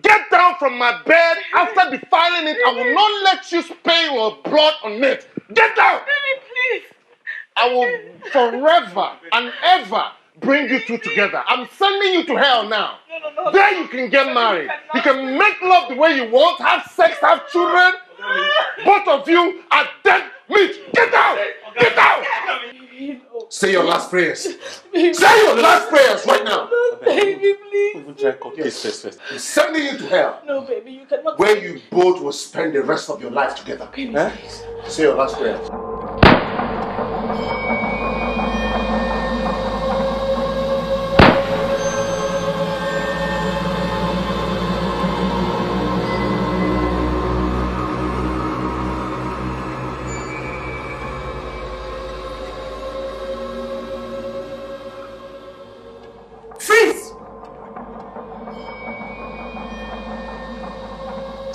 get down from my bed after defiling it. I will not let you spill your blood on it. Get down! Baby, please. I will forever and ever bring you two together. I'm sending you to hell now. There you can get married. You can make love the way you want, have sex, have children. Both of you are dead meat. Get out! Get out! Say your last prayers. Say your last prayers right now. No, baby, please. Even try cut i I'm sending you to hell. No, baby, you cannot. Where you both will spend the rest of your life together. Eh? Say your last prayers.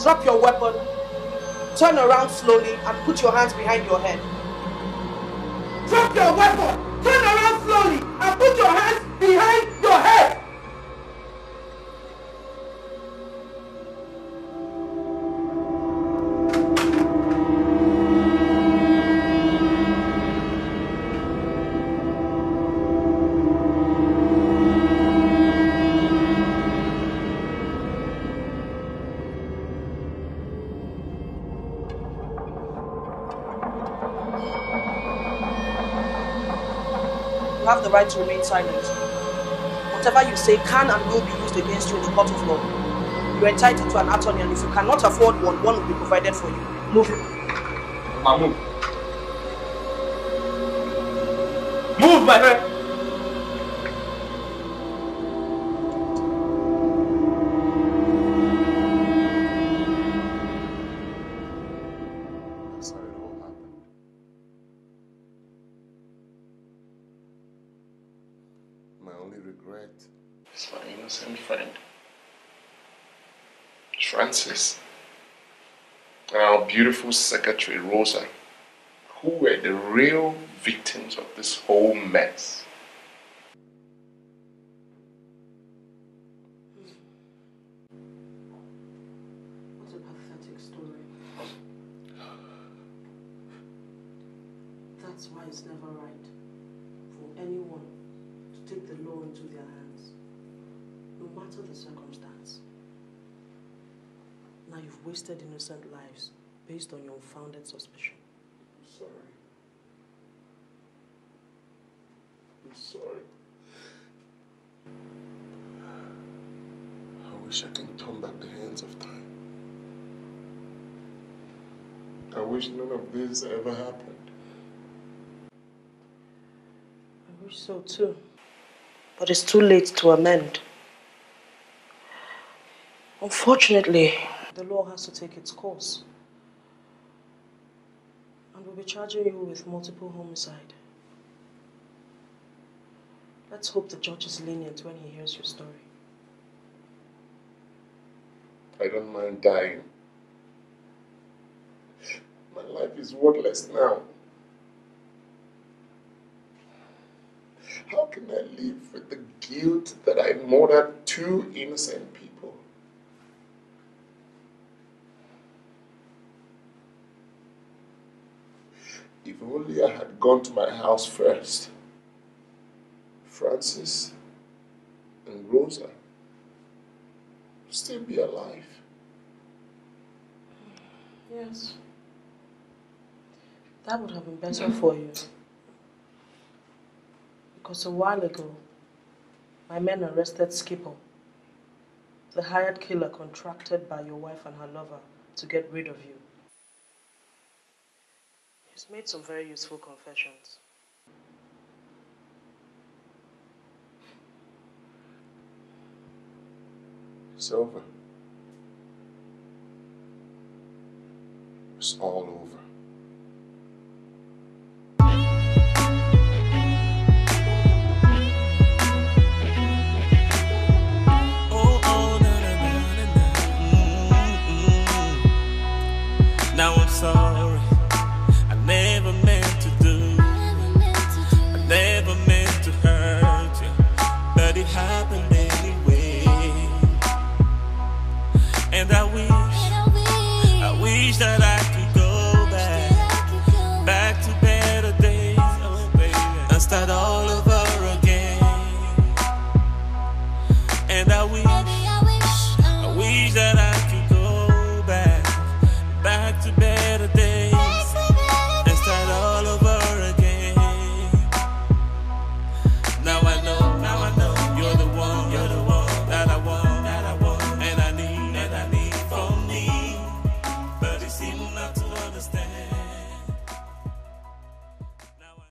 drop your weapon, turn around slowly, and put your hands behind your head. Drop your weapon! right to remain silent. Whatever you say can and will be used against you in the court of law. You're entitled to an attorney, and if you cannot afford one, one will be provided for you. Move. Ma, move. Move, my friend. but it's too late to amend. Unfortunately, the law has to take its course. And we'll be charging you with multiple homicide. Let's hope the judge is lenient when he hears your story. I don't mind dying. My life is worthless now. How can I live with the guilt that I murdered two innocent people? If only I had gone to my house first, Francis and Rosa would still be alive. Yes. That would have been better for you. Because a while ago, my men arrested Skipper, the hired killer contracted by your wife and her lover to get rid of you. He's made some very useful confessions. It's over. It's all over.